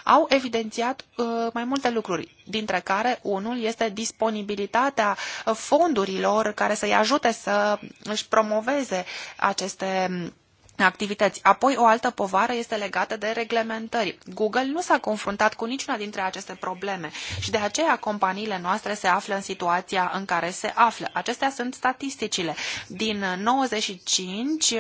Au evidențiat uh, mai multe lucruri, dintre care unul este disponibilitatea fondurilor care să-i ajute să își promoveze aceste activități. Apoi, o altă povară este legată de reglementări. Google nu s-a confruntat cu niciuna dintre aceste probleme și de aceea companiile noastre se află în situația în care se află. Acestea sunt statisticile. Din 95,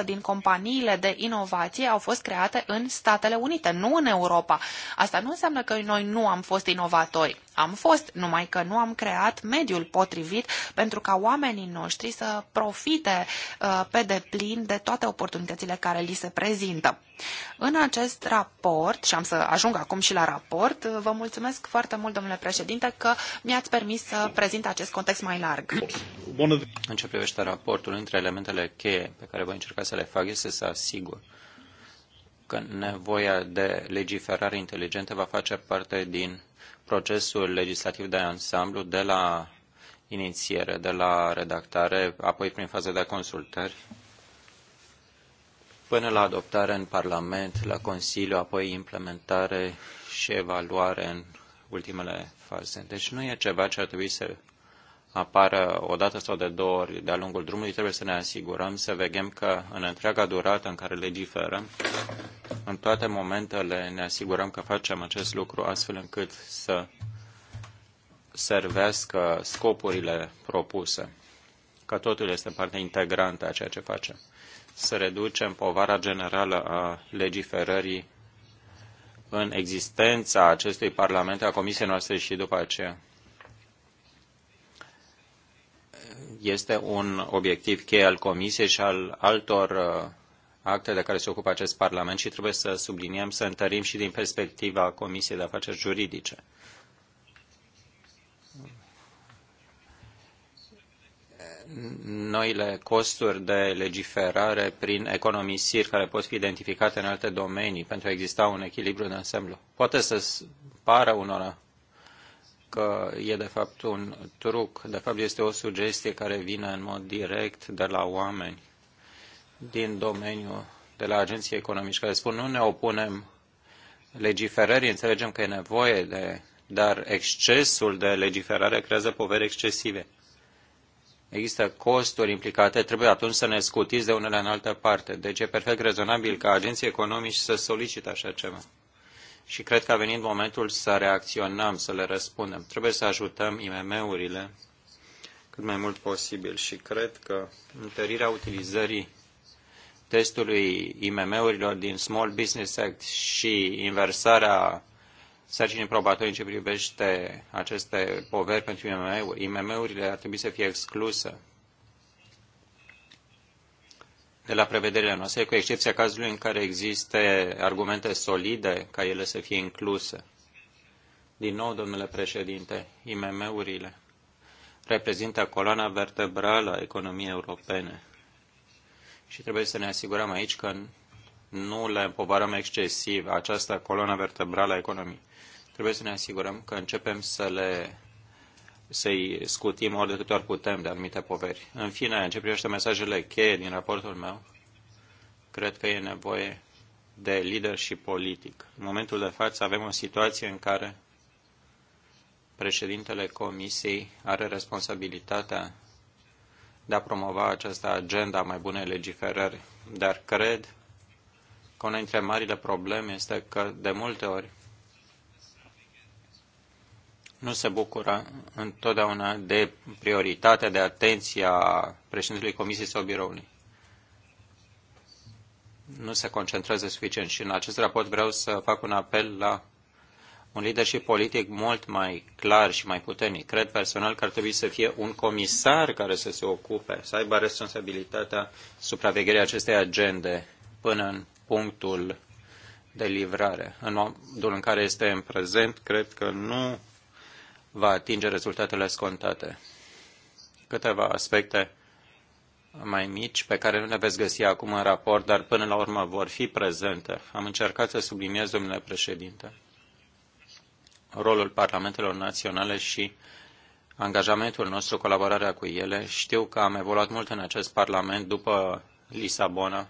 70% din companiile de inovație au fost create în Statele Unite, nu în Europa. Asta nu înseamnă că noi nu am fost inovatori am fost, numai că nu am creat mediul potrivit pentru ca oamenii noștri să profite uh, pe deplin de toate oportunitățile care li se prezintă. În acest raport, și am să ajung acum și la raport, uh, vă mulțumesc foarte mult, domnule președinte, că mi-ați permis să prezint acest context mai larg. În ce privește raportul, între elementele cheie pe care voi încerca să le fac este să asigur că nevoia de legiferare inteligentă va face parte din procesul legislativ de ansamblu de la inițiere, de la redactare, apoi prin faza de consultări, până la adoptare în Parlament, la Consiliu, apoi implementare și evaluare în ultimele faze. Deci nu e ceva ce ar trebui să apară o dată sau de două ori de-a lungul drumului, trebuie să ne asigurăm, să vegem că în întreaga durată în care legiferăm, în toate momentele ne asigurăm că facem acest lucru astfel încât să servească scopurile propuse, că totul este parte integrantă a ceea ce facem. Să reducem povara generală a legiferării în existența acestui Parlament, a Comisiei noastre și după aceea este un obiectiv cheie al Comisiei și al altor uh, acte de care se ocupă acest Parlament și trebuie să subliniem, să întărim și din perspectiva Comisiei de Afaceri Juridice. noile costuri de legiferare prin economisiri care pot fi identificate în alte domenii pentru a exista un echilibru de ansamblu. Poate să pară unora că e de fapt un truc, de fapt este o sugestie care vine în mod direct de la oameni din domeniul de la agenții economici care spun nu ne opunem legiferării, înțelegem că e nevoie de, dar excesul de legiferare creează poveri excesive. Există costuri implicate, trebuie atunci să ne scutiți de unele în altă parte. Deci e perfect rezonabil ca agenții economici să solicite așa ceva și cred că a venit momentul să reacționăm, să le răspundem. Trebuie să ajutăm IMM-urile cât mai mult posibil și cred că întărirea utilizării testului IMM-urilor din Small Business Act și inversarea sarcinii probatorii în ce privește aceste poveri pentru IMM-uri, IMM-urile ar trebui să fie excluse de la prevederile noastre, cu excepția cazului în care există argumente solide ca ele să fie incluse. Din nou, domnule președinte, IMM-urile reprezintă coloana vertebrală a economiei europene și trebuie să ne asigurăm aici că nu le împovărăm excesiv această coloană vertebrală a economiei. Trebuie să ne asigurăm că începem să le să-i scutim ori de câte ori putem de anumite poveri. În fine, în ce privește mesajele cheie din raportul meu, cred că e nevoie de leadership politic. În momentul de față avem o situație în care președintele Comisiei are responsabilitatea de a promova această agenda mai bune legiferări, dar cred că una dintre marile probleme este că de multe ori nu se bucură întotdeauna de prioritatea, de atenția președintelui Comisiei sau biroului. Nu se concentrează suficient și în acest raport vreau să fac un apel la un leadership politic mult mai clar și mai puternic. Cred personal că ar trebui să fie un comisar care să se ocupe, să aibă responsabilitatea supravegherii acestei agende până în punctul de livrare. În modul în care este în prezent, cred că nu va atinge rezultatele scontate. Câteva aspecte mai mici pe care nu le veți găsi acum în raport, dar până la urmă vor fi prezente. Am încercat să subliniez, domnule președinte, rolul parlamentelor naționale și angajamentul nostru, colaborarea cu ele. Știu că am evoluat mult în acest parlament după Lisabona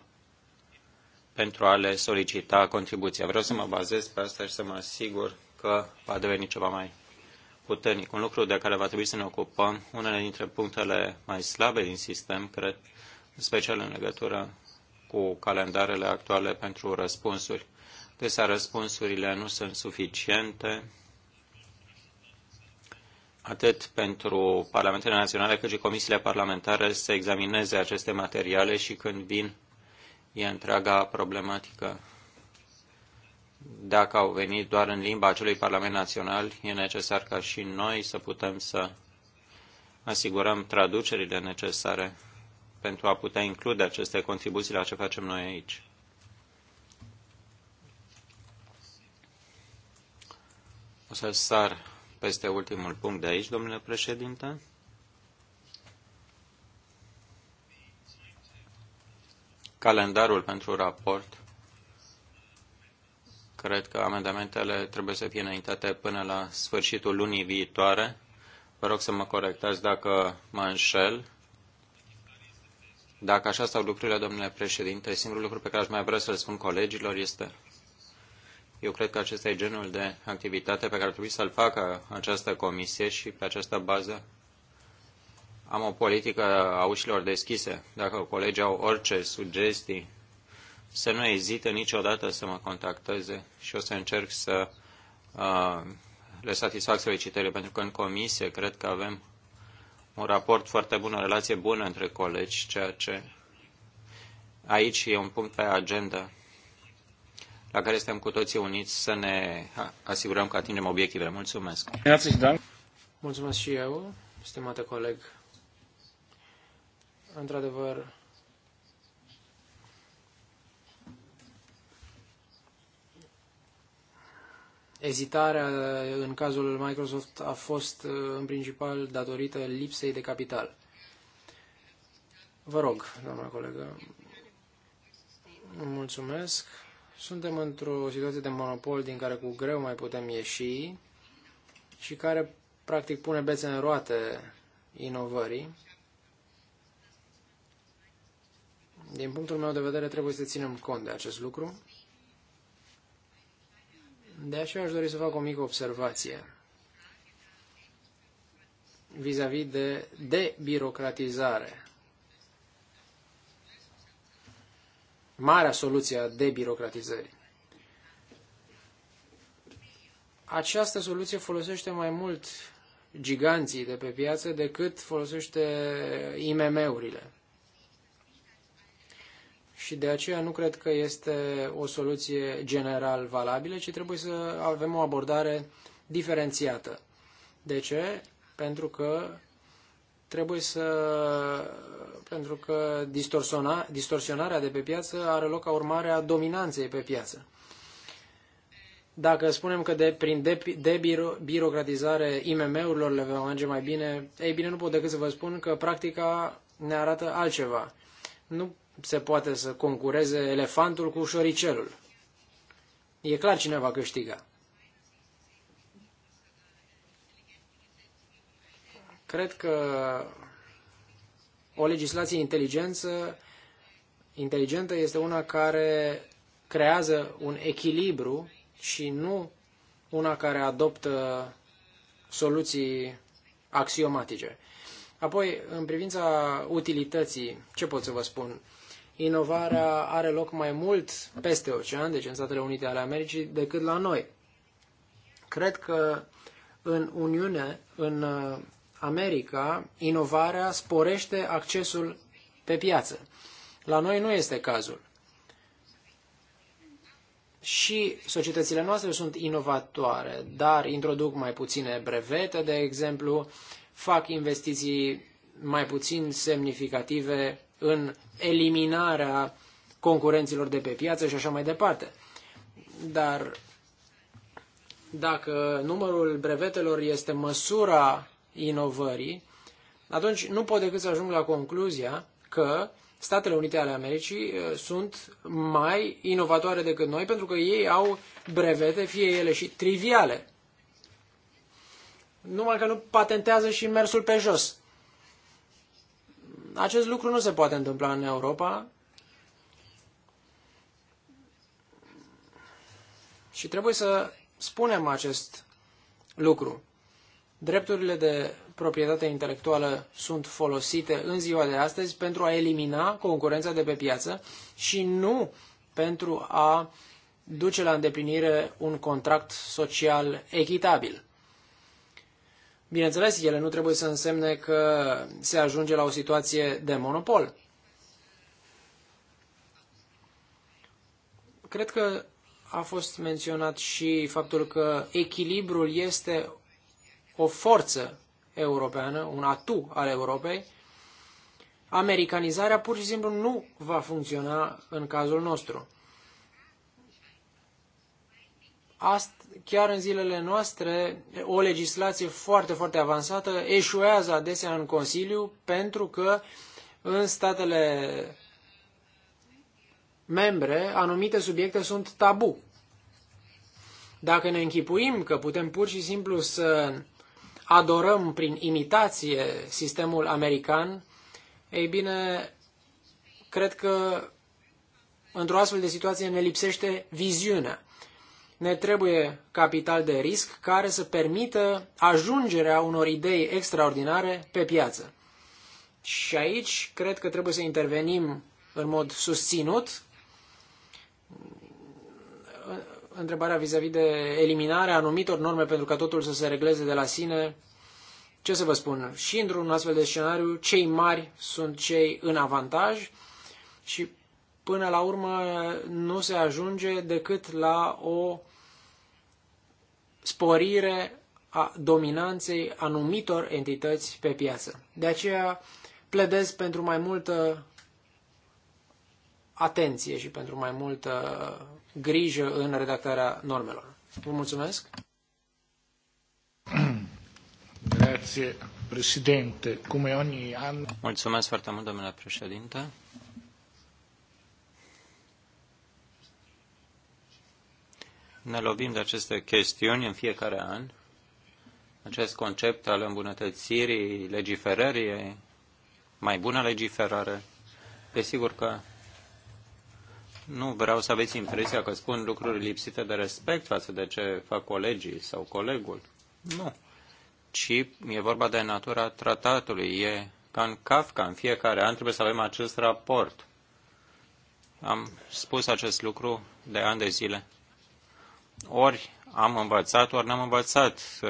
pentru a le solicita contribuția. Vreau să mă bazez pe asta și să mă asigur că va deveni ceva mai puternic. Un lucru de care va trebui să ne ocupăm, unele dintre punctele mai slabe din sistem, cred, în special în legătură cu calendarele actuale pentru răspunsuri. Desa răspunsurile nu sunt suficiente, atât pentru Parlamentele Naționale cât și comisiile parlamentare să examineze aceste materiale și când vin e întreaga problematică dacă au venit doar în limba acelui Parlament Național, e necesar ca și noi să putem să asigurăm traducerile necesare pentru a putea include aceste contribuții la ce facem noi aici. O să sar peste ultimul punct de aici, domnule președinte. Calendarul pentru raport Cred că amendamentele trebuie să fie înaintate până la sfârșitul lunii viitoare. Vă rog să mă corectați dacă mă înșel. Dacă așa stau lucrurile, domnule președinte, singurul lucru pe care aș mai vrea să-l spun colegilor este eu cred că acesta e genul de activitate pe care trebuie să-l facă această comisie și pe această bază am o politică a ușilor deschise. Dacă colegii au orice sugestii să nu ezite niciodată să mă contacteze și o să încerc să uh, le satisfac solicitările, pentru că în comisie cred că avem un raport foarte bun, o relație bună între colegi, ceea ce aici e un punct pe agenda la care suntem cu toții uniți să ne asigurăm că atingem obiectivele. Mulțumesc! Mulțumesc și eu, stimate coleg. Într-adevăr, Ezitarea uh, în cazul Microsoft a fost uh, în principal datorită lipsei de capital. Vă rog, doamna colegă. Mulțumesc. Suntem într-o situație de monopol din care cu greu mai putem ieși și care practic pune bețe în roate inovării. Din punctul meu de vedere trebuie să ținem cont de acest lucru. De aceea aș dori să fac o mică observație vis-a-vis -vis de debirocratizare. Marea soluție a debirocratizării. Această soluție folosește mai mult giganții de pe piață decât folosește IMM-urile și de aceea nu cred că este o soluție general valabilă, ci trebuie să avem o abordare diferențiată. De ce? Pentru că trebuie să... pentru că distorsiona, distorsionarea de pe piață are loc ca urmare a dominanței pe piață. Dacă spunem că de, prin debirocratizare de IMM-urilor le va merge mai bine, ei bine, nu pot decât să vă spun că practica ne arată altceva. Nu se poate să concureze elefantul cu șoricelul. E clar cine va câștiga. Cred că o legislație inteligență, inteligentă este una care creează un echilibru și nu una care adoptă soluții axiomatice. Apoi, în privința utilității, ce pot să vă spun? Inovarea are loc mai mult peste ocean, deci în Statele Unite ale Americii, decât la noi. Cred că în Uniune, în uh, America, inovarea sporește accesul pe piață. La noi nu este cazul. Și societățile noastre sunt inovatoare, dar introduc mai puține brevete, de exemplu, fac investiții mai puțin semnificative în eliminarea concurenților de pe piață și așa mai departe. Dar dacă numărul brevetelor este măsura inovării, atunci nu pot decât să ajung la concluzia că Statele Unite ale Americii uh, sunt mai inovatoare decât noi pentru că ei au brevete, fie ele și triviale numai că nu patentează și mersul pe jos. Acest lucru nu se poate întâmpla în Europa și trebuie să spunem acest lucru. Drepturile de proprietate intelectuală sunt folosite în ziua de astăzi pentru a elimina concurența de pe piață și nu pentru a duce la îndeplinire un contract social echitabil. Bineînțeles, ele nu trebuie să însemne că se ajunge la o situație de monopol. Cred că a fost menționat și faptul că echilibrul este o forță europeană, un atu al Europei. Americanizarea pur și simplu nu va funcționa în cazul nostru. Asta chiar în zilele noastre, o legislație foarte, foarte avansată eșuează adesea în Consiliu pentru că în statele membre anumite subiecte sunt tabu. Dacă ne închipuim că putem pur și simplu să adorăm prin imitație sistemul american, ei bine, cred că într-o astfel de situație ne lipsește viziunea. Ne trebuie capital de risc care să permită ajungerea unor idei extraordinare pe piață. Și aici cred că trebuie să intervenim în mod susținut. Întrebarea vis-a-vis -vis de eliminarea anumitor norme pentru ca totul să se regleze de la sine, ce să vă spun? Și într-un astfel de scenariu, cei mari sunt cei în avantaj și până la urmă nu se ajunge decât la o sporire a dominanței anumitor entități pe piață. De aceea pledez pentru mai multă atenție și pentru mai multă grijă în redactarea normelor. Vă mulțumesc! Grazie, Presidente. Cum ogni an... Mulțumesc foarte mult, domnule președinte. ne lovim de aceste chestiuni în fiecare an. Acest concept al îmbunătățirii legiferării, mai bună legiferare, desigur că nu vreau să aveți impresia că spun lucruri lipsite de respect față de ce fac colegii sau colegul. Nu. Ci e vorba de natura tratatului. E ca în Kafka, în fiecare an trebuie să avem acest raport. Am spus acest lucru de ani de zile. Ori am învățat, ori n-am învățat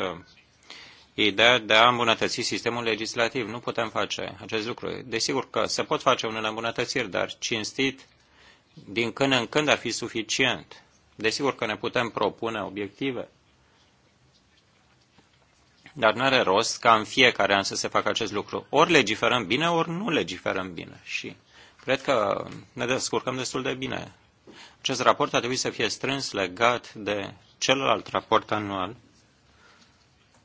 ideea de a îmbunătăți sistemul legislativ. Nu putem face acest lucru. Desigur că se pot face unele îmbunătățiri, dar cinstit, din când în când ar fi suficient. Desigur că ne putem propune obiective, dar nu are rost ca în fiecare an să se facă acest lucru. Ori legiferăm bine, ori nu legiferăm bine. Și cred că ne descurcăm destul de bine acest raport ar trebui să fie strâns legat de celălalt raport anual,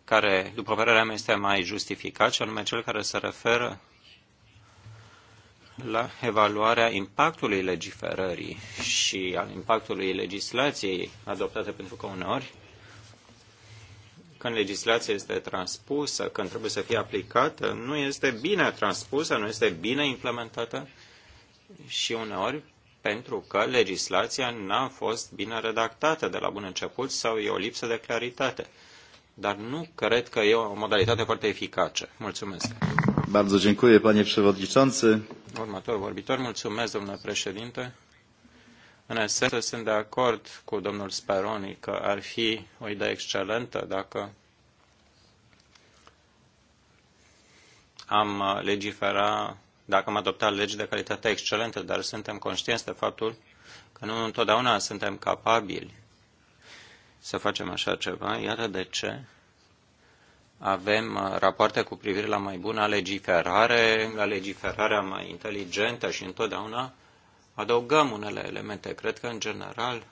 care, după părerea mea, este mai justificat, și anume cel care se referă la evaluarea impactului legiferării și al impactului legislației adoptate, pentru că uneori, când legislația este transpusă, când trebuie să fie aplicată, nu este bine transpusă, nu este bine implementată și uneori pentru că legislația n-a fost bine redactată de la bun început sau e o lipsă de claritate. Dar nu cred că e o modalitate foarte eficace. Mulțumesc. Bardzo dziękuję, panie przewodniczący. Următor vorbitor, mulțumesc, domnule președinte. În esență, sunt de acord cu domnul Speroni că ar fi o idee excelentă dacă am legifera dacă am adoptat legi de calitate excelentă, dar suntem conștienți de faptul că nu întotdeauna suntem capabili să facem așa ceva. Iată de ce avem uh, rapoarte cu privire la mai bună legiferare, la legiferarea mai inteligentă și întotdeauna adăugăm unele elemente. Cred că, în general,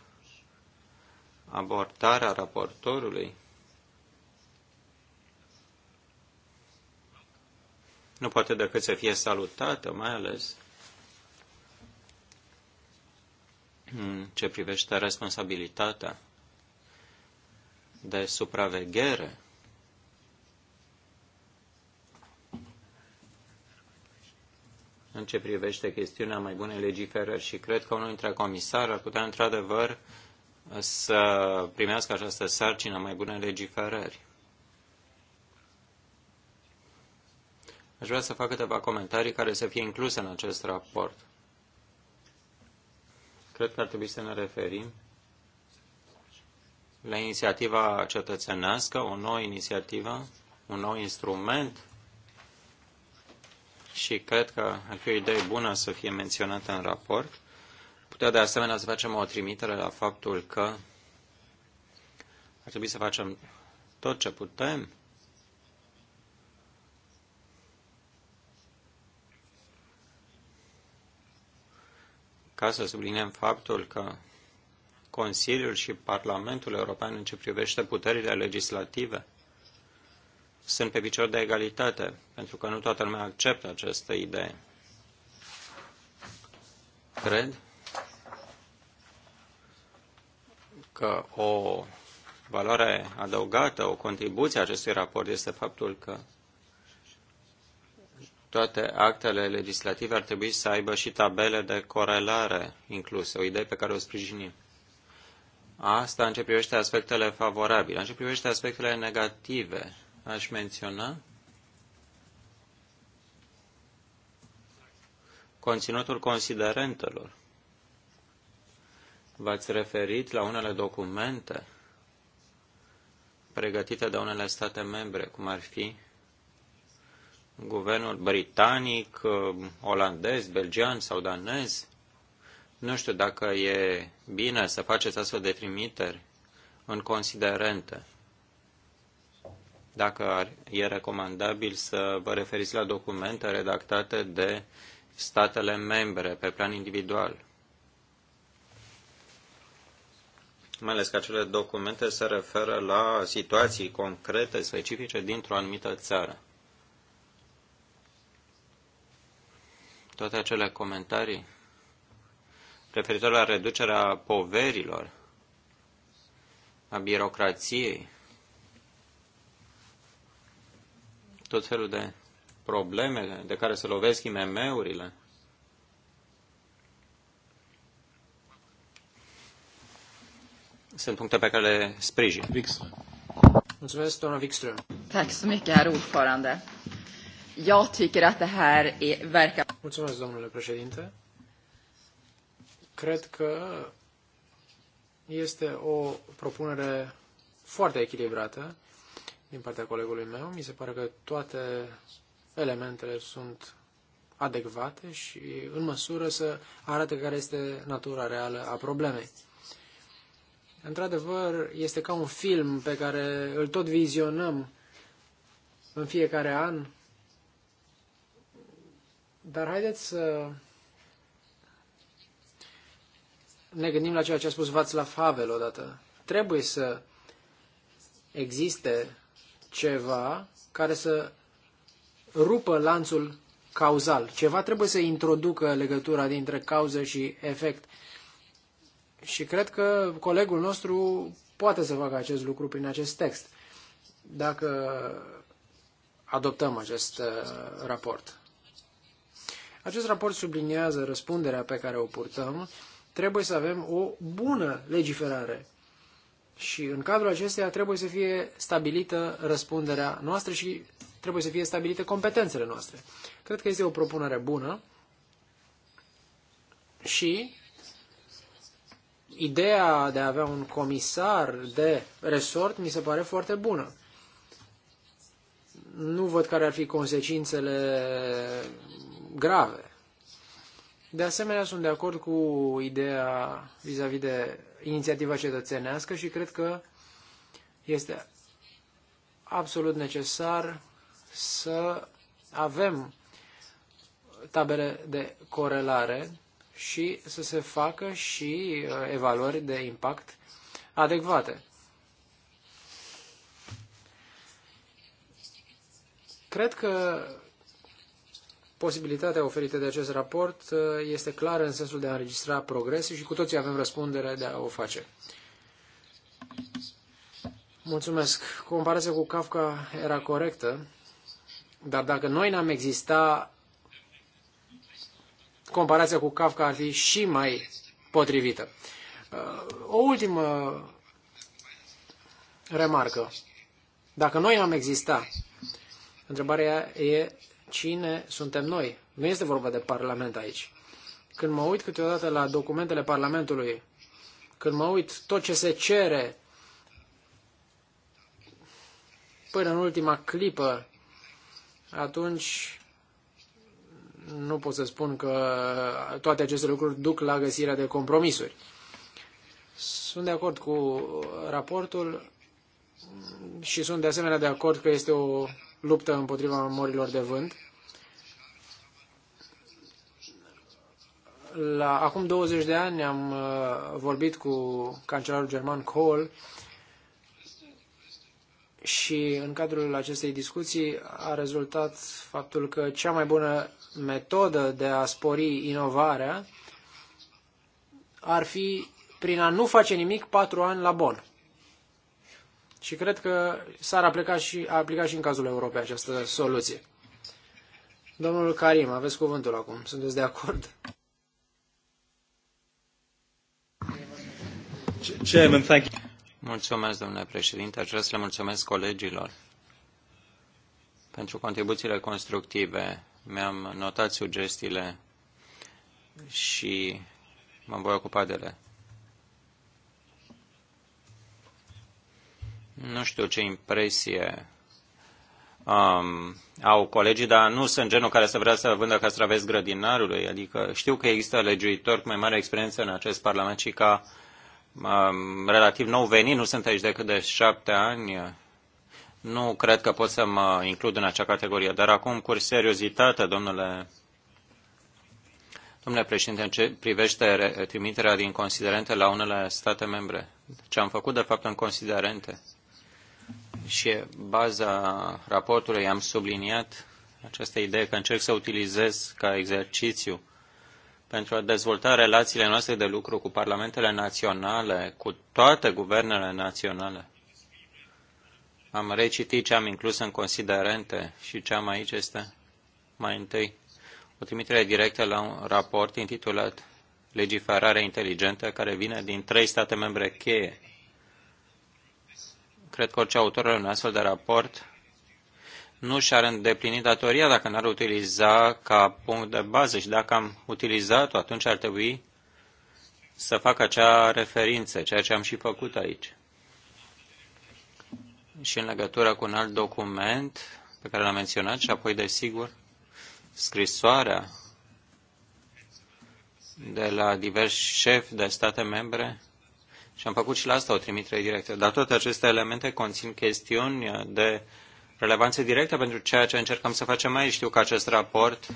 abordarea raportorului nu poate decât să fie salutată, mai ales în ce privește responsabilitatea de supraveghere în ce privește chestiunea mai bune legiferări și cred că unul dintre comisari ar putea într-adevăr să primească această sarcină mai bune legiferări. Aș vrea să fac câteva comentarii care să fie incluse în acest raport. Cred că ar trebui să ne referim la inițiativa cetățenească, o nouă inițiativă, un nou instrument și cred că ar fi o idee bună să fie menționată în raport. Putea de asemenea să facem o trimitere la faptul că ar trebui să facem tot ce putem ca să subliniem faptul că Consiliul și Parlamentul European în ce privește puterile legislative sunt pe picior de egalitate, pentru că nu toată lumea acceptă această idee. Cred că o valoare adăugată, o contribuție a acestui raport este faptul că toate actele legislative ar trebui să aibă și tabele de corelare incluse, o idee pe care o sprijinim. Asta în ce privește aspectele favorabile. În ce privește aspectele negative, aș menționa conținutul considerentelor. V-ați referit la unele documente pregătite de unele state membre, cum ar fi guvernul britanic, uh, olandez, belgian sau danez. Nu știu dacă e bine să faceți astfel de trimiteri în considerente. Dacă ar, e recomandabil să vă referiți la documente redactate de statele membre pe plan individual. mai ales că acele documente se referă la situații concrete, specifice dintr-o anumită țară. toate acele comentarii referitor la reducerea poverilor, a birocrației, tot felul de probleme de care se lovesc IMM-urile. Sunt puncte pe care le sprijin. Wikström. Mulțumesc, doamna Wikström. mulțumesc så mycket, jag tycker att det här är, verkar... Mulțumesc, domnule președinte. Cred că este o propunere foarte echilibrată din partea colegului meu. Mi se pare că toate elementele sunt adecvate și în măsură să arate care este natura reală a problemei. Într-adevăr, este ca un film pe care îl tot vizionăm în fiecare an dar haideți să ne gândim la ceea ce a spus Václav Havel odată. Trebuie să existe ceva care să rupă lanțul cauzal. Ceva trebuie să introducă legătura dintre cauză și efect. Și cred că colegul nostru poate să facă acest lucru prin acest text, dacă adoptăm acest uh, raport. Acest raport subliniază răspunderea pe care o purtăm. Trebuie să avem o bună legiferare. Și în cadrul acesteia trebuie să fie stabilită răspunderea noastră și trebuie să fie stabilite competențele noastre. Cred că este o propunere bună și ideea de a avea un comisar de resort mi se pare foarte bună. Nu văd care ar fi consecințele grave. De asemenea, sunt de acord cu ideea vis-a-vis -vis de inițiativa cetățenească și cred că este absolut necesar să avem tabere de corelare și să se facă și uh, evaluări de impact adecvate. Cred că Posibilitatea oferită de acest raport uh, este clară în sensul de a înregistra progrese și cu toții avem răspundere de a o face. Mulțumesc. Comparația cu Kafka era corectă, dar dacă noi n-am exista, comparația cu Kafka ar fi și mai potrivită. Uh, o ultimă remarcă. Dacă noi n-am exista, întrebarea e cine suntem noi. Nu este vorba de Parlament aici. Când mă uit câteodată la documentele Parlamentului, când mă uit tot ce se cere până în ultima clipă, atunci nu pot să spun că toate aceste lucruri duc la găsirea de compromisuri. Sunt de acord cu raportul și sunt de asemenea de acord că este o luptă împotriva morilor de vânt. La, acum 20 de ani am uh, vorbit cu cancelarul german Kohl și în cadrul acestei discuții a rezultat faptul că cea mai bună metodă de a spori inovarea ar fi prin a nu face nimic patru ani la bon. Și cred că s-ar aplica și, a aplica și în cazul Europei această soluție. Domnul Karim, aveți cuvântul acum. Sunteți de acord? Chairman, thank you. Mulțumesc, domnule președinte. Aș vrea să le mulțumesc colegilor pentru contribuțiile constructive. Mi-am notat sugestiile și mă voi ocupa de ele. Nu știu ce impresie um, au colegii, dar nu sunt genul care să vrea să vândă castraveți grădinarului. Adică știu că există legiuitori cu mai mare experiență în acest parlament și ca um, relativ nou venit, nu sunt aici decât de șapte ani, nu cred că pot să mă includ în acea categorie. Dar acum, cu seriozitate, domnule, domnule președinte, în ce privește trimiterea din considerente la unele state membre. Ce am făcut, de fapt, în considerente? și baza raportului am subliniat această idee că încerc să utilizez ca exercițiu pentru a dezvolta relațiile noastre de lucru cu parlamentele naționale, cu toate guvernele naționale. Am recitit ce am inclus în considerente și ce am aici este mai întâi o trimitere directă la un raport intitulat Legiferare inteligentă care vine din trei state membre cheie Cred că orice autor în unui astfel de raport nu și-ar îndeplini datoria dacă n-ar utiliza ca punct de bază și dacă am utilizat-o, atunci ar trebui să fac acea referință, ceea ce am și făcut aici. Și în legătură cu un alt document pe care l-am menționat și apoi, desigur, scrisoarea de la diversi șefi de state membre și am făcut și la asta o trimitere directă. Dar toate aceste elemente conțin chestiuni de relevanță directă pentru ceea ce încercăm să facem aici. Știu că acest raport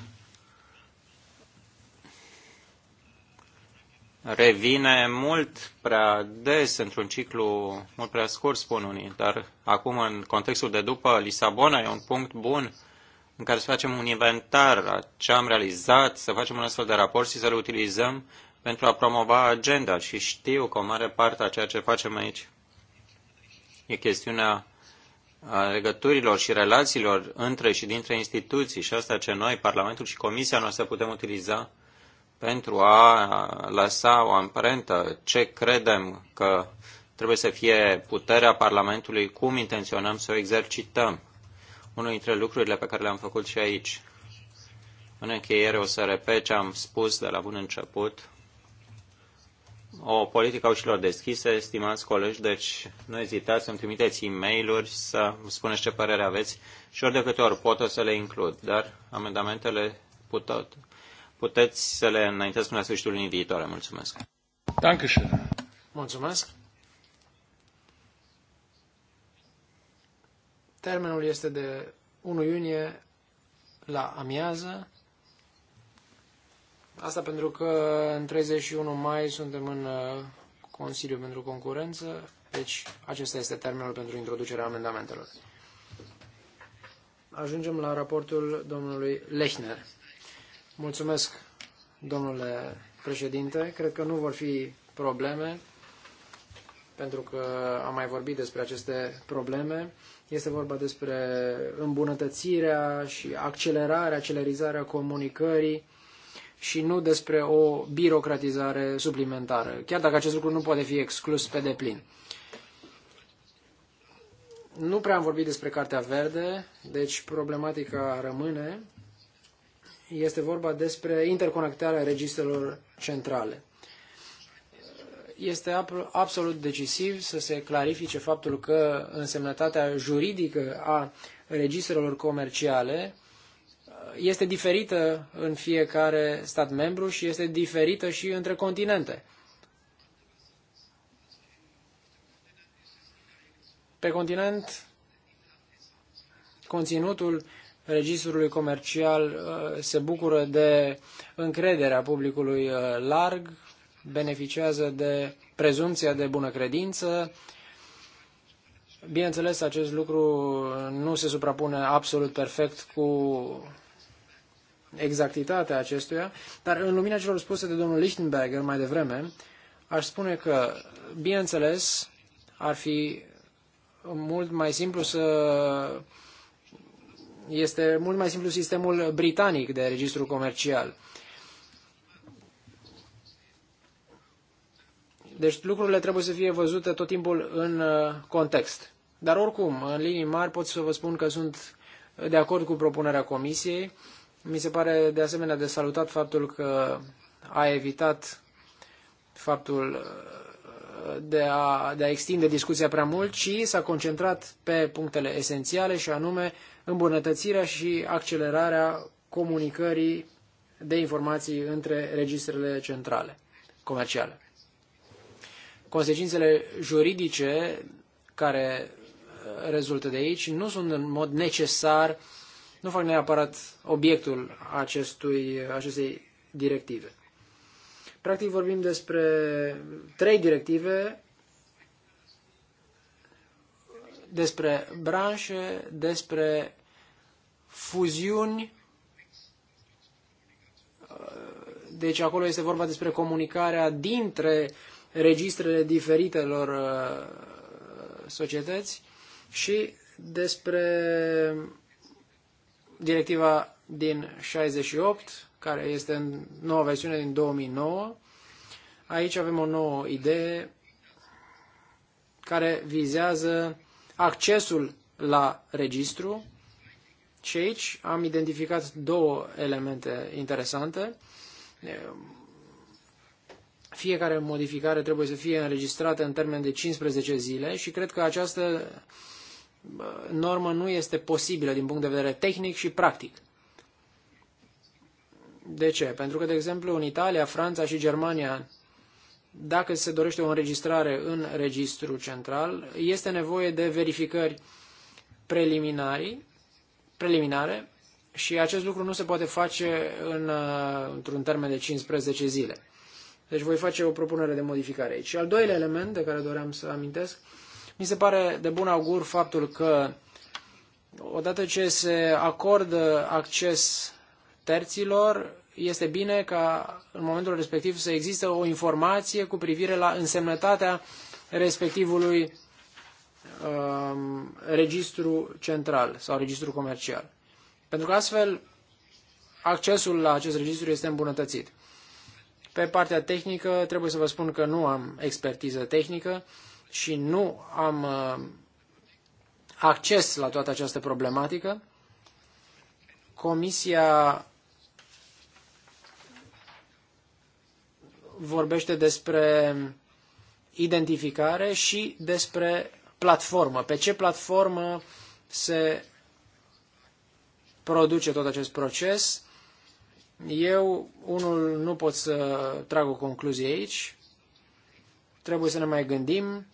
revine mult prea des într-un ciclu mult prea scurt, spun unii, dar acum, în contextul de după Lisabona, e un punct bun în care să facem un inventar a ce am realizat, să facem un astfel de raport și să le utilizăm pentru a promova agenda și știu că o mare parte a ceea ce facem aici e chestiunea legăturilor și relațiilor între și dintre instituții și asta ce noi, Parlamentul și Comisia noastră putem utiliza pentru a lăsa o amprentă ce credem că trebuie să fie puterea Parlamentului, cum intenționăm să o exercităm. Unul dintre lucrurile pe care le-am făcut și aici. În încheiere o să repet ce am spus de la bun început o politică a ușilor deschise, stimați colegi, deci nu ezitați să-mi trimiteți e mail să spuneți ce părere aveți și ori de câte ori pot o să le includ, dar amendamentele putot, puteți să le înaintați până la sfârșitul lunii viitoare. Mulțumesc. Dankeschön. Mulțumesc. Termenul este de 1 iunie la amiază. Asta pentru că în 31 mai suntem în uh, Consiliu pentru Concurență, deci acesta este termenul pentru introducerea amendamentelor. Ajungem la raportul domnului Lechner. Mulțumesc, domnule președinte. Cred că nu vor fi probleme, pentru că am mai vorbit despre aceste probleme. Este vorba despre îmbunătățirea și accelerarea, accelerizarea comunicării și nu despre o birocratizare suplimentară, chiar dacă acest lucru nu poate fi exclus pe deplin. Nu prea am vorbit despre Cartea Verde, deci problematica rămâne. Este vorba despre interconectarea registrelor centrale. Este absolut decisiv să se clarifice faptul că însemnătatea juridică a registrelor comerciale este diferită în fiecare stat membru și este diferită și între continente. Pe continent, conținutul registrului comercial uh, se bucură de încrederea publicului uh, larg, beneficiază de prezumția de bună credință. Bineînțeles, acest lucru nu se suprapune absolut perfect cu exactitatea acestuia, dar în lumina celor spuse de domnul Lichtenberger mai devreme, aș spune că, bineînțeles, ar fi mult mai simplu să este mult mai simplu sistemul britanic de registru comercial. Deci lucrurile trebuie să fie văzute tot timpul în uh, context. Dar oricum, în linii mari pot să vă spun că sunt de acord cu propunerea comisiei mi se pare de asemenea de salutat faptul că a evitat faptul uh, de a, de a extinde discuția prea mult, ci s-a concentrat pe punctele esențiale și anume îmbunătățirea și accelerarea comunicării de informații între registrele centrale comerciale. Consecințele juridice care uh, rezultă de aici nu sunt în mod necesar nu fac neapărat obiectul acestui, acestei directive. Practic vorbim despre trei directive despre branșe, despre fuziuni. Deci acolo este vorba despre comunicarea dintre registrele diferitelor uh, societăți și despre directiva din 68, care este în noua versiune din 2009. Aici avem o nouă idee care vizează accesul la registru și aici am identificat două elemente interesante. Fiecare modificare trebuie să fie înregistrată în termen de 15 zile și cred că această normă nu este posibilă din punct de vedere tehnic și practic. De ce? Pentru că, de exemplu, în Italia, Franța și Germania, dacă se dorește o înregistrare în registru central, este nevoie de verificări preliminare și acest lucru nu se poate face în, uh, într-un termen de 15 zile. Deci voi face o propunere de modificare aici. Și al doilea element de care doream să amintesc mi se pare de bun augur faptul că odată ce se acordă acces terților, este bine ca în momentul respectiv să există o informație cu privire la însemnătatea respectivului um, registru central sau registru comercial. Pentru că astfel accesul la acest registru este îmbunătățit. Pe partea tehnică trebuie să vă spun că nu am expertiză tehnică, și nu am uh, acces la toată această problematică. Comisia vorbește despre identificare și despre platformă. Pe ce platformă se produce tot acest proces? Eu, unul, nu pot să trag o concluzie aici. Trebuie să ne mai gândim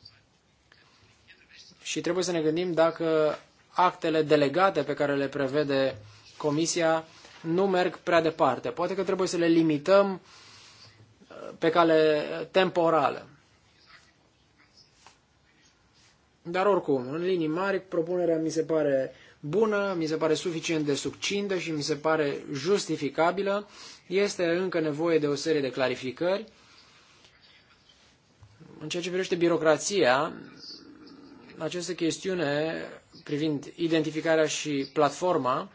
și trebuie să ne gândim dacă actele delegate pe care le prevede Comisia nu merg prea departe. Poate că trebuie să le limităm uh, pe cale temporală. Dar oricum, în linii mari, propunerea mi se pare bună, mi se pare suficient de succintă și mi se pare justificabilă. Este încă nevoie de o serie de clarificări. În ceea ce privește birocrația, această chestiune privind identificarea și platforma,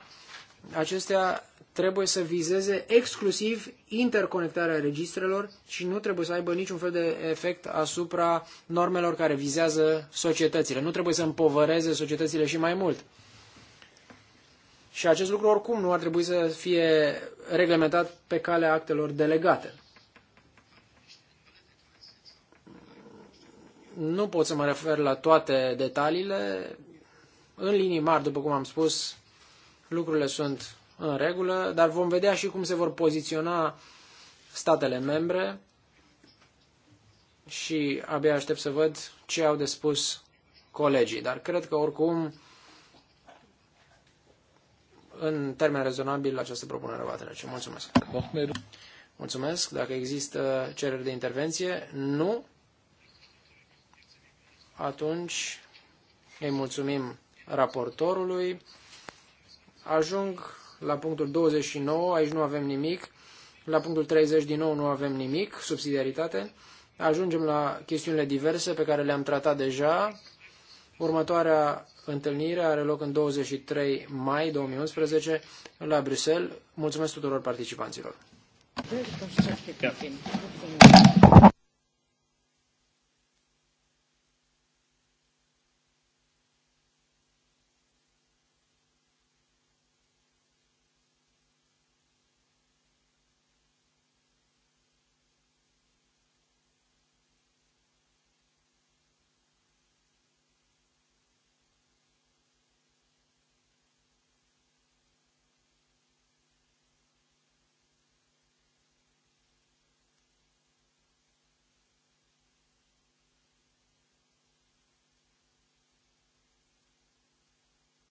acestea trebuie să vizeze exclusiv interconectarea registrelor și nu trebuie să aibă niciun fel de efect asupra normelor care vizează societățile. Nu trebuie să împovăreze societățile și mai mult. Și acest lucru oricum nu ar trebui să fie reglementat pe calea actelor delegate. Nu pot să mă refer la toate detaliile. În linii mari, după cum am spus, lucrurile sunt în regulă, dar vom vedea și cum se vor poziționa statele membre și abia aștept să văd ce au de spus colegii. Dar cred că oricum, în termen rezonabil, această propunere va trece. Mulțumesc. Mulțumesc. Dacă există cereri de intervenție, nu atunci îi mulțumim raportorului. Ajung la punctul 29, aici nu avem nimic. La punctul 30 din nou nu avem nimic, subsidiaritate. Ajungem la chestiunile diverse pe care le-am tratat deja. Următoarea întâlnire are loc în 23 mai 2011 la Bruxelles. Mulțumesc tuturor participanților. Da.